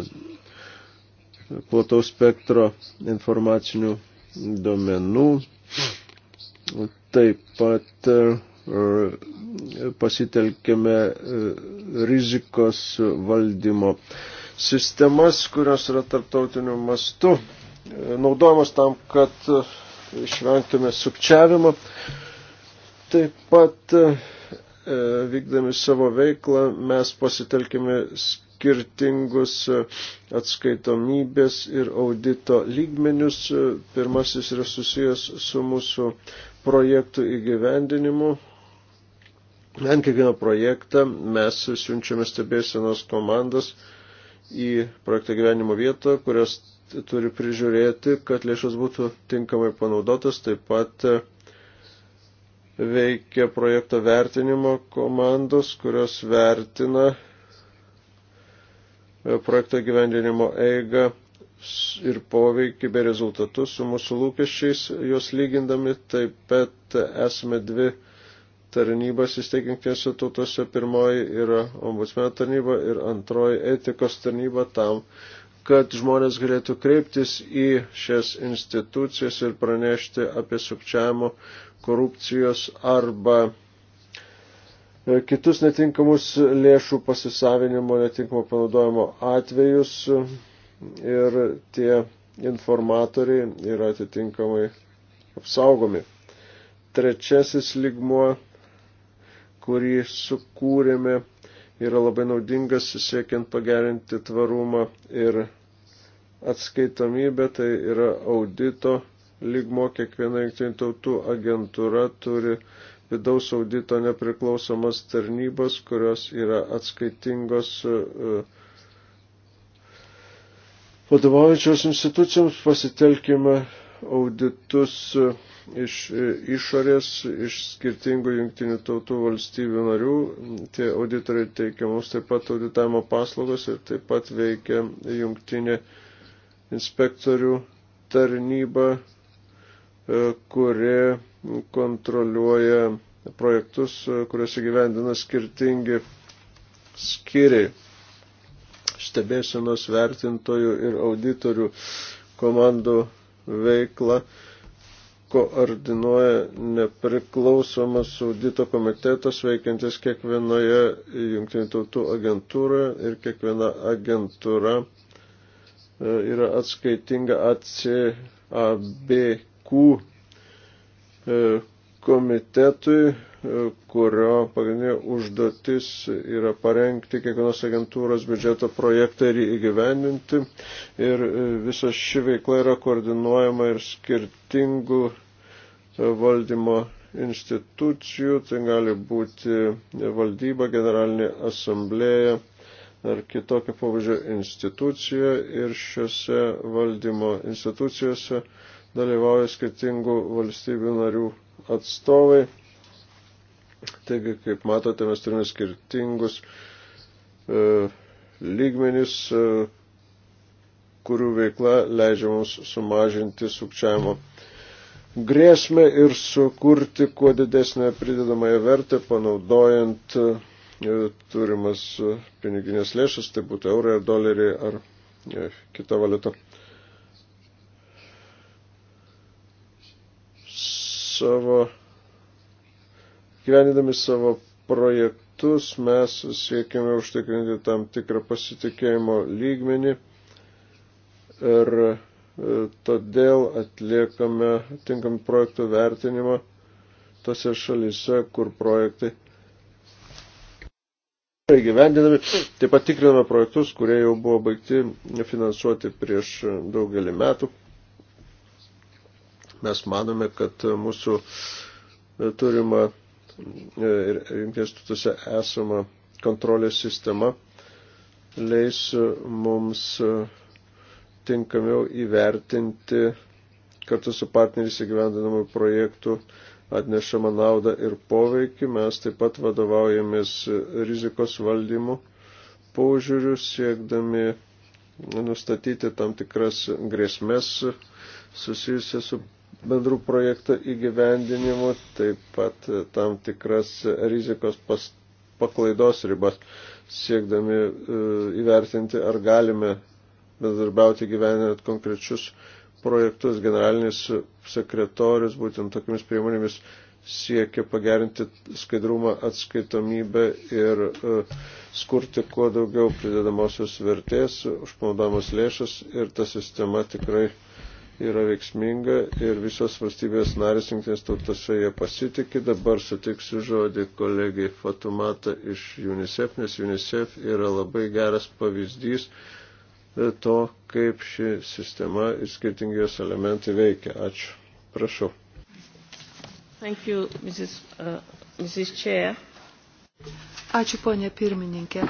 plataus spektro informacinių domenų. Taip pat e, pasitelkėme e, rizikos valdymo sistemas, kurios yra tarptautiniu mastu e, naudojamos tam, kad e, išvengtume sukčiavimo. Taip pat e, vykdami savo veiklą mes pasitelkime skirtingus atskaitomybės ir audito lygmenius. Pirmasis yra susijęs su mūsų projektų įgyvendinimu. Ant kiekvieno projektą mes siunčiame stebėsienos komandas į projekto gyvenimo vietą, kurias turi prižiūrėti, kad lėšos būtų tinkamai panaudotas. Taip pat e, veikia projekto vertinimo komandos, kurios vertina e, projekto gyvendinimo eigą ir poveikį bei rezultatus su mūsų lūkesčiais, juos lygindami. Taip pat e, esame dvi tarnybas įsteiginkėse tautose. Pirmoji yra ombudsmeno tarnyba ir antroji etikos tarnyba tam, kad žmonės galėtų kreiptis į šias institucijas ir pranešti apie sukčiavimo, korupcijos arba e, kitus netinkamus lėšų pasisavinimo, netinkamo panaudojimo atvejus ir tie informatoriai yra atitinkamai apsaugomi. Trečiasis ligmuo kurį sukūrėme, yra labai naudingas siekiant pagerinti tvarumą ir atskaitomybę, tai yra audito lygmo, kiekviena jungtinių tautų agentūra turi vidaus audito nepriklausomas tarnybos, kurios yra atskaitingos e, vadovaujančios institucijoms pasitelkime auditus e, iš e, išorės, iš skirtingų jungtinių tautų valstybių narių. Tie auditoriai teikia mums taip pat auditavimo paslaugas ir taip pat veikia jungtinė inspektorių tarnyba, e, kuri kontroliuoja projektus, e, kuriuose gyvendina skirtingi skiriai stebėsenos vertintojų ir auditorių komandų veiklą koordinuoja nepriklausomas audito komitetas veikiantis kiekvienoje jungtinių tautų agentūroje ir kiekviena agentūra e, yra atskaitinga ACABQ e, komitetui, e, kurio pagrindinė užduotis yra parengti kiekvienos agentūros biudžeto projektą ir įgyvendinti. Ir visa ši veikla yra koordinuojama ir skirtingų valdymo institucijų, tai gali būti valdyba, generalinė asamblėja ar kitokio pavadžio institucija ir šiuose valdymo institucijose dalyvauja skirtingų valstybių narių atstovai. Taigi, kaip matote, mes turime skirtingus e, lygmenis, e, kurių veikla leidžia mums sumažinti sukčiavimo grėsmę ir sukurti kuo didesnę pridedamąją vertę, panaudojant e, turimas e, piniginės lėšas, tai būtų eurai ar doleriai ar kita valiuta. Savo, gyvenydami savo projektus mes siekiame užtikrinti tam tikrą pasitikėjimo lygmenį ir er, E, todėl atliekame tinkam projektų vertinimą tose šalyse, kur projektai gyvendinami. Taip pat tikriname projektus, kurie jau buvo baigti finansuoti prieš daugelį metų. Mes manome, kad mūsų turima ir jungtinės tautose esama kontrolės sistema leis mums uh, tinkamiau įvertinti kartu su partneriais įgyvendinamų projektų atnešama nauda ir poveikį. Mes taip pat vadovaujamės rizikos valdymu paužiūriu, siekdami nustatyti tam tikras grėsmės susijusias su bendrų projektų įgyvendinimu, taip pat tam tikras rizikos pas, paklaidos ribas, siekdami e, įvertinti, ar galime bendarbiauti gyvenant konkrečius projektus. Generalinis sekretorius būtent tokiamis priemonėmis siekia pagerinti skaidrumą, atskaitomybę ir e, skurti kuo daugiau pridedamosios vertės, užpanaudamos lėšas ir ta sistema tikrai yra veiksminga ir visos valstybės narės jungtinės tautose jie pasitikė. Dabar sutiksiu žodį kolegai Fatumata iš UNICEF, nes UNICEF yra labai geras pavyzdys to, kaip ši sistema ir skirtingi jos elementai veikia. Ačiū. Prašau. Thank you, Mrs. Uh, Mrs. Chair. Ačiū, ponė pirmininkė.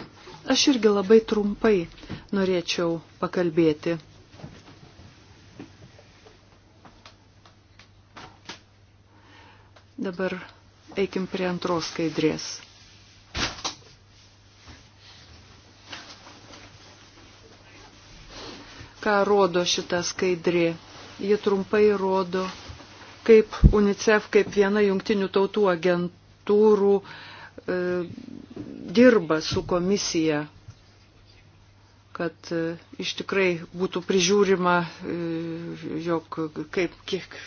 Aš irgi labai trumpai norėčiau pakalbėti. Dabar eikim prie antros skaidrės. ką rodo šita skaidrė. Ji trumpai rodo, kaip UNICEF, kaip viena jungtinių tautų agentūrų e, dirba su komisija, kad e, iš tikrai būtų prižiūrima, e, jog kaip, kiek,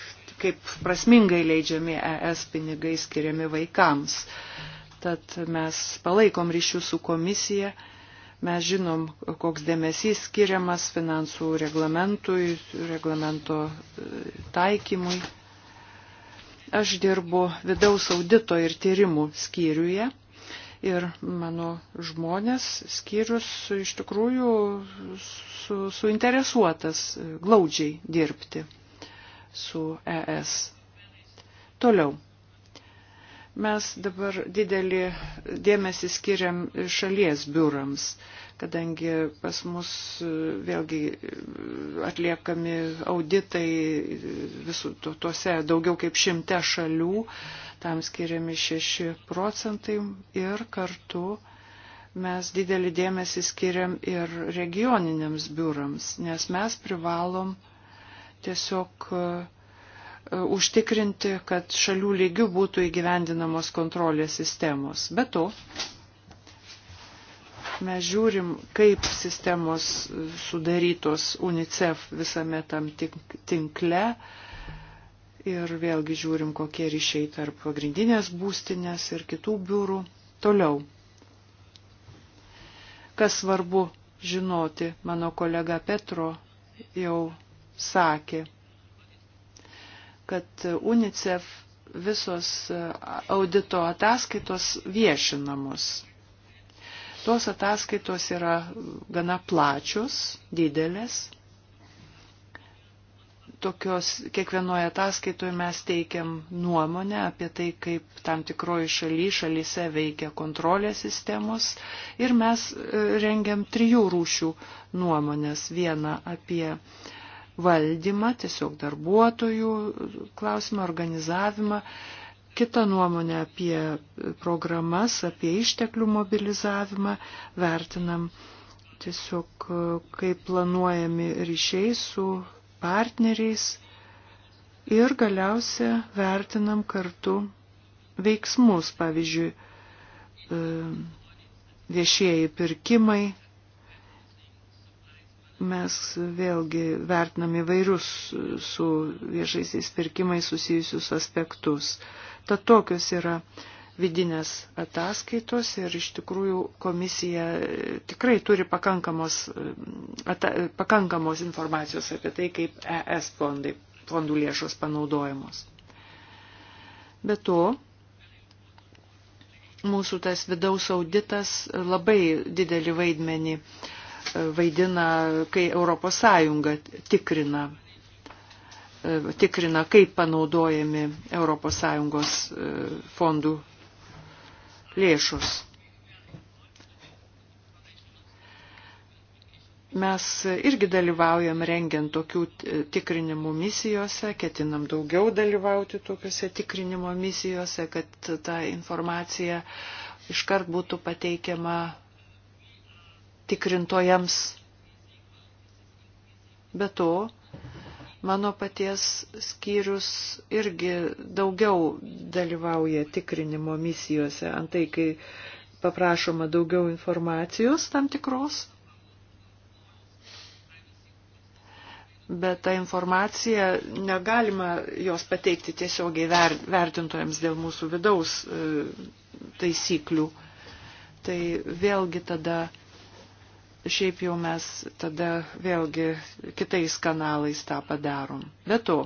kaip prasmingai leidžiami ES pinigai skiriami vaikams. Tad mes palaikom ryšių su komisija Mes žinom, koks dėmesys skiriamas finansų reglamentui, reglamento e, taikymui. Aš dirbu vidaus audito ir tyrimų skyriuje ir mano žmonės skyrius iš tikrųjų su, suinteresuotas glaudžiai dirbti su ES. Toliau. Mes dabar didelį dėmesį skiriam šalies biurams, kadangi pas mus e, vėlgi e, atliekami auditai e, visų tuose daugiau kaip šimte šalių, tam skiriami 6 procentai ir kartu mes didelį dėmesį skiriam ir regioniniams biurams, nes mes privalom tiesiog E, užtikrinti, kad šalių lygių būtų įgyvendinamos kontrolės sistemos. Be to, mes žiūrim, kaip sistemos sudarytos UNICEF visame tam tinkle ir vėlgi žiūrim, kokie ryšiai tarp pagrindinės būstinės ir kitų biurų. Toliau. Kas svarbu žinoti, mano kolega Petro jau sakė, kad UNICEF visos audito ataskaitos viešinamos. Tos ataskaitos yra gana plačios, didelės. Tokios kiekvienoje ataskaitoje mes teikiam nuomonę apie tai, kaip tam tikroji šaly, šalyse veikia kontrolės sistemos. Ir mes e, rengiam trijų rūšių nuomonės. Vieną apie uh, valdymą, tiesiog darbuotojų klausimą, organizavimą, kitą nuomonę apie programas, apie išteklių mobilizavimą vertinam tiesiog e, kaip planuojami ryšiai su partneriais ir galiausia vertinam kartu veiksmus, pavyzdžiui, e, viešieji pirkimai, mes vėlgi vertinam įvairius su viešaisiais pirkimais susijusius aspektus. Tad tokios yra vidinės ataskaitos ir iš tikrųjų komisija tikrai turi pakankamos, ata, pakankamos informacijos apie tai, kaip ES fondai, fondų lėšos panaudojamos. Be to, mūsų tas vidaus auditas labai didelį vaidmenį uh, vaidina, kai Europos Sąjunga tikrina, e, tikrina kaip panaudojami Europos Sąjungos e, fondų lėšus. Mes irgi dalyvaujam rengiant tokių tikrinimų misijose, ketinam daugiau dalyvauti tokiuose tikrinimo misijose, kad ta informacija iškart būtų pateikiama tikrintojams. Be to, mano paties skyrius irgi daugiau dalyvauja tikrinimo misijose, antai kai paprašoma daugiau informacijos tam tikros. Bet tą informaciją negalima jos pateikti tiesiogiai vertintojams dėl mūsų vidaus e, taisyklių. Tai vėlgi tada šiaip jau mes tada vėlgi kitais kanalais tą padarom. Be to,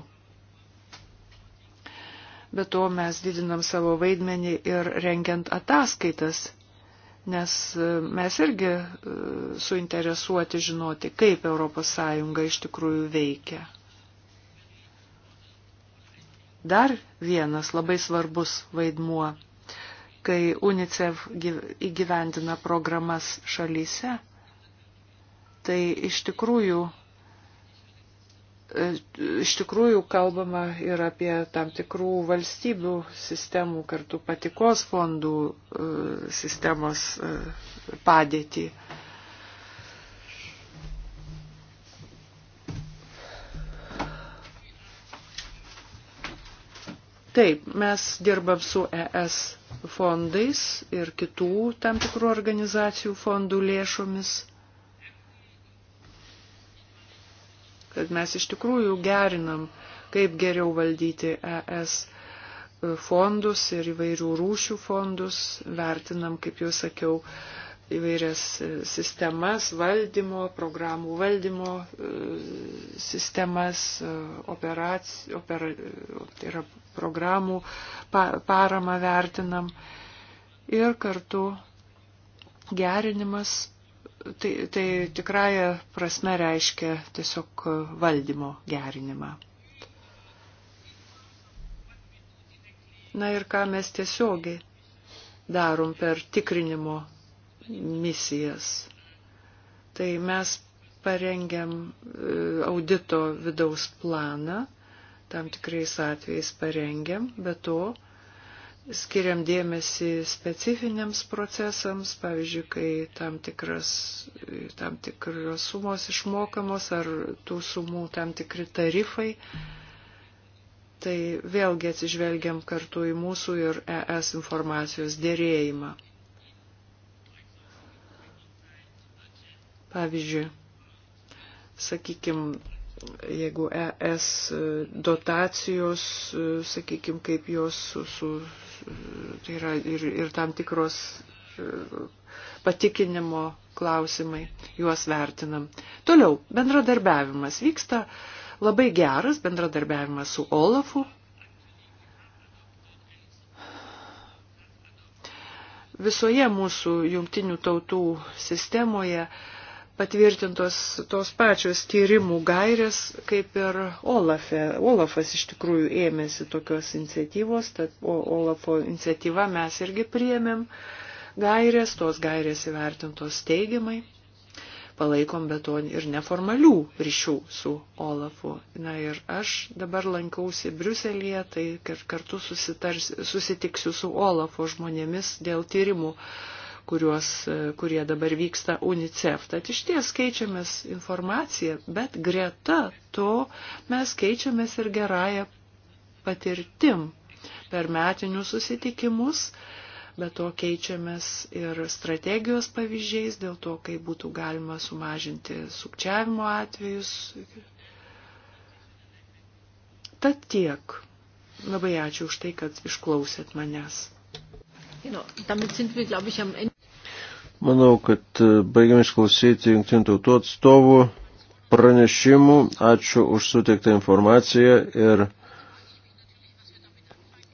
be to mes didinam savo vaidmenį ir rengiant ataskaitas, nes e, mes irgi e, suinteresuoti žinoti, kaip ES iš tikrųjų veikia. Dar vienas labai svarbus vaidmuo kai UNICEF įgyvendina programas šalyse, tai iš tikrųjų e, iš tikrųjų kalbama ir apie tam tikrų valstybių sistemų, kartu patikos fondų e, sistemos e, padėtį. Taip, mes dirbam su ES fondais ir kitų tam tikrų organizacijų fondų lėšomis. kad mes iš tikrųjų gerinam, kaip geriau valdyti ES fondus ir įvairių rūšių fondus, vertinam, kaip jau sakiau, įvairias e, sistemas valdymo, programų valdymo e, sistemas, e, operac, opera, tai yra programų pa, paramą vertinam ir kartu gerinimas tai, tai tikrąją prasme reiškia tiesiog valdymo gerinimą. Na ir ką mes tiesiogiai darom per tikrinimo misijas. Tai mes parengiam e, audito vidaus planą, tam tikrais atvejais parengiam, bet to skiriam dėmesį specifiniams procesams, pavyzdžiui, kai tam, tikras, tam tikros sumos išmokamos ar tų sumų tam tikri tarifai. Tai vėlgi atsižvelgiam kartu į mūsų ir ES informacijos dėrėjimą. Pavyzdžiui, sakykime, jeigu ES dotacijos, sakykime, kaip jos su, su tai yra ir, ir tam tikros e, patikinimo klausimai, juos vertinam. Toliau, bendradarbiavimas vyksta labai geras bendradarbiavimas su Olafu. Visoje mūsų jungtinių tautų sistemoje uh, patvirtintos tos pačios tyrimų gairės, kaip ir Olafe. Olafas iš tikrųjų ėmėsi tokios iniciatyvos, tad Olafo iniciatyvą mes irgi priėmėm gairės, tos gairės įvertintos teigiamai palaikom be to ir neformalių ryšių su Olafu. Na ir aš dabar lankausi Briuselėje, tai kartu susitars, susitiksiu su Olafo žmonėmis dėl tyrimų kuriuos, e, kurie dabar vyksta UNICEF. Tad iš ties keičiamės informaciją, bet greta to mes keičiamės ir gerąją patirtim per metinius susitikimus, bet to keičiamės ir strategijos pavyzdžiais dėl to, kaip būtų galima sumažinti sukčiavimo atvejus. Tad tiek. Labai ačiū už tai, kad išklausėt manęs. Genau, damit sind wir, glaube ich, am Ende. Manau, kad e, baigiam išklausyti jungtinių tautų atstovų pranešimų. Ačiū už suteiktą informaciją ir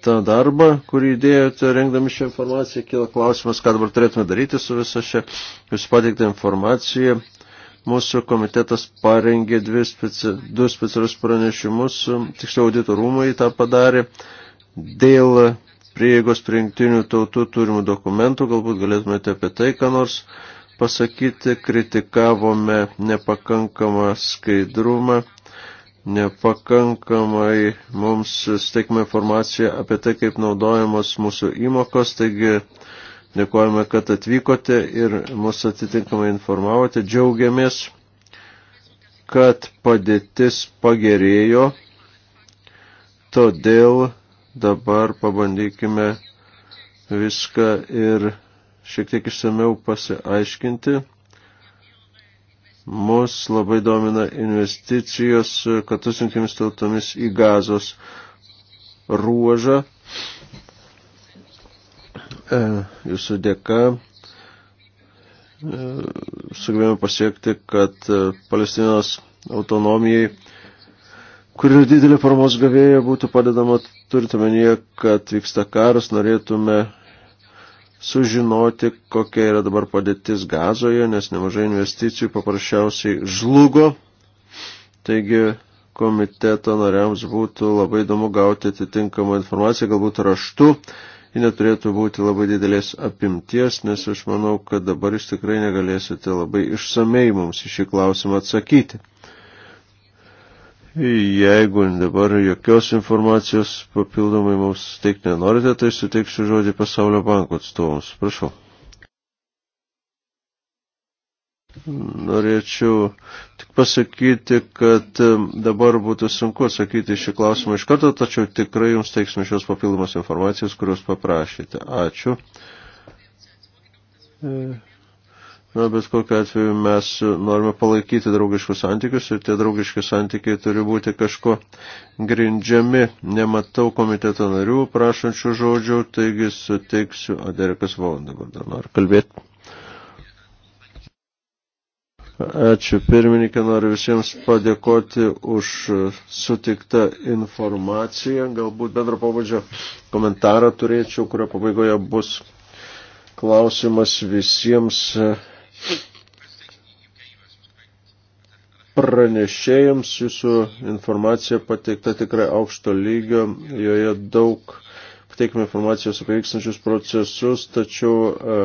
tą darbą, kurį įdėjote rengdami šią informaciją. Kila klausimas, ką dabar turėtume daryti su visa šia jūsų pateiktą informaciją. Mūsų komitetas parengė speci, du specialius pranešimus, tiksliau audito rūmai tą padarė, dėl prieigos prie jungtinių tautų turimų dokumentų, galbūt galėtumėte apie tai, ką nors pasakyti, kritikavome nepakankamą skaidrumą, nepakankamai mums steikime informaciją apie tai, kaip naudojamos mūsų įmokos, taigi dėkojame, kad atvykote ir mūsų atitinkamai informavote, džiaugiamės, kad padėtis pagerėjo, todėl dabar pabandykime viską ir šiek tiek išsameu pasiaiškinti. Mus labai domina investicijos kartu su jungtimis tautomis į gazos ruožą. E, jūsų dėka e, sugebėjome pasiekti, kad e, Palestinos autonomijai, kuri yra didelė paramos gavėja, būtų padedama turint omenyje, kad vyksta karas, norėtume sužinoti, kokia yra dabar padėtis gazoje, nes nemažai investicijų paprasčiausiai žlugo. Taigi komiteto nariams būtų labai įdomu gauti atitinkamą informaciją, galbūt raštu. Ji neturėtų būti labai didelės apimties, nes aš manau, kad dabar jūs tikrai negalėsite labai išsamei mums į šį klausimą atsakyti. Jeigu dabar jokios informacijos papildomai mums teikti nenorite, tai suteiksiu žodį Pasaulio banko atstovams. Prašau. Norėčiau tik pasakyti, kad dabar būtų sunku atsakyti šį klausimą iš karto, tačiau tikrai jums teiksime šios papildomos informacijos, kurios paprašyte. Ačiū. E Na, bet kokiu atveju mes norime palaikyti draugiškus santykius ir tie draugiški santykiai turi būti kažko grindžiami. Nematau komiteto narių prašančių žodžių, taigi suteiksiu Aderikas valandą. Dar noriu kalbėti. Ačiū pirmininkė, noriu visiems padėkoti už sutiktą informaciją. Galbūt bendro pobūdžio komentarą turėčiau, kurio pabaigoje bus klausimas visiems pranešėjams jūsų informacija pateikta tikrai aukšto lygio, joje daug pateikime informacijos apie vykstančius procesus, tačiau e,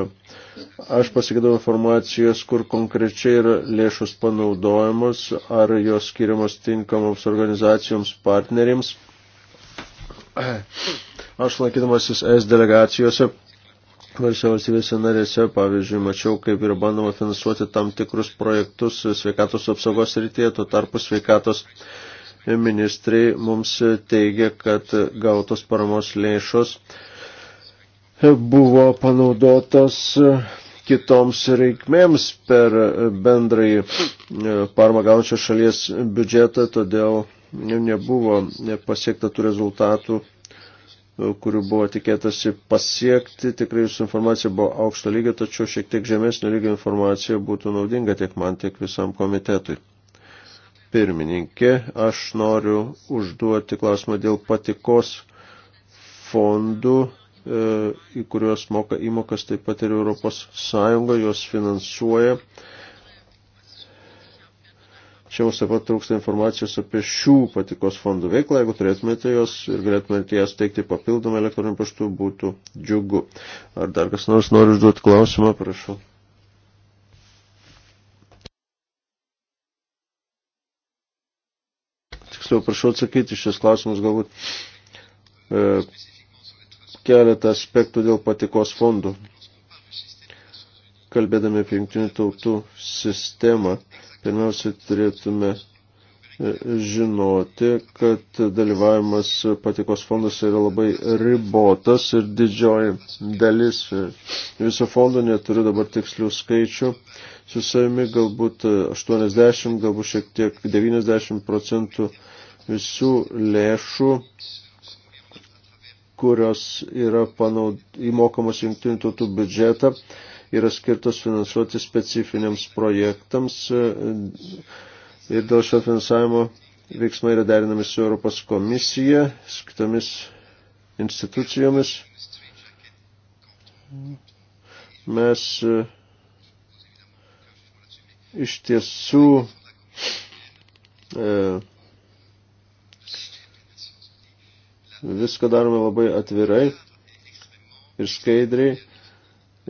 aš pasigėdavau informacijos, kur konkrečiai yra lėšos panaudojamos, ar jos skiriamos tinkamoms organizacijoms partneriams. Aš lankydamasis S delegacijose Varsio valstybėse narėse, pavyzdžiui, mačiau, kaip yra bandoma finansuoti tam tikrus projektus sveikatos apsaugos rytyje, tuo tarpu sveikatos ministrai mums teigia, kad gautos paramos lėšos buvo panaudotos kitoms reikmėms per bendrai e, parmą gaunančios šalies biudžetą, todėl nebuvo pasiekta tų rezultatų, E, kurių buvo tikėtasi pasiekti. Tikrai jūsų informacija buvo aukšto lygio, tačiau šiek tiek žemesnio lygio informacija būtų naudinga tiek man, tiek visam komitetui. Pirmininkė, aš noriu užduoti klausimą dėl patikos fondų, e, į kuriuos moka įmokas taip pat ir Europos Sąjunga, juos finansuoja. Čia mums taip pat trūksta informacijos apie šių patikos fondų veiklą. Jeigu turėtumėte jos ir galėtumėte jas teikti papildomą elektroniniu paštu, būtų džiugu. Ar dar kas nors nori užduoti klausimą, prašau. Tiksliau, prašau atsakyti šis klausimus galbūt e, keletą aspektų dėl patikos fondų kalbėdami apie jungtinių tautų sistemą, pirmiausia turėtume e, žinoti, kad dalyvavimas patikos fondose yra labai ribotas ir didžioji dalis viso fondo neturiu dabar tikslių skaičių su savimi, galbūt 80, galbūt šiek tiek 90 procentų visų lėšų kurios yra panaud... įmokamos jungtinių tautų biudžetą, yra skirtos finansuoti specifiniams projektams e, ir dėl šio finansavimo veiksmai yra derinami su Europos komisija, su kitomis institucijomis. Mes e, iš tiesų e, viską darome labai atvirai ir skaidriai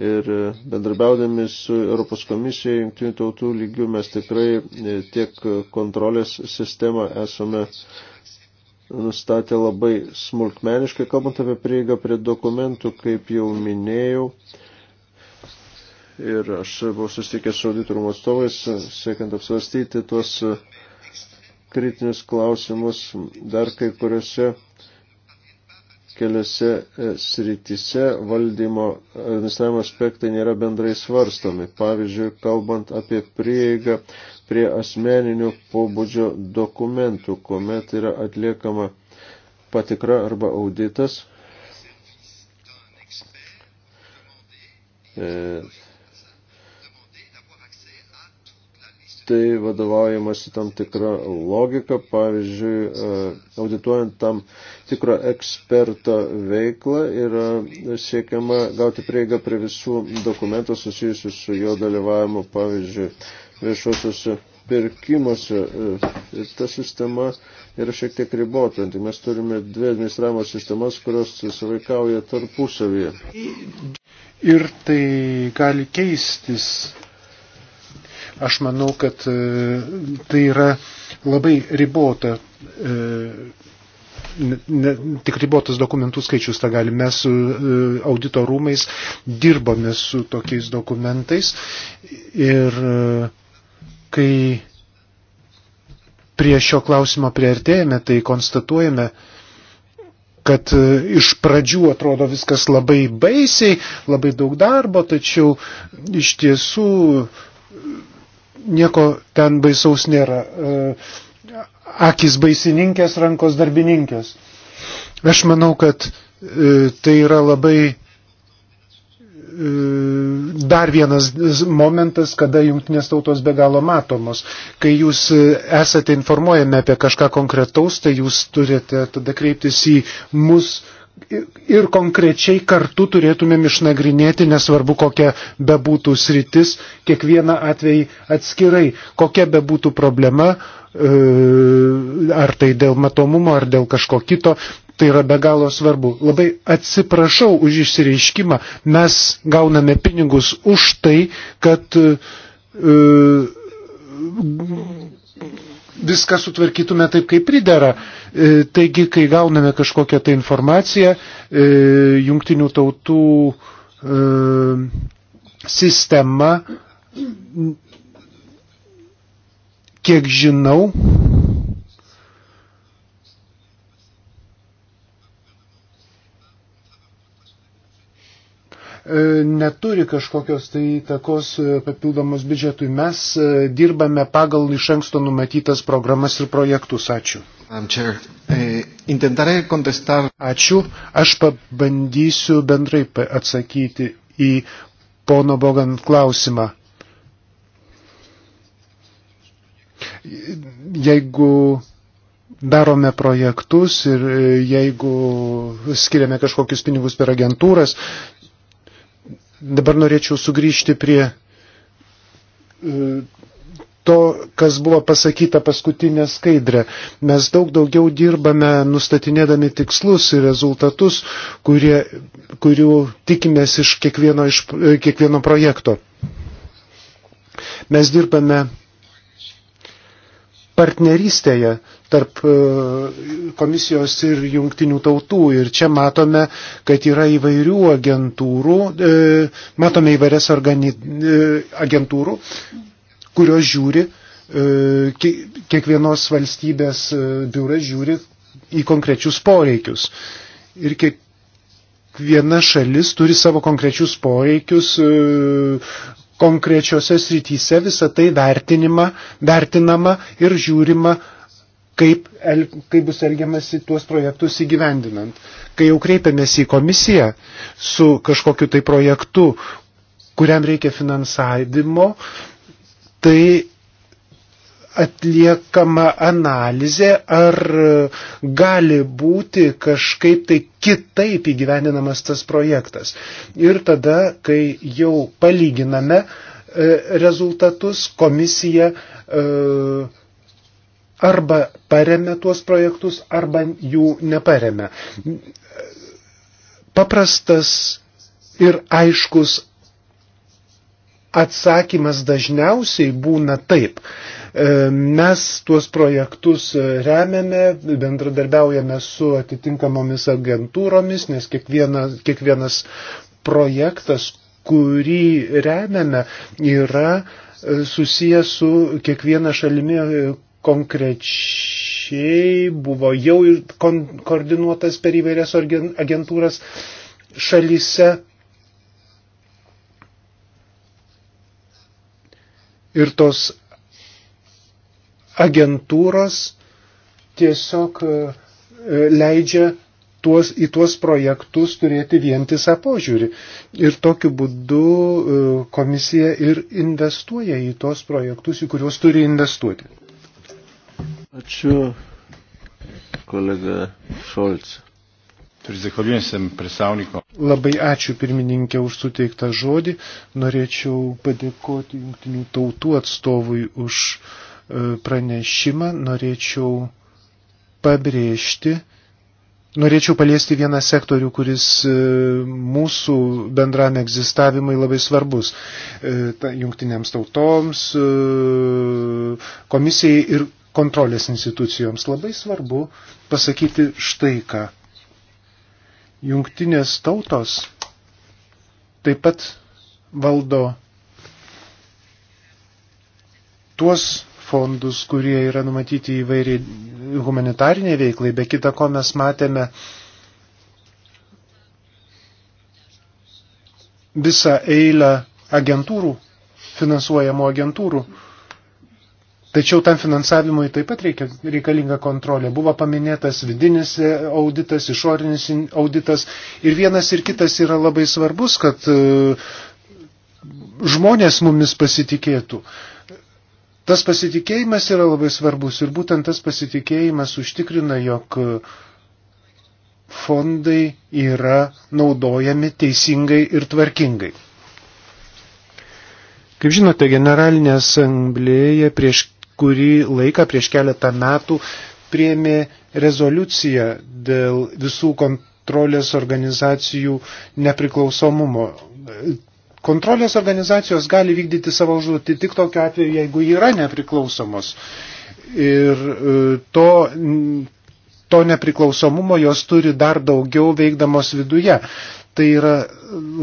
ir e, bendrabiaudami su Europos komisija, jungtinių tautų lygių mes tikrai e, tiek kontrolės sistemą esame nustatę labai smulkmeniškai, kalbant apie prieigą prie dokumentų, kaip jau minėjau. Ir aš buvau susitikęs su auditorumo atstovais, siekiant apsvarstyti tuos kritinius klausimus dar kai kuriuose keliose e, sritise valdymo e, administravimo aspektai nėra bendrai svarstomi. Pavyzdžiui, kalbant apie prieigą prie asmeninių pobūdžio dokumentų, kuomet yra atliekama patikra arba auditas. E, tai vadovaujamasi tam tikrą logiką, pavyzdžiui, e, audituojant tam tikro eksperto veiklą yra siekiama gauti prieigą prie visų dokumentų susijusių su jo dalyvavimu, pavyzdžiui, viešuosiuose pirkimuose. E, ir ta sistema yra šiek tiek ribota, tik mes turime dvi administravimo sistemas, kurios susivaikauja tarpusavyje. Ir tai gali keistis Aš manau, kad e, tai yra labai ribota e, Ne, ne, tik ribotas dokumentų skaičius tą galim. Mes su e, audito rūmais dirbame su tokiais dokumentais ir e, kai prie šio klausimo priartėjame, tai konstatuojame, kad e, iš pradžių atrodo viskas labai baisiai, labai daug darbo, tačiau iš tiesų nieko ten baisaus nėra. E, akis baisininkės, rankos darbininkės. Aš manau, kad e, tai yra labai e, dar vienas momentas, kada jungtinės tautos be galo matomos. Kai jūs esate informuojami apie kažką konkretaus, tai jūs turite tada kreiptis į mus ir konkrečiai kartu turėtumėm išnagrinėti, nesvarbu kokia bebūtų sritis, kiekvieną atvejį atskirai, kokia bebūtų problema, e, ar tai dėl matomumo, ar dėl kažko kito, tai yra be galo svarbu. Labai atsiprašau už išsireiškimą, mes gauname pinigus už tai, kad e, viską sutvarkytume taip, kaip pridera. E, taigi, kai gauname kažkokią tai informaciją, e, jungtinių tautų e, sistema, kiek žinau, E, neturi kažkokios tai įtakos e, papildomos biudžetui. Mes e, dirbame pagal iš anksto numatytas programas ir projektus. Ačiū. Ačiū. Aš pabandysiu bendrai atsakyti į pono Bogan klausimą. Jeigu darome projektus ir jeigu skiriame kažkokius pinigus per agentūras, Dabar norėčiau sugrįžti prie e, to, kas buvo pasakyta paskutinė skaidrė. Mes daug daugiau dirbame nustatinėdami tikslus ir rezultatus, kurie, kurių tikimės iš kiekvieno, iš e, kiekvieno projekto. Mes dirbame partnerystėje tarp e, komisijos ir jungtinių tautų. Ir čia matome, kad yra įvairių agentūrų, e, matome įvairias organi... E, agentūrų, kurios žiūri, kiekvienos valstybės biuras žiūri į konkrečius poreikius. Ir kiek viena šalis turi savo konkrečius poreikius, konkrečiose srityse visą tai vertinima, vertinama ir žiūrima, kaip, el, kaip bus elgiamasi tuos projektus įgyvendinant. Kai jau kreipiamės į komisiją su kažkokiu tai projektu, kuriam reikia finansavimo, tai atliekama analizė, ar gali būti kažkaip tai kitaip įgyveninamas tas projektas. Ir tada, kai jau palyginame e, rezultatus, komisija e, arba paremė tuos projektus, arba jų neparemė. Paprastas ir aiškus atsakymas dažniausiai būna taip. E, E, mes tuos projektus remiame, bendradarbiaujame su atitinkamomis agentūromis, nes kiekviena, kiekvienas projektas, kurį remiame, yra e, susijęs su kiekviena šalimi e, konkrečiai, buvo jau kon koordinuotas per įvairias agentūras šalyse. Ir tos agentūros tiesiog e, e, leidžia tuos, į tuos projektus turėti vientisą požiūrį. Ir tokiu būdu e, komisija ir investuoja į tuos projektus, į kuriuos turi investuoti. Ačiū, kolega Šolc. Labai ačiū pirmininkė už suteiktą žodį. Norėčiau padėkoti jungtinių tautų atstovui už uh, pranešimą, norėčiau pabrėžti, norėčiau paliesti vieną sektorių, kuris e, mūsų bendram egzistavimui labai svarbus e, jungtinėms tautoms, e, komisijai ir kontrolės institucijoms. Labai svarbu pasakyti štai ką. Jungtinės tautos taip pat valdo tuos fondus, kurie yra numatyti įvairiai humanitariniai veiklai. Be kita ko mes matėme visą eilę agentūrų, finansuojamų agentūrų. Tačiau tam finansavimui taip pat reikia, reikalinga kontrolė. Buvo paminėtas vidinis e, auditas, išorinis auditas ir vienas ir kitas yra labai svarbus, kad e, žmonės mumis pasitikėtų. Uh, Tas pasitikėjimas yra labai svarbus ir būtent tas pasitikėjimas užtikrina, jog fondai yra naudojami teisingai ir tvarkingai. Kaip žinote, Generalinė asamblėja prieš kurį laiką, prieš keletą metų, priemė rezoliuciją dėl visų kontrolės organizacijų nepriklausomumo. Kontrolės organizacijos gali vykdyti savo užduotį tik tokiu atveju, jeigu yra nepriklausomos. Ir e, to, to nepriklausomumo jos turi dar daugiau veikdamos viduje. Tai yra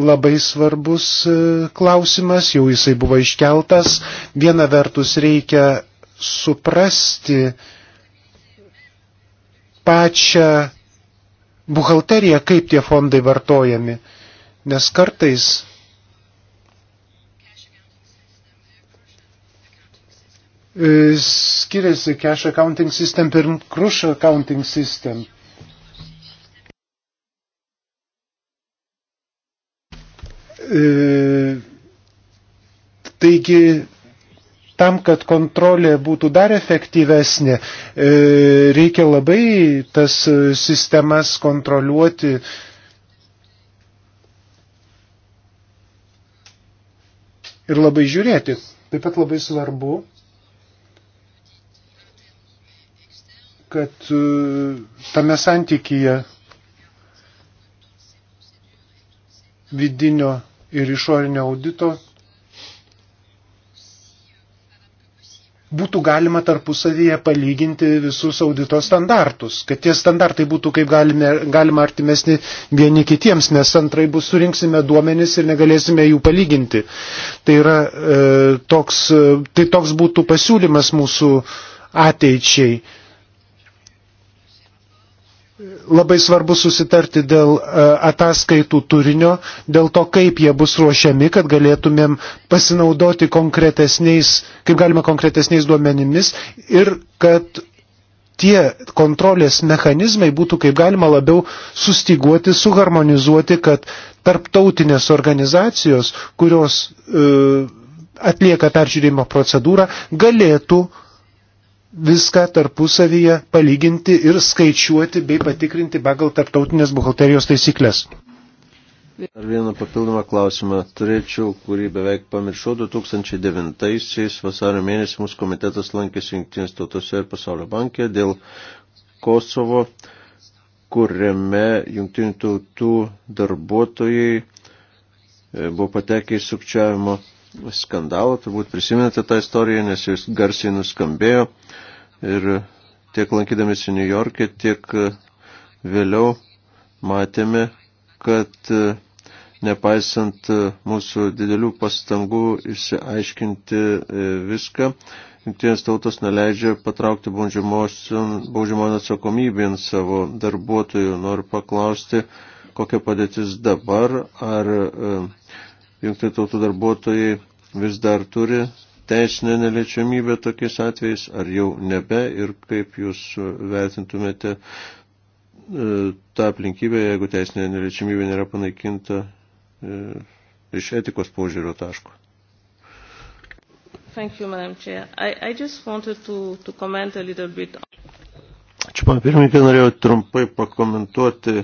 labai svarbus e, klausimas, jau jisai buvo iškeltas. Viena vertus reikia suprasti pačią buhalteriją, kaip tie fondai vartojami. Nes kartais E, skiriasi cash accounting system per crush accounting system. E, taigi, tam, kad kontrolė būtų dar efektyvesnė, e, reikia labai tas sistemas kontroliuoti. Ir labai žiūrėti. Taip pat labai svarbu kad e, tame santykyje vidinio ir išorinio audito būtų galima tarpusavyje palyginti visus audito standartus, kad tie standartai būtų kaip galime, galima artimesni vieni kitiems, nes antrai bus surinksime duomenis ir negalėsime jų palyginti. Tai, yra, e, toks, e, tai toks būtų pasiūlymas mūsų ateičiai. E, labai svarbu susitarti dėl e, ataskaitų turinio, dėl to, kaip jie bus ruošiami, kad galėtumėm pasinaudoti konkretesniais, kaip galima konkretesniais duomenimis ir kad tie kontrolės mechanizmai būtų kaip galima labiau sustiguoti, suharmonizuoti, kad tarptautinės organizacijos, kurios e, atlieka peržiūrėjimo procedūrą, galėtų e, viską tarpusavyje palyginti ir skaičiuoti bei patikrinti pagal tarptautinės buhalterijos taisyklės. Dar vieną papildomą klausimą turėčiau, kurį beveik pamiršau. 2009-aisiais vasario mėnesį mūsų komitetas lankėsi Junktinės tautose ir pasaulio bankė dėl Kosovo, kuriame Junktinių tautų darbuotojai e, buvo patekę į sukčiavimo skandalą. Turbūt prisimenate tą istoriją, nes jis garsiai nuskambėjo. Ir tiek lankydamėsi New York'e, tiek e, vėliau matėme, kad e, nepaisant e, mūsų didelių pastangų išsiaiškinti viską, Jungtinės tautos neleidžia patraukti baudžiamon atsakomybėn savo darbuotojų. Noriu paklausti, kokia padėtis dabar, ar Jungtinių tautų darbuotojai vis dar turi teisinę neliečiamybę tokiais atvejais, ar jau nebe ir kaip jūs vertintumėte e, tą aplinkybę, jeigu teisinė neliečiamybė nėra panaikinta e, iš etikos požiūrio taško. Thank you, Madam Chair. I, I just wanted to, to comment a little bit. Ačiū, man pirmininkai, norėjau trumpai pakomentuoti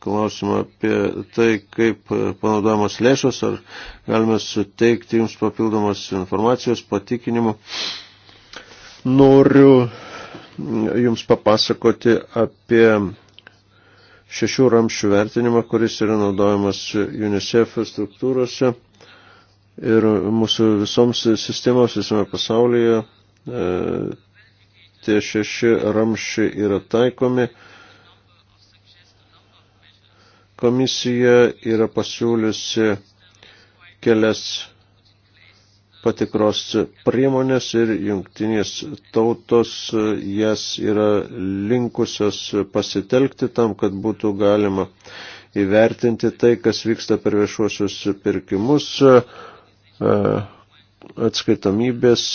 klausimą apie tai, kaip panaudojamos lėšos, ar galime suteikti jums papildomos informacijos, patikinimų. Noriu jums papasakoti apie šešių ramščių vertinimą, kuris yra naudojamas UNICEF struktūrose ir mūsų visoms sistemoms visame pasaulyje. E, tie šeši ramščiai yra taikomi Komisija yra pasiūliusi kelias patikros priemonės ir jungtinės tautos e, jas yra linkusios pasitelkti tam, kad būtų galima įvertinti tai, kas vyksta per viešuosius pirkimus, e, atskaitomybės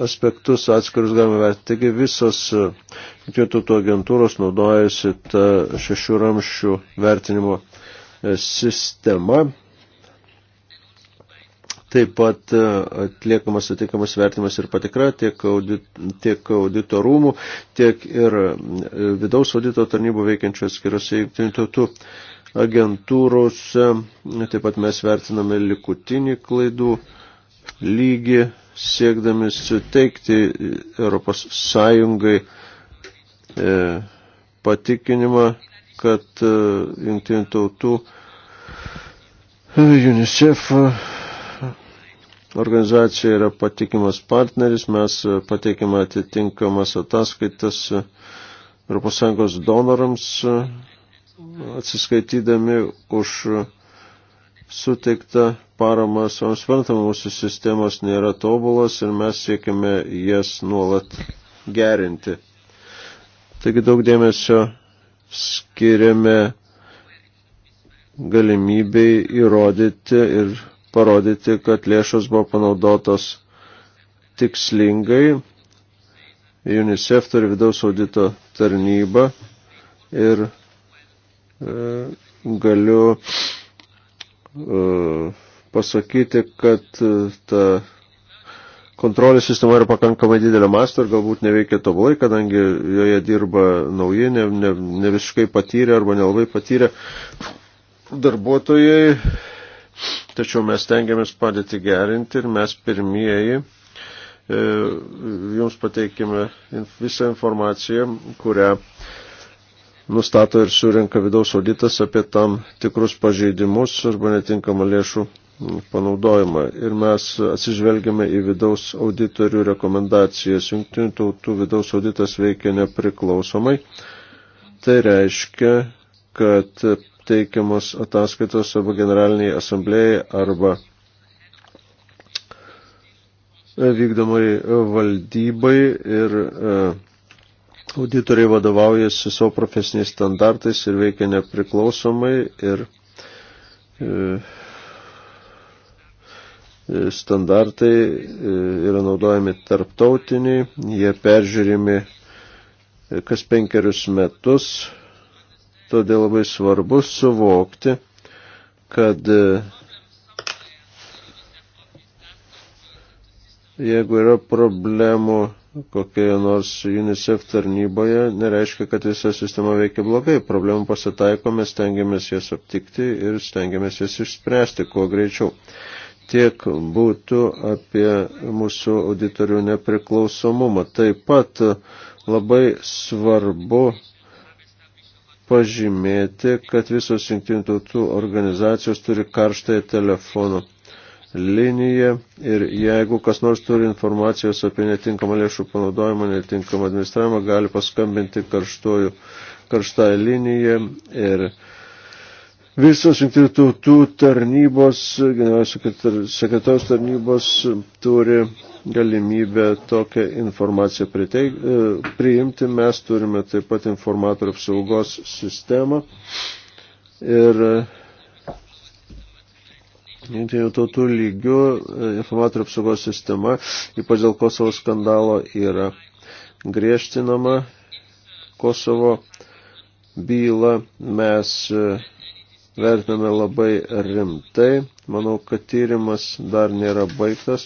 aspektus atskirus galime vertinti. Taigi visos e, tautų agentūros naudojasi tą šešių ramščių vertinimo e, sistema. Taip pat e, atliekamas atikamas vertimas ir patikra tiek, audit, tiek audito rūmų, tiek ir vidaus audito tarnybų veikiančių atskirose jungtinių tautų agentūrose. Taip pat mes vertiname likutinį klaidų lygį siekdami suteikti Europos Sąjungai e, patikinimą, kad e, jungtinių tautų e, UNICEF e, organizacija yra patikimas partneris, mes e, pateikime atitinkamas ataskaitas ES donorams, atsiskaitydami už suteikta parama, savo suprantama, mūsų sistemos nėra tobulos ir mes siekime jas nuolat gerinti. Taigi daug dėmesio skiriame galimybei įrodyti ir parodyti, kad lėšos buvo panaudotos tikslingai. UNICEF turi vidaus audito tarnybą ir e, galiu e, E, pasakyti, kad e, ta kontrolės sistema yra pakankamai didelio masto ir galbūt neveikia tobulai, kadangi joje dirba nauji, ne, ne, ne visiškai patyrę arba nelabai patyrę darbuotojai. Tačiau mes tengiamės padėti gerinti ir mes pirmieji e, jums pateikime visą informaciją, kurią nustato ir surinka vidaus auditas apie tam tikrus pažeidimus arba netinkamą lėšų panaudojimą. Ir mes atsižvelgiame į vidaus auditorių rekomendacijas. Junktinių tautų vidaus auditas veikia nepriklausomai. Tai reiškia, kad teikiamos ataskaitos arba generaliniai asamblėjai arba vykdomai valdybai ir e, auditoriai vadovaujasi savo profesiniais standartais ir veikia nepriklausomai ir e, e, standartai e, yra naudojami tarptautiniai, jie peržiūrimi kas penkerius metus, todėl labai svarbu suvokti, kad jeigu yra problemų kokioje nors UNICEF tarnyboje, nereiškia, kad visa sistema veikia blogai. Problemų pasitaiko, mes stengiamės jas aptikti ir stengiamės jas išspręsti kuo greičiau. Tiek būtų apie mūsų auditorių nepriklausomumą. Taip pat labai svarbu pažymėti, kad visos jungtinių tautų organizacijos turi karštąją telefoną liniją ir jeigu kas nors turi informacijos apie netinkamą lėšų panaudojimą, netinkamą administravimą, gali paskambinti karštuoju, karštąją liniją ir visos jungtinių tautų tarnybos, generalinio sekretoriaus tarnybos turi galimybę tokią informaciją priteik, e, priimti. Mes turime taip pat informatorių apsaugos sistemą ir Nu, tai Jungtinių tautų lygių e, informatorių apsaugos sistema, ypač dėl Kosovo skandalo, yra griežtinama. Kosovo bylą mes e, vertiname labai rimtai. Manau, kad tyrimas dar nėra baigtas.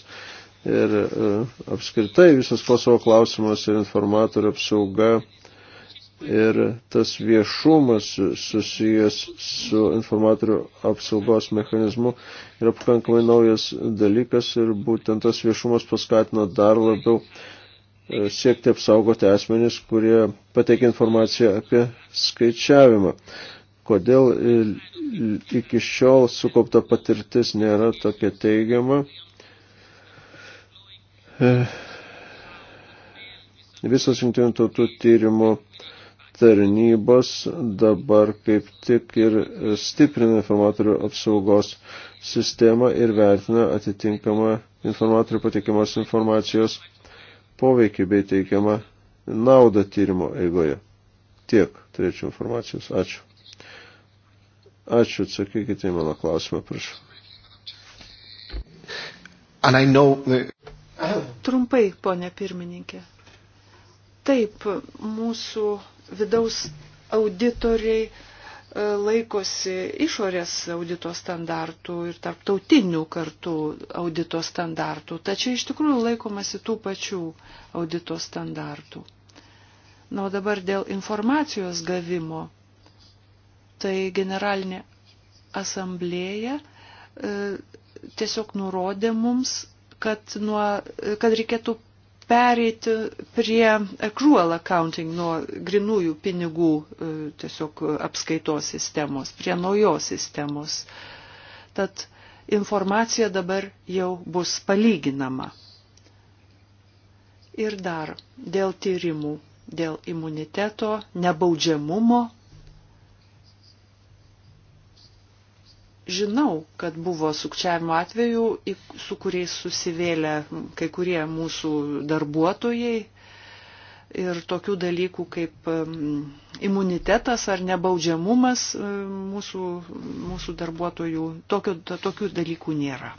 Ir e, apskritai visas Kosovo klausimas ir informatorių apsauga ir tas viešumas susijęs su informatorių apsaugos mechanizmu yra pakankamai naujas dalykas ir būtent tas viešumas paskatino dar labiau e, siekti apsaugoti asmenys, kurie pateikia informaciją apie skaičiavimą. Kodėl e, iki šiol sukaupta patirtis nėra tokia teigiama? E, Visas jungtinių tautų tyrimo uh, tarnybos dabar kaip tik ir stiprina informatorių apsaugos sistemą ir vertina atitinkamą informatorių patikimos informacijos poveikį bei teikiamą naudą tyrimo eigoje. Tiek turėčiau informacijos. Ačiū. Ačiū, atsakykite į mano klausimą, prašau. Know... Trumpai, ponė pirmininkė. Taip, mūsų vidaus auditoriai e, laikosi išorės audito standartų ir tarptautinių kartų audito standartų, tačiau iš tikrųjų laikomasi tų pačių audito standartų. Na, o dabar dėl informacijos gavimo, tai generalinė asamblėja e, tiesiog nurodė mums, kad, nuo, kad reikėtų pereiti prie accrual accounting nuo grinųjų pinigų e, tiesiog apskaitos sistemos, prie naujos sistemos. Tad informacija dabar jau bus palyginama. Ir dar dėl tyrimų, dėl imuniteto, nebaudžiamumo žinau, kad buvo sukčiavimo atvejų, su kuriais susivėlė kai kurie mūsų darbuotojai. Ir tokių dalykų kaip imunitetas ar nebaudžiamumas mūsų, mūsų darbuotojų, tokių, tokių dalykų nėra.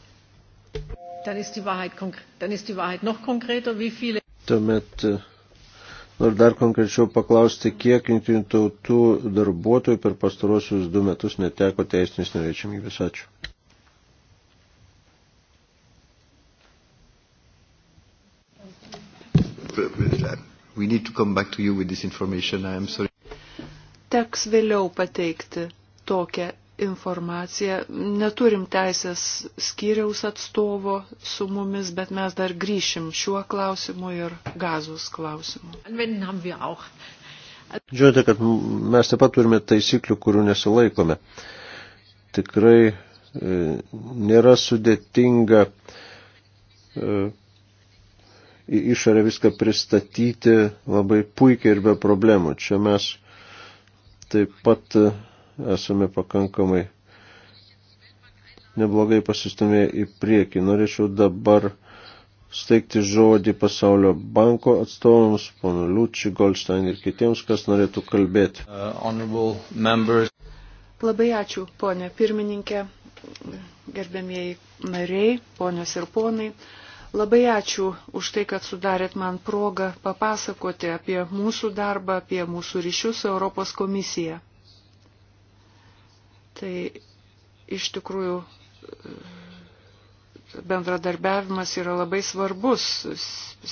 Dann ist die Wahrheit, dann ist die Wahrheit noch konkreter, wie viele. Tuomet Noriu dar konkrečiau paklausti, kiek jungtinių tautų darbuotojų per pastarosius du metus neteko teisinės neveičiamybės. Ačiū. We need to come back to you with this information. I am sorry. Teks vėliau pateikti tokią informaciją. Neturim teisės skyriaus atstovo su mumis, bet mes dar grįšim šiuo klausimu ir gazos klausimu. Žiūrėte, kad mes taip pat turime taisyklių, kurių nesilaikome. Tikrai e, nėra sudėtinga e, į išorę viską pristatyti labai puikiai ir be problemų. Čia mes taip pat e, esame pakankamai neblogai pasistumėję į priekį. Norėčiau dabar steigti žodį pasaulio banko atstovams, ponu Liučiui, Goldstein ir kitiems, kas norėtų kalbėti. Uh, Labai ačiū, ponė pirmininkė, gerbėmieji nariai, ponios ir ponai. Labai ačiū už tai, kad sudarėt man progą papasakoti apie mūsų darbą, apie mūsų ryšius su Europos komisija. Tai iš tikrųjų e, bendradarbiavimas yra labai svarbus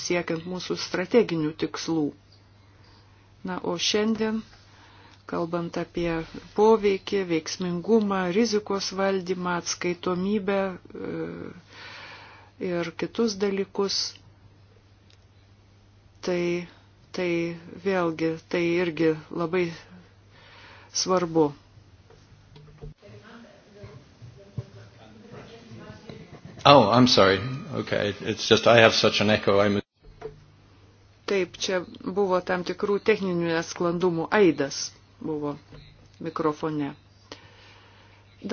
siekiant mūsų strateginių tikslų. Na, o šiandien, kalbant apie poveikį, veiksmingumą, rizikos valdymą, atskaitomybę e, ir kitus dalykus, tai, tai vėlgi tai irgi labai svarbu. Oh, I'm sorry. Okay, it's just I have such an echo. I'm... Taip, čia buvo tam tikrų techninių nesklandumų. Aidas buvo mikrofone.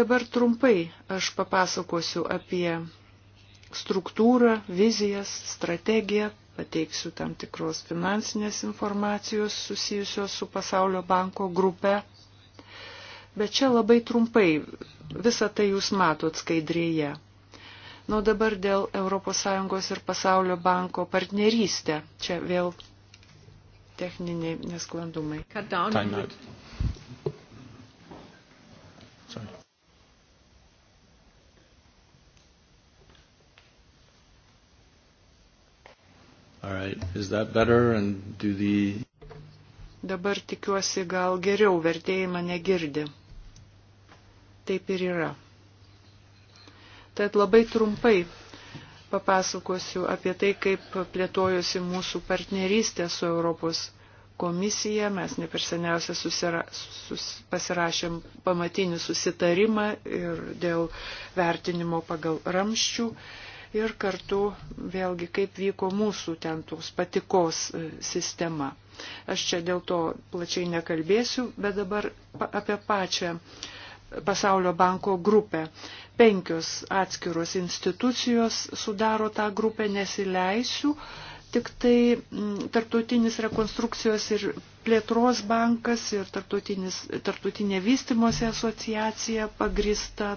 Dabar trumpai aš papasakosiu apie struktūrą, vizijas, strategiją, pateiksiu tam tikros finansinės informacijos susijusios su Pasaulio banko grupe. Bet čia labai trumpai visą tai jūs matot skaidrėje. Na, nu, dabar dėl ES ir pasaulio banko partnerystė. Čia vėl techniniai nesklandumai. Timeout. All right. Is that better? And do the... Dabar tikiuosi, gal geriau vertėjai mane girdi. Taip ir yra. Tad labai trumpai papasakosiu apie tai, kaip plėtojosi mūsų partnerystė su Europos komisija. Mes ne per seniausia susira, sus, pasirašėm pamatinį susitarimą ir dėl vertinimo pagal ramščių. Ir kartu vėlgi kaip vyko mūsų ten tos patikos e, sistema. Aš čia dėl to plačiai nekalbėsiu, bet dabar apie pačią Pasaulio banko grupę penkios atskiros institucijos sudaro tą grupę, nesileisiu. Tik tai mm, Tartautinis rekonstrukcijos ir plėtros bankas ir Tartautinė vystimosi asociacija pagrista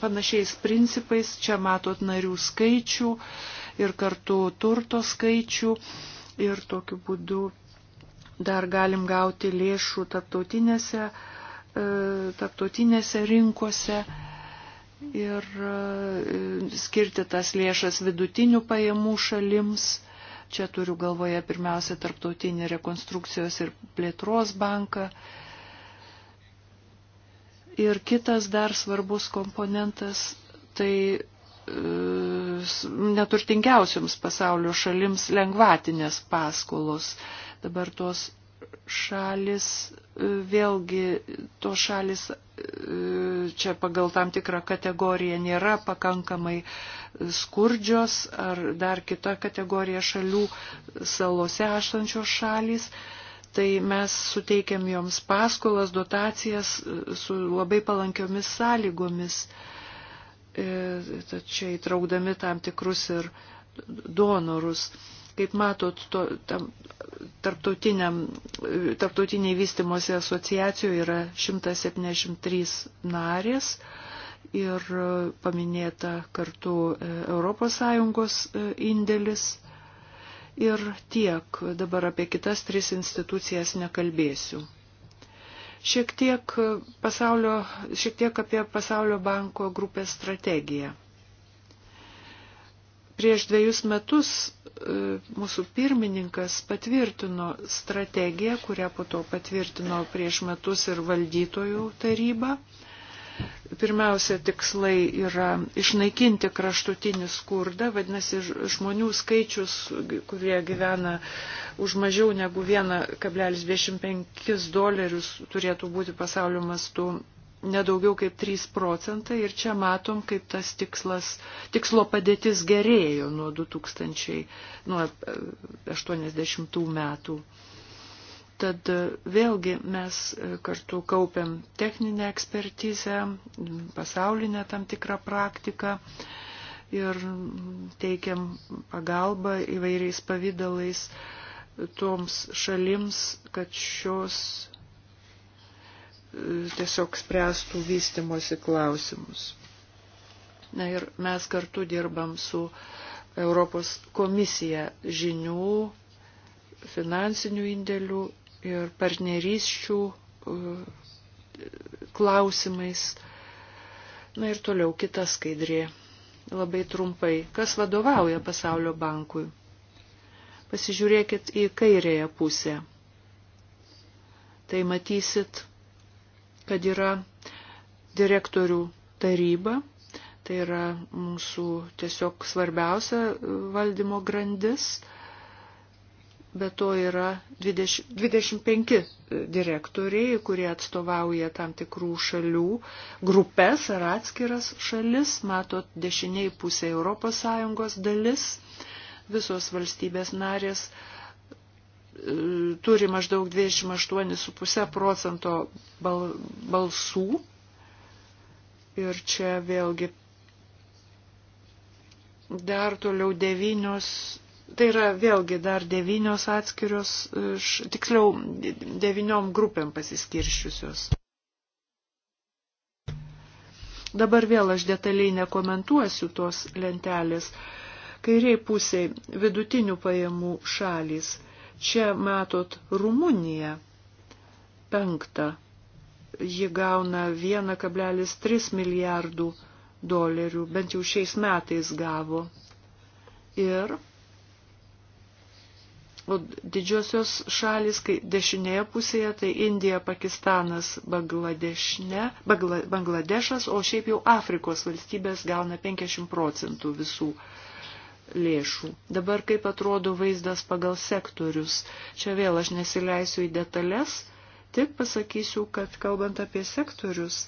panašiais principais. Čia matot narių skaičių ir kartu turto skaičių ir tokiu būdu dar galim gauti lėšų tarptautinėse, e, tarptautinėse rinkose ir e, skirti tas lėšas vidutinių pajamų šalims. Čia turiu galvoje pirmiausia Tarptautinį rekonstrukcijos ir plėtros banką. Ir kitas dar svarbus komponentas - tai e, neturtingiausiams pasaulio šalims lengvatinės paskolos. Dabar tos šalis, e, vėlgi to šalis e, čia pagal tam tikrą kategoriją nėra pakankamai e, skurdžios ar dar kita kategorija šalių salose esančios šalis. Tai mes suteikėm joms paskolas, dotacijas su labai palankiomis sąlygomis, tačiau įtraukdami tam tikrus ir donorus. Kaip matot, to, tam, tarptautiniai vystimosi asociacijoje yra 173 narės ir paminėta kartu ES e, indėlis. Ir tiek, dabar apie kitas tris institucijas nekalbėsiu. Šiek tiek, e, pasaulio, šiek tiek apie Pasaulio banko grupės strategiją prieš dviejus metus e, mūsų pirmininkas patvirtino strategiją, kurią po to patvirtino prieš metus ir valdytojų taryba. Pirmiausia, tikslai yra išnaikinti kraštutinį skurdą, vadinasi, žmonių skaičius, kurie gyvena už mažiau negu 1,25 dolerius, turėtų būti pasaulio mastu nedaugiau kaip 3 procentai ir čia matom, kaip tas tikslas, tikslo padėtis gerėjo nuo 2000, nuo 80 e, metų. Tad e, vėlgi mes e, kartu kaupiam techninę ekspertizę, pasaulinę tam tikrą praktiką ir teikiam pagalbą įvairiais pavydalais toms šalims, kad šios tiesiog spręstų vystimosi klausimus. Na ir mes kartu dirbam su Europos komisija žinių, finansinių indėlių ir partnerysčių e, klausimais. Na ir toliau kita skaidrė. Labai trumpai. Kas vadovauja pasaulio bankui? Pasižiūrėkit į kairėją pusę. Tai matysit kad yra direktorių taryba, tai yra mūsų tiesiog svarbiausia e, valdymo grandis, bet to yra 20, 25 e, direktoriai, kurie atstovauja tam tikrų šalių grupės ar atskiras šalis, matot, dešiniai pusė ES dalis, visos valstybės narės uh, turi maždaug 28,5 procento bal, balsų. Ir čia vėlgi dar toliau devynios, tai yra vėlgi dar devynios atskirios, tiksliau devyniom grupėm pasiskirščiusios. Dabar vėl aš detaliai nekomentuosiu tos lentelės. Kairiai pusiai vidutinių pajamų šalis – Čia matot Rumuniją penktą. Ji gauna 1,3 milijardų dolerių, bent jau šiais metais gavo. Ir o didžiosios šalis, kai dešinėje pusėje, tai Indija, Pakistanas, Bangladešas, o šiaip jau Afrikos valstybės gauna 50 procentų visų lėšų. Dabar kaip atrodo vaizdas pagal sektorius. Čia vėl aš nesileisiu į detalės, tik pasakysiu, kad kalbant apie sektorius,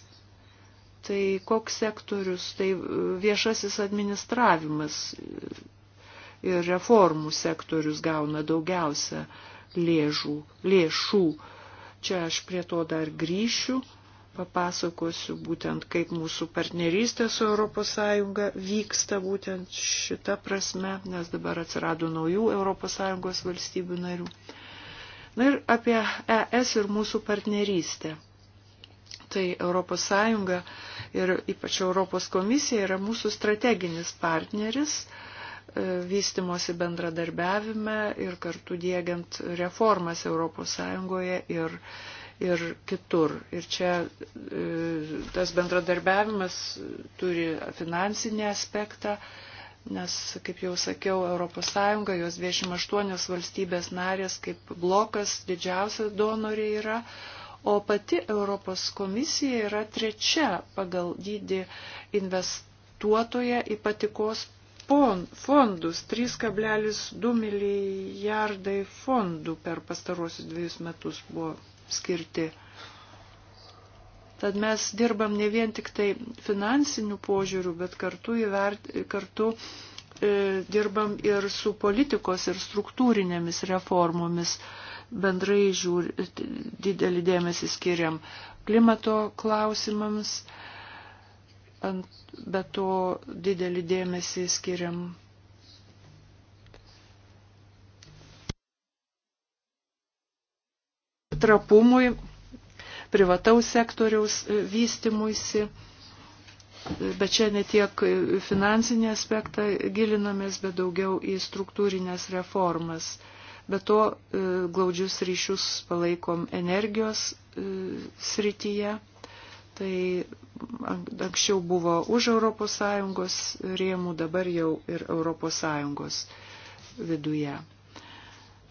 tai koks sektorius, tai e, viešasis administravimas ir reformų sektorius gauna daugiausia lėžų, lėšų. Čia aš prie to dar grįšiu papasakosiu būtent, kaip mūsų partnerystė su ES vyksta būtent šita prasme, nes dabar atsirado naujų ES valstybių narių. Na ir apie ES ir mūsų partnerystę. Tai ES ir ypač Europos komisija yra mūsų strateginis partneris e, vystimosi bendradarbiavime ir kartu dėgiant reformas ES ir ir kitur. Ir čia e, tas bendradarbiavimas turi finansinį aspektą, nes, kaip jau sakiau, ES, jos 28 valstybės narės kaip blokas didžiausia donorė yra, o pati Europos komisija yra trečia pagal dydį investuotoja į patikos fondus 3,2 milijardai fondų per pastarosius dviejus metus buvo skirti. Tad mes dirbam ne vien tik tai finansinių požiūrių, bet kartu, įvert, kartu e, dirbam ir su politikos ir struktūrinėmis reformomis. Bendrai žiūri, didelį dėmesį skiriam klimato klausimams, ant, bet to didelį dėmesį skiriam trapumui, privataus sektoriaus e, vystimuisi. Bet čia ne tiek finansinį aspektą gilinamės, bet daugiau į struktūrinės reformas. Be to, e, glaudžius ryšius palaikom energijos e, srityje. Tai anksčiau buvo už ES rėmų, dabar jau ir ES viduje.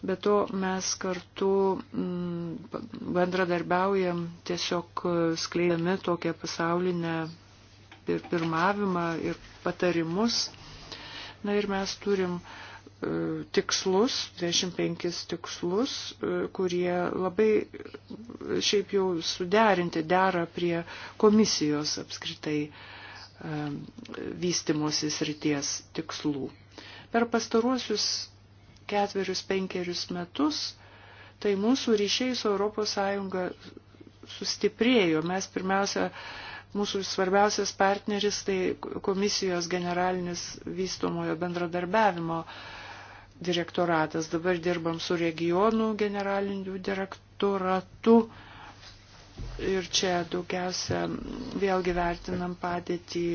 Be to mes kartu mm, bendradarbiaujam tiesiog e, skleidami tokią pasaulinę ir pirmavimą ir patarimus. Na ir mes turim e, tikslus, 25 tikslus, e, kurie labai šiaip jau suderinti dera prie komisijos apskritai vystimosi srities tikslų. Per pastaruosius ketverius, penkerius metus, tai mūsų ryšiai su ES sustiprėjo. Mes pirmiausia, mūsų svarbiausias partneris tai komisijos generalinis vystomojo bendradarbiavimo direktoratas. Dabar dirbam su regionų generaliniu direktoratu. Ir čia daugiausia vėlgi vertinam padėtį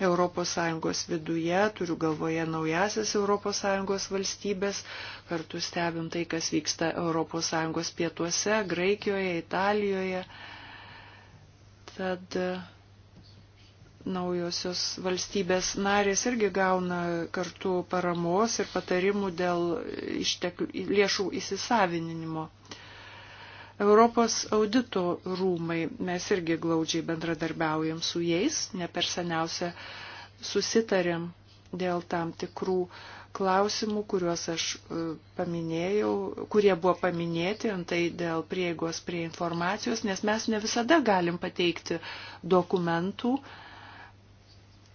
ES viduje, turiu galvoje naujasias ES valstybės, kartu stebim tai, kas vyksta ES pietuose, Graikijoje, Italijoje. Tad naujosios valstybės narės irgi gauna kartu paramos ir patarimų dėl išteklių, lėšų įsisavinimo. Uh, Europos audito rūmai, mes irgi glaudžiai bendradarbiaujam su jais, ne per seniausia susitarėm dėl tam tikrų klausimų, kuriuos aš e, paminėjau, kurie buvo paminėti, antai dėl prieigos prie informacijos, nes mes ne visada galim pateikti dokumentų, uh,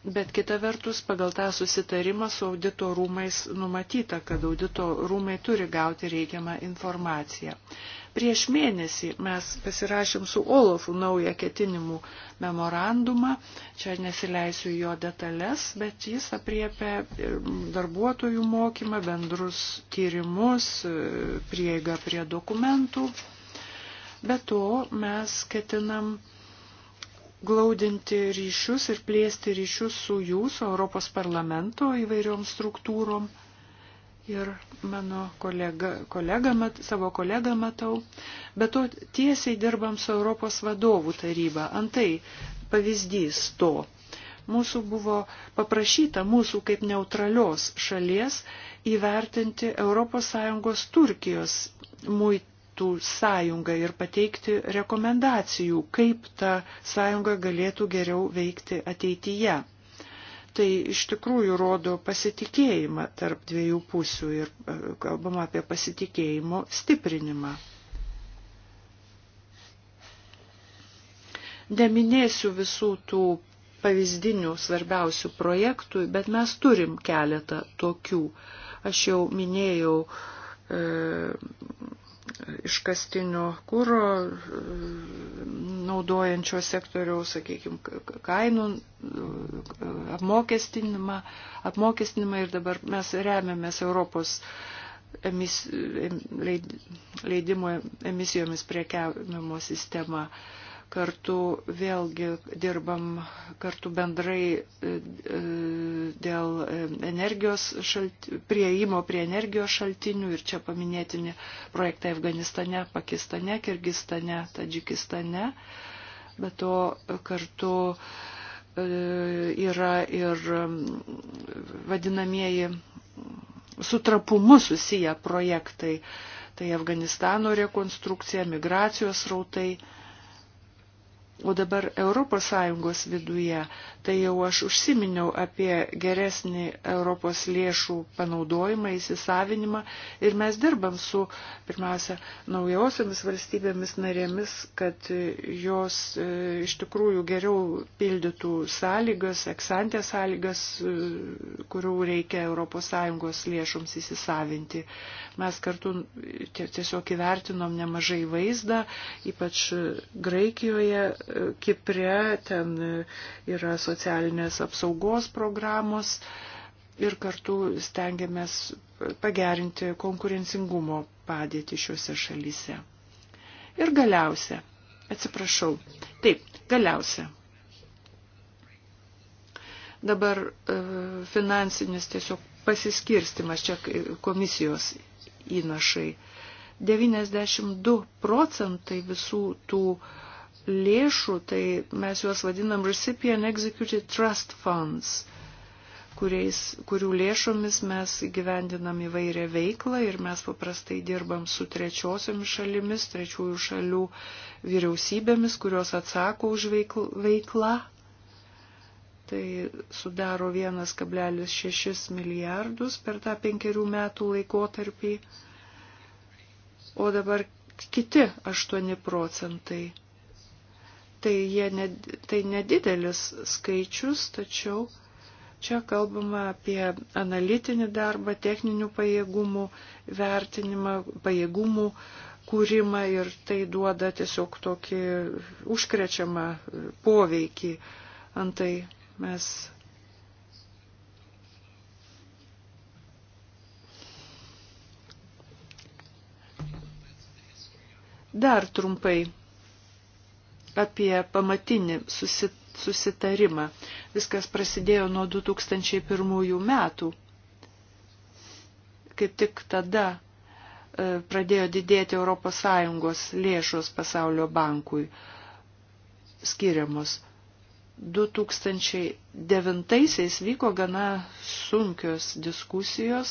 Bet kita vertus, pagal tą susitarimą su audito rūmais numatyta, kad audito rūmai turi gauti reikiamą informaciją. Prieš mėnesį mes pasirašėm su Olafu naują ketinimų memorandumą. Čia nesileisiu jo detalės, bet jis apriepia darbuotojų mokymą, bendrus tyrimus, e, prieigą prie dokumentų. Be to mes ketinam glaudinti ryšius ir plėsti ryšius su jūsų Europos parlamento įvairiom struktūrom. Ir mano kolega, kolega mat, savo kolegą matau. Bet to tiesiai dirbam su Europos vadovų taryba. Antai pavyzdys to. Mūsų buvo paprašyta, mūsų kaip neutralios šalies, įvertinti ES Turkijos muitų Šachmatų sąjungą ir pateikti rekomendacijų, kaip ta sąjunga galėtų geriau veikti ateityje. Tai iš tikrųjų rodo pasitikėjimą tarp dviejų pusių ir e, kalbama apie pasitikėjimo stiprinimą. Neminėsiu visų tų pavyzdinių svarbiausių projektų, bet mes turim keletą tokių. Aš jau minėjau e, iškastinio kūro naudojančio sektoriaus, sakykime, kainų apmokestinimą, apmokestinimą ir dabar mes remiamės Europos emis, leidimo emisijomis priekiavimo sistemą kartu vėlgi dirbam kartu bendrai e, e, dėl energijos šalti, prieimo prie energijos šaltinių ir čia paminėtini projektai Afganistane, Pakistane, Kirgistane, Tadžikistane, bet to kartu e, yra ir mm, vadinamieji su trapumu susiję projektai. Tai Afganistano rekonstrukcija, migracijos rautai, O dabar ES viduje, tai jau aš užsiminiau apie geresnį Europos lėšų panaudojimą, įsisavinimą ir mes dirbam su, pirmiausia, naujausiamis valstybėmis narėmis, kad jos e, iš tikrųjų geriau pildytų sąlygas, eksantės sąlygas, e, kurių reikia ES lėšoms įsisavinti. Mes kartu tiesiog įvertinom nemažai vaizdą, ypač Graikijoje Kipre, ten yra socialinės apsaugos programos ir kartu stengiamės pagerinti konkurencingumo padėtį šiuose šalyse. Ir galiausia, atsiprašau, taip, galiausia. Dabar e, finansinis tiesiog pasiskirstimas čia komisijos įnašai. 92 procentai visų tų uh, lėšų, tai mes juos vadinam Recipient Executed Trust Funds, kuriais, kurių lėšomis mes gyvendinam įvairią veiklą ir mes paprastai dirbam su trečiosiomis šalimis, trečiųjų šalių vyriausybėmis, kurios atsako už veiklą. Tai sudaro 1,6 milijardus per tą penkerių metų laikotarpį, o dabar kiti 8 procentai tai, ne, tai nedidelis skaičius, tačiau čia kalbama apie analitinį darbą, techninių pajėgumų vertinimą, pajėgumų kūrimą ir tai duoda tiesiog tokį užkrečiamą poveikį. Antai mes Dar trumpai apie pamatinį susitarimą. Viskas prasidėjo nuo 2001 metų. Kaip tik tada e, pradėjo didėti ES lėšos pasaulio bankui skiriamos. 2009 vyko gana sunkios diskusijos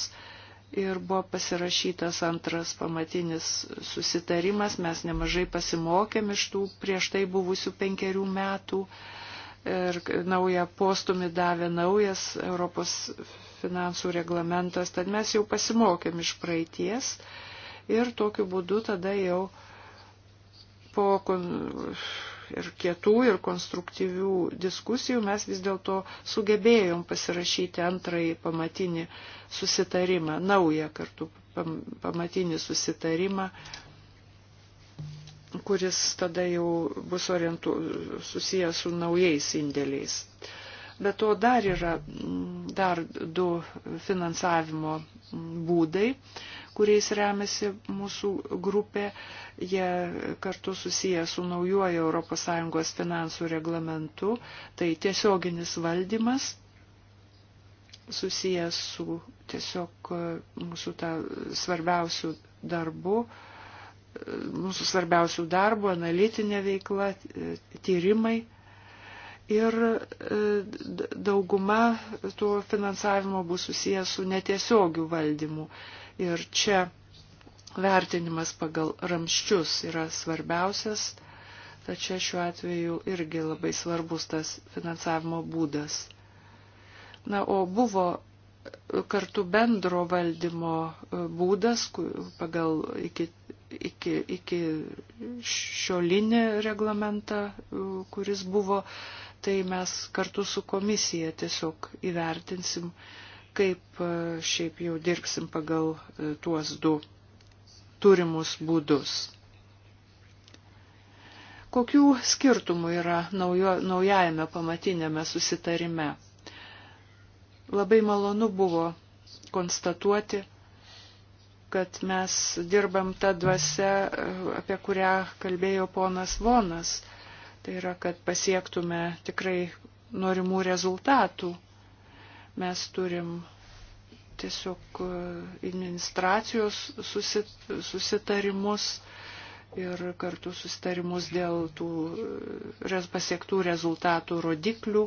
ir buvo pasirašytas antras pamatinis susitarimas. Mes nemažai pasimokėm iš tų prieš tai buvusių penkerių metų ir naują postumį davė naujas Europos finansų reglamentas. Tad mes jau pasimokėm iš praeities ir tokiu būdu tada jau po ir kietų, ir konstruktyvių diskusijų mes vis dėlto sugebėjom pasirašyti antrąjį pamatinį susitarimą, naują kartu pamatinį susitarimą, kuris tada jau bus orientu, susijęs su naujais indėliais. Bet to dar yra dar du finansavimo būdai kuriais remiasi mūsų grupė. Jie kartu susiję su naujuoju ES finansų reglamentu. Tai tiesioginis valdymas susijęs su tiesiog e, mūsų ta svarbiausių darbų, e, mūsų svarbiausių darbų, analitinė veikla, e, tyrimai. Ir dauguma to finansavimo bus susijęs su netiesiogiu valdymu. Ir čia vertinimas pagal ramščius yra svarbiausias, tačiau šiuo atveju irgi labai svarbus tas finansavimo būdas. Na, o buvo kartu bendro valdymo e, būdas pagal iki, iki, iki šiolinį reglamentą, e, kuris buvo, tai mes kartu su komisija tiesiog įvertinsim uh, kaip e, šiaip jau dirbsim pagal e, tuos du turimus būdus. Kokių skirtumų yra naujo, naujajame pamatinėme susitarime? Labai malonu buvo konstatuoti, kad mes dirbam tą dvasę, e, apie kurią kalbėjo ponas Vonas. Tai yra, kad pasiektume tikrai norimų rezultatų Mes turim tiesiog e, administracijos susitarimus ir kartu susitarimus dėl tų e, pasiektų rezultatų rodiklių.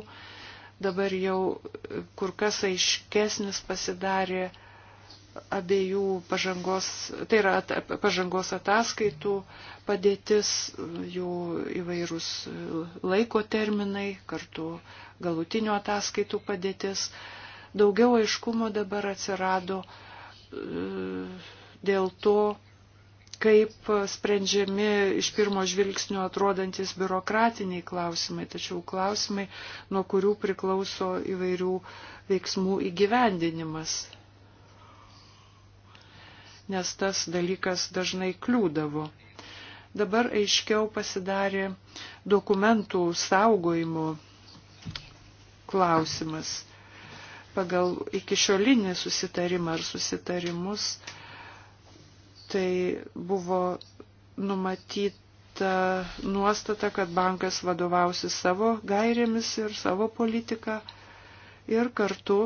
Dabar jau e, kur kas aiškesnis pasidarė abiejų pažangos, tai yra at, pažangos ataskaitų padėtis, jų įvairūs laiko terminai, kartu galutinių ataskaitų padėtis. Uh, Daugiau aiškumo dabar atsirado e, dėl to, kaip sprendžiami iš pirmo žvilgsnio atrodantis biurokratiniai klausimai, tačiau klausimai, nuo kurių priklauso įvairių veiksmų įgyvendinimas. Nes tas dalykas dažnai kliūdavo. Dabar aiškiau pasidarė dokumentų saugojimo klausimas pagal iki šiolinį susitarimą ar susitarimus, tai buvo numatyta nuostata, kad bankas vadovausi savo gairėmis ir savo politiką ir kartu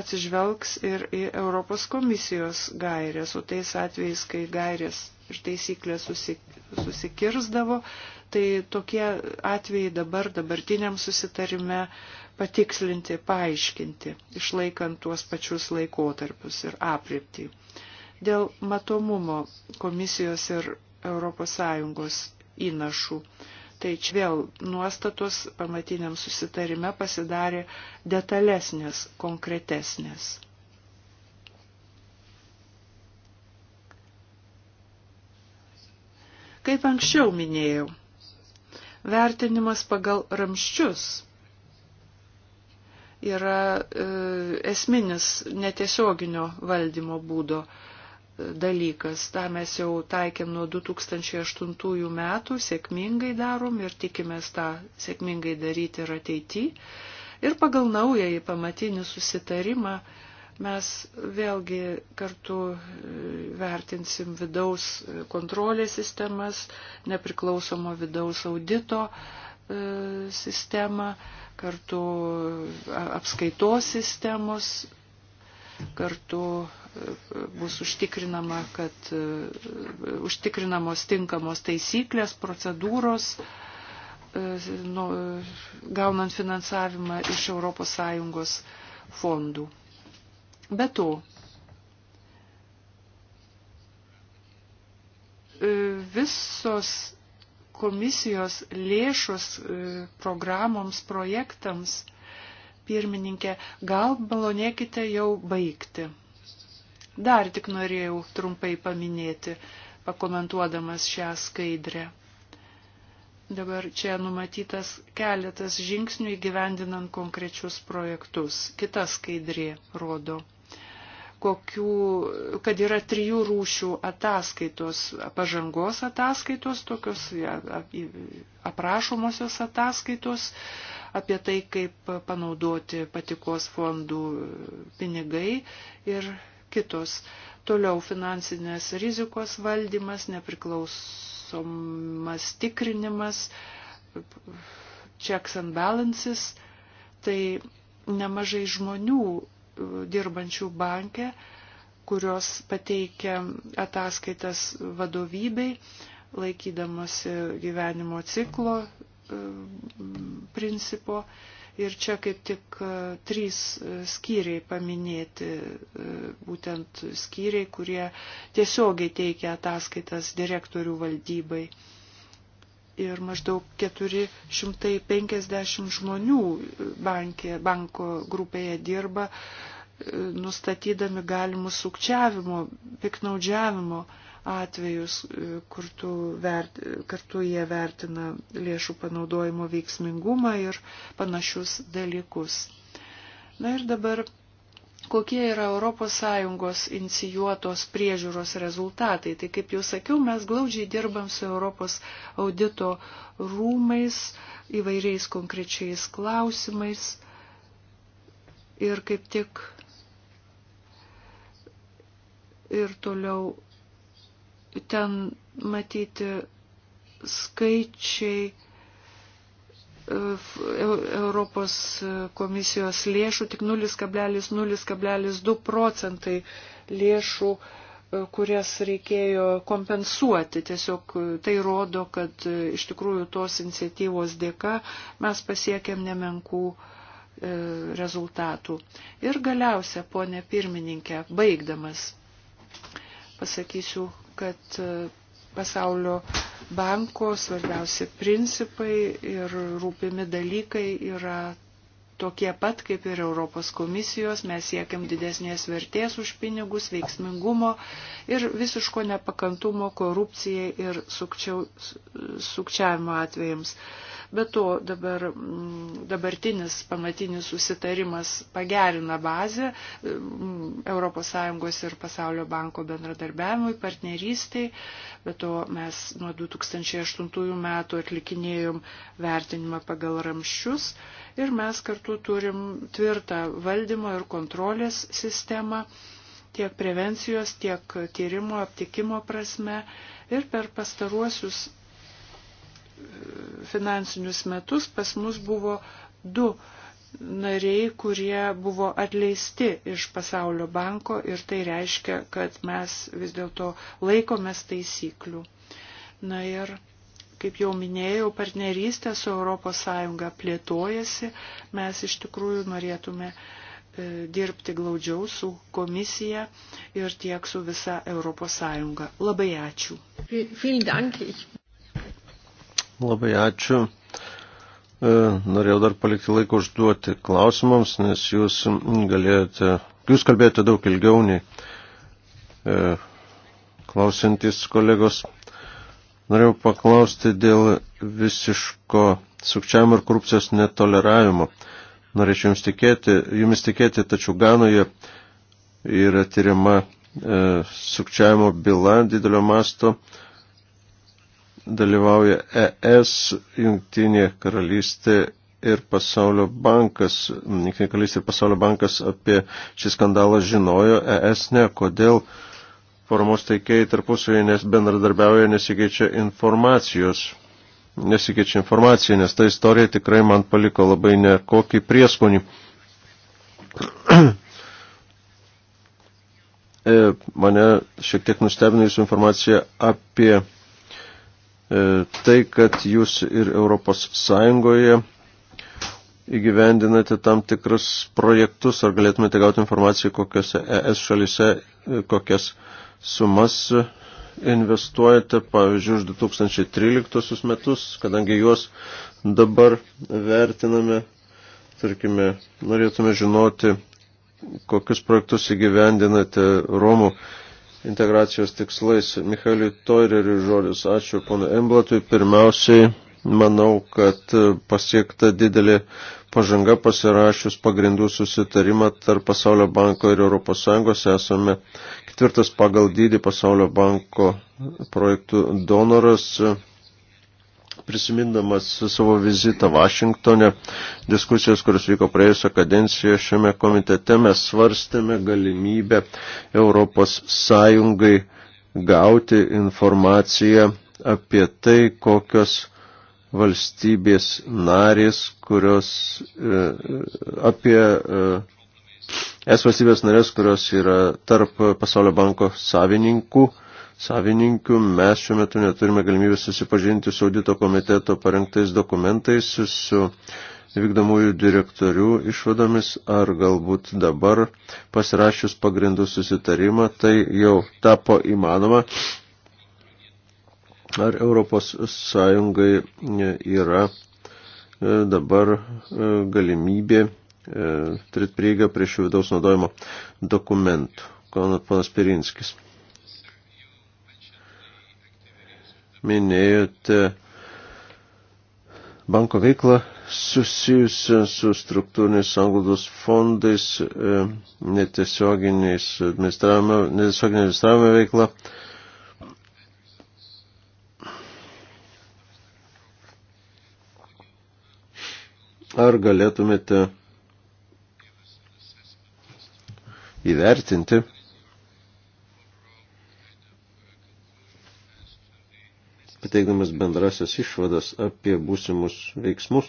atsižvelgs ir į Europos komisijos gairės, o tais atvejais, kai gairės ir taisyklės susikirsdavo, tai tokie atvejai dabar, dabartiniam susitarime patikslinti, paaiškinti, išlaikant tuos pačius laikotarpius ir apriepti. Dėl matomumo komisijos ir ES įnašų. Tai čia vėl nuostatos pamatiniam susitarime pasidarė detalesnės, konkretesnės. Kaip anksčiau minėjau, vertinimas pagal ramščius yra e, esminis netiesioginio valdymo būdo e, dalykas. Ta mes jau taikėm nuo 2008 metų, sėkmingai darom ir tikimės tą sėkmingai daryti ir ateityje. Ir pagal naująjį pamatinį susitarimą mes vėlgi kartu e, vertinsim vidaus kontrolės sistemas, nepriklausomo vidaus audito, uh, E, sistemą, kartu apskaitos sistemos, kartu e, bus užtikrinama, kad e, užtikrinamos tinkamos taisyklės, procedūros, nu, gaunant finansavimą iš ES fondų. Be to, visos komisijos lėšos e, programoms, projektams, pirmininkė, gal malonėkite jau baigti. Dar tik norėjau trumpai paminėti, pakomentuodamas šią skaidrę. Dabar čia numatytas keletas žingsnių įgyvendinant konkrečius projektus. Kita skaidrė rodo kokių, kad yra trijų rūšių ataskaitos, pažangos ataskaitos, tokios aprašomosios ataskaitos apie tai, kaip panaudoti patikos fondų pinigai ir kitos. Toliau finansinės rizikos valdymas, nepriklausomas tikrinimas, checks and balances. Tai nemažai žmonių dirbančių bankę, kurios pateikia ataskaitas vadovybei, laikydamosi gyvenimo ciklo e, principo. Ir čia kaip tik e, trys skyriai paminėti, e, būtent skyriai, kurie tiesiogiai teikia ataskaitas direktorių valdybai ir maždaug 450 žmonių bankė, banko grupėje dirba, e, nustatydami galimus sukčiavimo, piknaudžiavimo atvejus, e, kur tu vert, kartu jie vertina lėšų panaudojimo veiksmingumą ir panašius dalykus. Na ir dabar kokie yra ES inicijuotos priežiūros rezultatai. Tai kaip jau sakiau, mes glaudžiai dirbam su Europos audito rūmais įvairiais konkrečiais klausimais. Ir kaip tik ir toliau ten matyti skaičiai Europos komisijos lėšų tik 0,0,2 procentai lėšų, e, kurias reikėjo kompensuoti. Tiesiog e, tai rodo, kad e, iš tikrųjų tos iniciatyvos dėka mes pasiekėm nemenkų rezultatų. Ir galiausia, ponė pirmininkė, baigdamas, pasakysiu, kad pasaulio banko svarbiausi principai ir rūpimi dalykai yra tokie pat kaip ir Europos komisijos, mes siekiam didesnės vertės už pinigus, veiksmingumo ir visiško nepakantumo korupcijai ir sukčiau, sukčiavimo atvejams. Be to dabar, mm, dabartinis pamatinis susitarimas pagerina bazę mm, ES ir Pasaulio banko bendradarbiavimui, partnerystiai. Be to mes nuo 2008 metų atlikinėjom vertinimą pagal ramščius ir mes kartu turim tvirtą valdymo ir kontrolės sistemą tiek prevencijos, tiek tyrimo aptikimo prasme. Ir per pastaruosius finansinius metus pas mus buvo du nariai, kurie buvo atleisti iš pasaulio banko ir tai reiškia, kad mes vis dėlto laikomės taisyklių. Na ir, kaip jau minėjau, partnerystė su ES plėtojasi, mes iš tikrųjų norėtume e, dirbti glaudžiau su komisija ir tiek su visa ES. Labai ačiū. Vielen Dank. Labai ačiū. E, norėjau dar palikti laiko užduoti klausimams, nes jūs galėjote, jūs kalbėjote daug ilgiau nei e, klausiantis kolegos. Norėjau paklausti dėl visiško sukčiavimo ir korupcijos netoleravimo. Norėčiau jums tikėti, jumis tikėti, tačiau Ganoje yra tyriama e, sukčiavimo byla didelio masto. E, dalyvauja ES, Jungtinė karalystė ir Pasaulio bankas. Jungtinė karalystė ir Pasaulio bankas apie šį skandalą žinojo, ES ne. Kodėl paramos teikėjai tarpusavėje nes bendradarbiauja nesikeičia informacijos? Nesikeičia informacija, nes ta istorija tikrai man paliko labai nekokį prieskonį. E, mane šiek tiek nustebino jūsų informacija apie E, tai, kad jūs ir Europos Sąjungoje įgyvendinate tam tikrus projektus, ar galėtumėte gauti informaciją, kokiose ES šalise, e, kokias sumas investuojate, pavyzdžiui, už 2013 metus, kadangi juos dabar vertiname, tarkime, norėtume žinoti, kokius projektus įgyvendinate Romų integracijos tikslais. Michaeliu Toireriu žodis. Ačiū ponui Emblatui. Pirmiausiai, manau, kad pasiekta didelė pažanga pasirašius pagrindų susitarimą tarp Pasaulio banko ir ES. Esame ketvirtas pagal dydį Pasaulio banko projektų donoras prisimindamas savo vizitą Vašingtone, diskusijos, kuris vyko praėjusią kadenciją šiame komitete, mes svarstėme galimybę Europos Sąjungai gauti informaciją apie tai, kokios valstybės narės, kurios e, apie e, es valstybės narės, kurios yra tarp Pasaulio banko savininkų savininkių. Mes šiuo metu neturime galimybės susipažinti su audito komiteto parengtais dokumentais, su vykdomųjų direktorių išvadomis, ar galbūt dabar pasirašius pagrindų susitarimą, tai jau tapo įmanoma. Ar Europos Sąjungai e, yra e, dabar e, galimybė turėti prieigą prie šių vidaus naudojimo dokumentų. Ponas Pirinskis. minėjote banko veiklą susijusią su struktūriniais sanglaudos fondais, e, netiesioginiais administravimo, netiesioginė administravimo veikla. Ar galėtumėte įvertinti pateikdamas bendrasias išvadas apie būsimus veiksmus,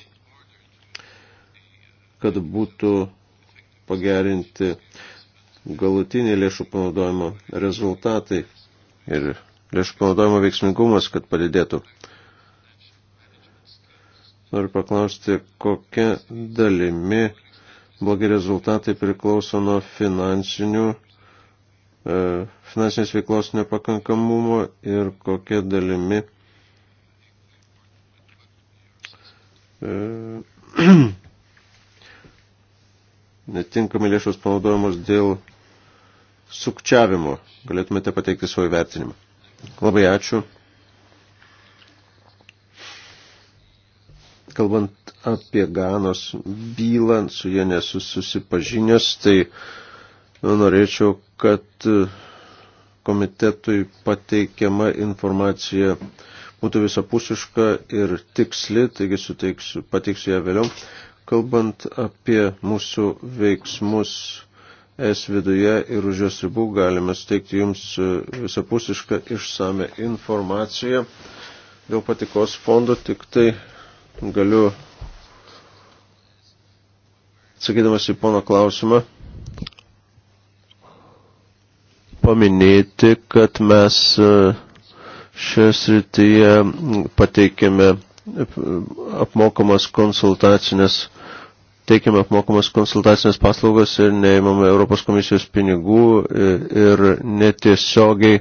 kad būtų pagerinti galutiniai lėšų panaudojimo rezultatai ir lėšų panaudojimo veiksmingumas, kad padidėtų. Noriu paklausti, kokia dalimi blogi rezultatai priklauso nuo finansinių, e, finansinės veiklos nepakankamumo ir kokia dalimi Ehm, netinkamai lėšos panaudojamos dėl sukčiavimo. Galėtumėte pateikti savo įvertinimą. Labai ačiū. Kalbant apie Ganos bylą, su jie nesu susipažinęs, tai nu, norėčiau, kad e, komitetui pateikiama informacija uh, būtų visapusiška ir tiksli, taigi suteiksiu, pateiksiu ją vėliau. Kalbant apie mūsų veiksmus es viduje ir už jos ribų, galime steigti jums e, visapusišką išsame informaciją dėl patikos fondo, tik tai galiu, sakydamas į pono klausimą, paminėti, kad mes uh, Šioje srityje pateikėme apmokamas konsultacinės, teikiame apmokamas konsultacinės paslaugas ir neįmame Europos komisijos pinigų ir netiesiogiai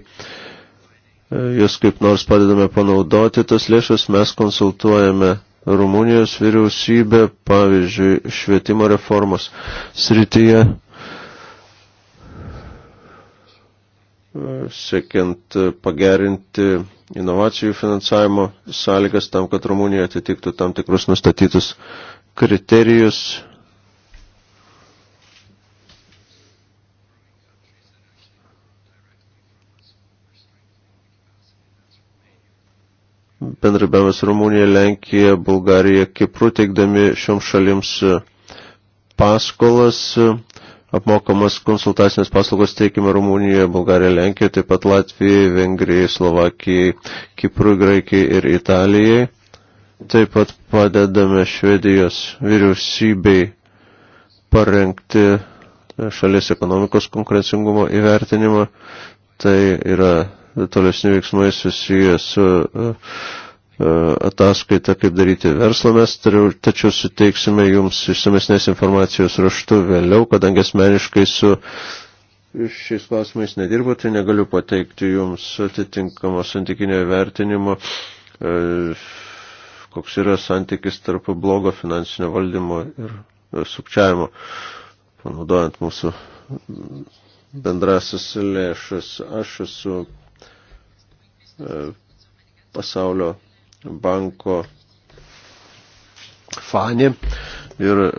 jūs kaip nors padedame panaudoti tas lėšas, mes konsultuojame Rumunijos vyriausybė, pavyzdžiui, švietimo reformos srityje siekiant pagerinti inovacijų finansavimo sąlygas tam, kad Rumunija atitiktų tam tikrus nustatytus kriterijus. Bendrabiavimas Rumunija, Lenkija, Bulgarija, Kipru teikdami šioms šalims paskolas apmokamos konsultacinės paslaugos teikime Rumunijoje, Bulgarijoje, Lenkijoje, taip pat Latvijai, Vengrijai, Slovakijai, Kiprui, Graikijai ir Italijai. Taip pat padedame Švedijos vyriausybei parengti šalies ekonomikos konkurencingumo įvertinimą. Tai yra tolesni veiksmai susiję su E, ataskaitą, kaip daryti verslą, mes tačiau suteiksime jums išsamesnės informacijos raštu vėliau, kadangi asmeniškai su šiais klausimais nedirbu, tai negaliu pateikti jums atitinkamo santykinio vertinimo, e, koks yra santykis tarp blogo finansinio valdymo ir e, sukčiavimo, panaudojant mūsų bendrasis lėšas. Aš esu pasaulio banko fanė ir e,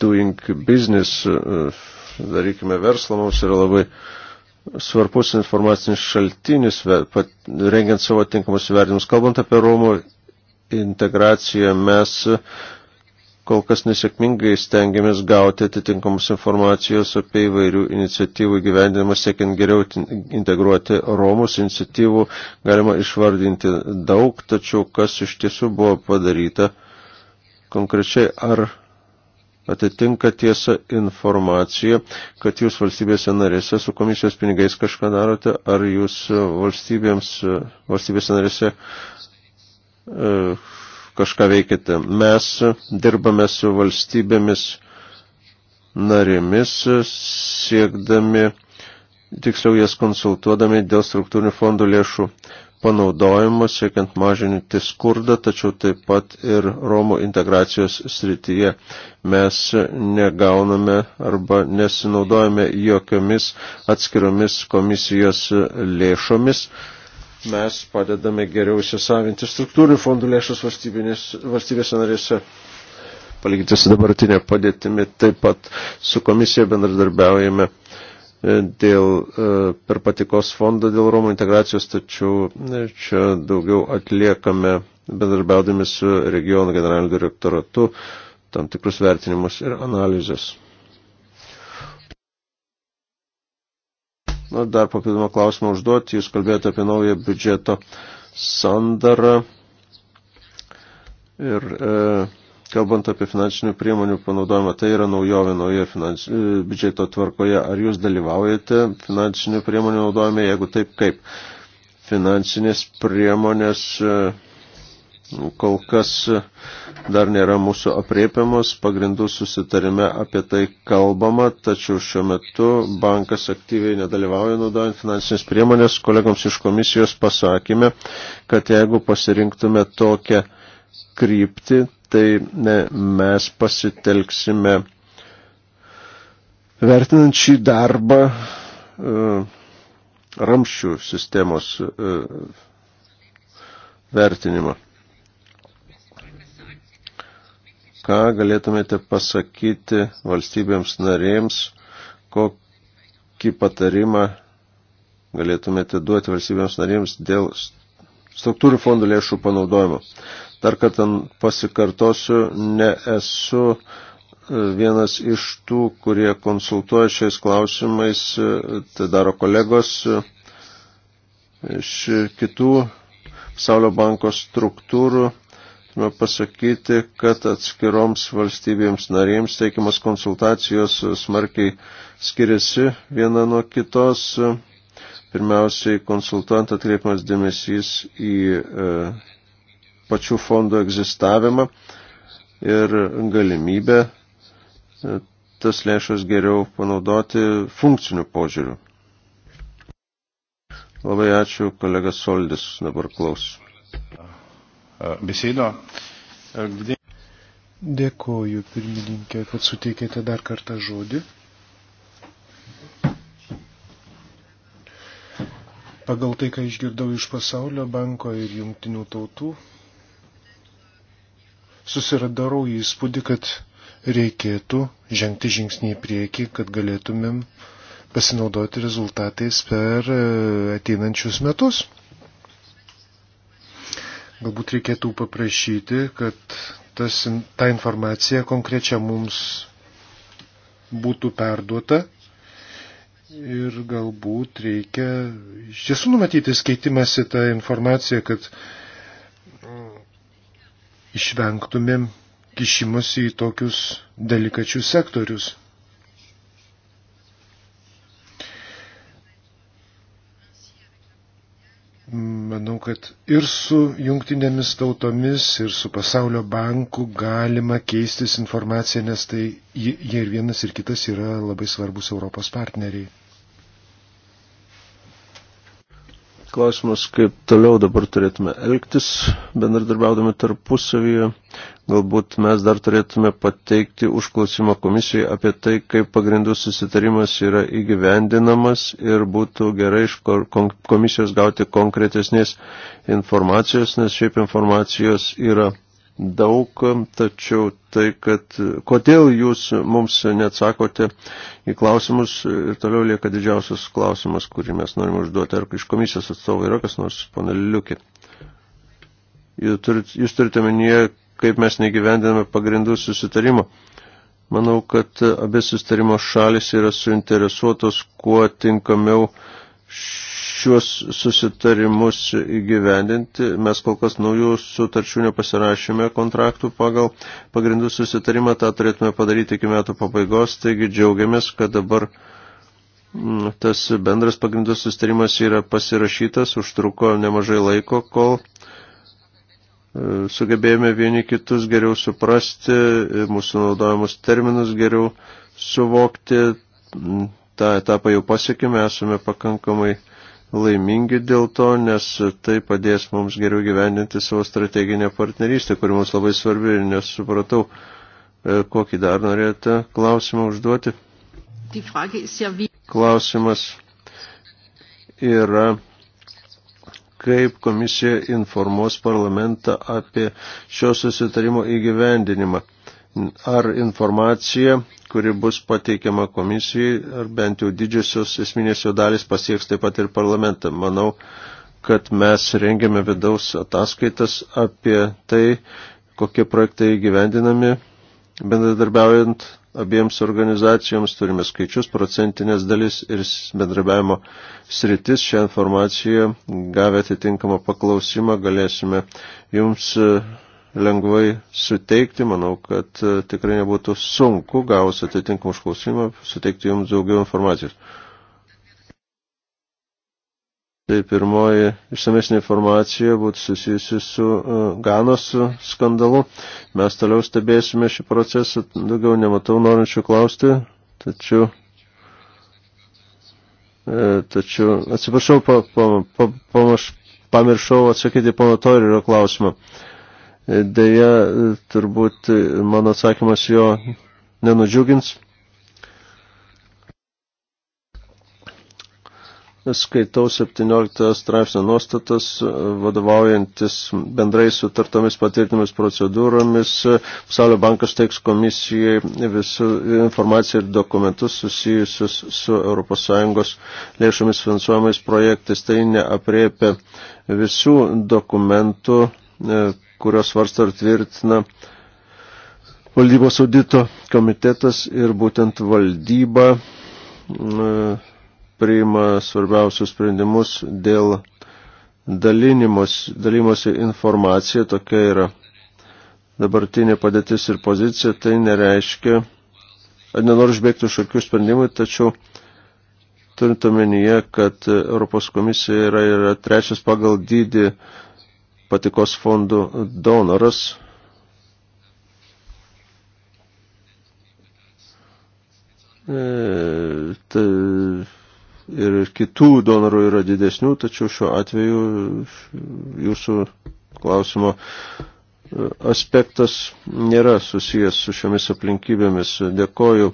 doing business, e, darykime verslą, mums yra labai svarbus informacinis šaltinis, rengiant savo tinkamus vertimus. Kalbant apie Romų integraciją, mes kol kas nesėkmingai stengiamės gauti atitinkamos informacijos apie įvairių iniciatyvų gyvendinimą, siekiant geriau integruoti Romus. Iniciatyvų galima išvardinti daug, tačiau kas iš tiesų buvo padaryta konkrečiai ar atitinka tiesa informacija, kad jūs valstybėse narėse su komisijos pinigais kažką darote, ar jūs valstybėms, valstybėse narėse e, kažką veikite. Mes dirbame su valstybėmis narėmis, siekdami, tiksliau jas konsultuodami dėl struktūrinių fondų lėšų panaudojimo, siekiant mažinti skurdą, tačiau taip pat ir Romų integracijos srityje mes negauname arba nesinaudojame jokiomis atskiromis komisijos lėšomis mes padedame geriau įsisavinti struktūrinių fondų lėšas valstybėse narėse. Palyginti su dabartinė padėtimi, taip pat su komisija bendradarbiaujame e, dėl, e, per patikos fondą dėl Romų integracijos, tačiau e, čia daugiau atliekame bendarbiaudami su regionų generaliniu direktoratu tam tikrus vertinimus ir analizės. Na, dar papildomą klausimą užduoti. Jūs kalbėjote apie naują biudžeto sandarą. Ir e, kalbant apie finansinių priemonių panaudojimą, tai yra naujovė nauja finans, e, biudžeto tvarkoje. Ar jūs dalyvaujate finansinių priemonių naudojime, jeigu taip kaip? Finansinės priemonės. E, Nu, kol kas dar nėra mūsų apriepiamos, pagrindų susitarime apie tai kalbama, tačiau šiuo metu bankas aktyviai nedalyvauja naudojant finansinės priemonės. Kolegoms iš komisijos pasakėme, kad jeigu pasirinktume tokią kryptį, tai ne, mes pasitelksime vertinant šį darbą e, ramščių sistemos e, vertinimą. ką galėtumėte pasakyti valstybėms narėms, kokį patarimą galėtumėte duoti valstybėms narėms dėl struktūrų fondų lėšų panaudojimo. Dar kartą pasikartosiu, neesu e, vienas iš tų, kurie konsultuoja šiais klausimais, e, tai daro kolegos e, iš kitų pasaulio banko struktūrų pasakyti, kad atskiroms valstybėms narėms teikiamas konsultacijos smarkiai skiriasi viena nuo kitos. Pirmiausiai konsultuojant atkreipimas dėmesys į e, pačių fondų egzistavimą ir galimybę e, tas lėšas geriau panaudoti funkcinių požiūrių. Labai ačiū, kolega Soldis dabar klaus besedo. E, gde... Dėkoju, pirmininkė, kad suteikėte dar kartą žodį. Pagal tai, ką išgirdau iš pasaulio banko ir jungtinių tautų, susiradarau įspūdį, kad reikėtų žengti žingsnį į priekį, kad galėtumėm pasinaudoti rezultatais per e, ateinančius metus. Galbūt reikėtų paprašyti, kad tas, ta informacija konkrečia mums būtų perduota ir galbūt reikia iš tiesų numatyti skaitimąsi tą informaciją, kad mm, išvengtumėm kišimus į tokius delikačius sektorius. kad ir su jungtinėmis tautomis, ir su pasaulio banku galima keistis informaciją, nes tai jie ir vienas ir kitas yra labai svarbus Europos partneriai. Klausimas, kaip toliau dabar turėtume elgtis, bendradarbiaudami tarpusavyje. Galbūt mes dar turėtume pateikti užklausimą komisijai apie tai, kaip pagrindų susitarimas yra įgyvendinamas ir būtų gerai iš komisijos gauti konkretesnės informacijos, nes šiaip informacijos yra daug, tačiau tai, kad kodėl jūs mums neatsakote į klausimus ir toliau lieka didžiausias klausimas, kurį mes norime užduoti. Ar iš komisijos atstovai yra kas nors, pana Liukė? Jūs turite, jūs turite menyje kaip mes negyvendiname pagrindų susitarimo. Manau, kad abie susitarimo šalis yra suinteresuotos kuo tinkamiau šiuos susitarimus įgyvendinti. Mes kol kas naujų sutarčių nepasirašėme kontraktų pagal pagrindų susitarimą, tą turėtume padaryti iki metų pabaigos, taigi džiaugiamės, kad dabar mm, tas bendras pagrindų susitarimas yra pasirašytas, užtruko nemažai laiko, kol E, sugebėjome vieni kitus geriau suprasti, e, mūsų naudojamus terminus geriau suvokti. Mm, Ta etapą jau pasiekime, esame pakankamai laimingi dėl to, nes tai padės mums geriau gyvendinti savo strateginę partnerystę, kuri mums labai svarbi ir nesupratau, e, kokį dar norėjote klausimą užduoti. Klausimas yra kaip komisija informuos parlamentą apie šio susitarimo įgyvendinimą. Ar informacija, kuri bus pateikiama komisijai, ar bent jau didžiosios esminės jo dalis pasieks taip pat ir parlamentą. Manau, kad mes rengiame vidaus ataskaitas apie tai, kokie projektai įgyvendinami, bendradarbiaujant abiems organizacijoms, turime skaičius, procentinės dalis ir bendrabiavimo sritis. Šią informaciją gavę atitinkamą paklausimą galėsime jums e, lengvai suteikti. Manau, kad e, tikrai nebūtų sunku gavus atitinkamą užklausimą suteikti jums daugiau informacijos. Tai pirmoji išsamesnė informacija būtų susijusi su e, Ganos skandalu. Mes toliau stebėsime šį procesą, daugiau nematau norinčių klausti, tačiau, e, tačiau atsiprašau, pa, pa, pa, pamaš, pamiršau atsakyti pono Torio klausimą. E, deja, turbūt mano atsakymas jo nenudžiugins. skaitau 17 straipsnio nuostatas, vadovaujantis bendrai sutartomis patvirtinimis procedūromis. Pasaulio bankas teiks komisijai visų informaciją ir dokumentus susijusius su ES lėšomis finansuojamais projektais. Tai neapriepia visų dokumentų, e, kurios svarsto ir tvirtina valdybos audito komitetas ir būtent valdyba priima svarbiausius sprendimus dėl dalymosi informacija, tokia yra dabartinė padėtis ir pozicija, tai nereiškia, nenoriu išbėgti už akių sprendimų, tačiau turint omenyje, kad Europos komisija yra, yra trečias pagal dydį patikos fondų donoras. E, tai, ir kitų donorų yra didesnių, tačiau šiuo atveju jūsų klausimo e, aspektas nėra susijęs su šiomis aplinkybėmis. Dėkoju,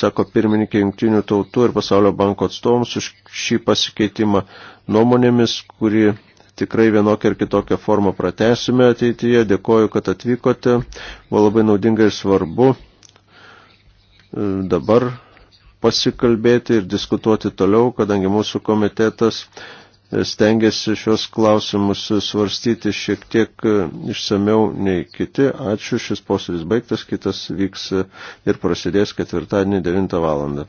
sako pirmininkė Junktinių tautų ir Pasaulio banko atstovams už šį pasikeitimą nuomonėmis, kurį tikrai vienokią ir kitokią formą pratesime ateityje. Dėkoju, kad atvykote. Buvo labai naudinga ir svarbu e, dabar pasikalbėti ir diskutuoti toliau, kadangi mūsų komitetas e, stengiasi šios klausimus svarstyti šiek tiek e, išsameu nei kiti. Ačiū, šis posėdis baigtas, kitas vyks e, ir prasidės ketvirtadienį 9 valandą.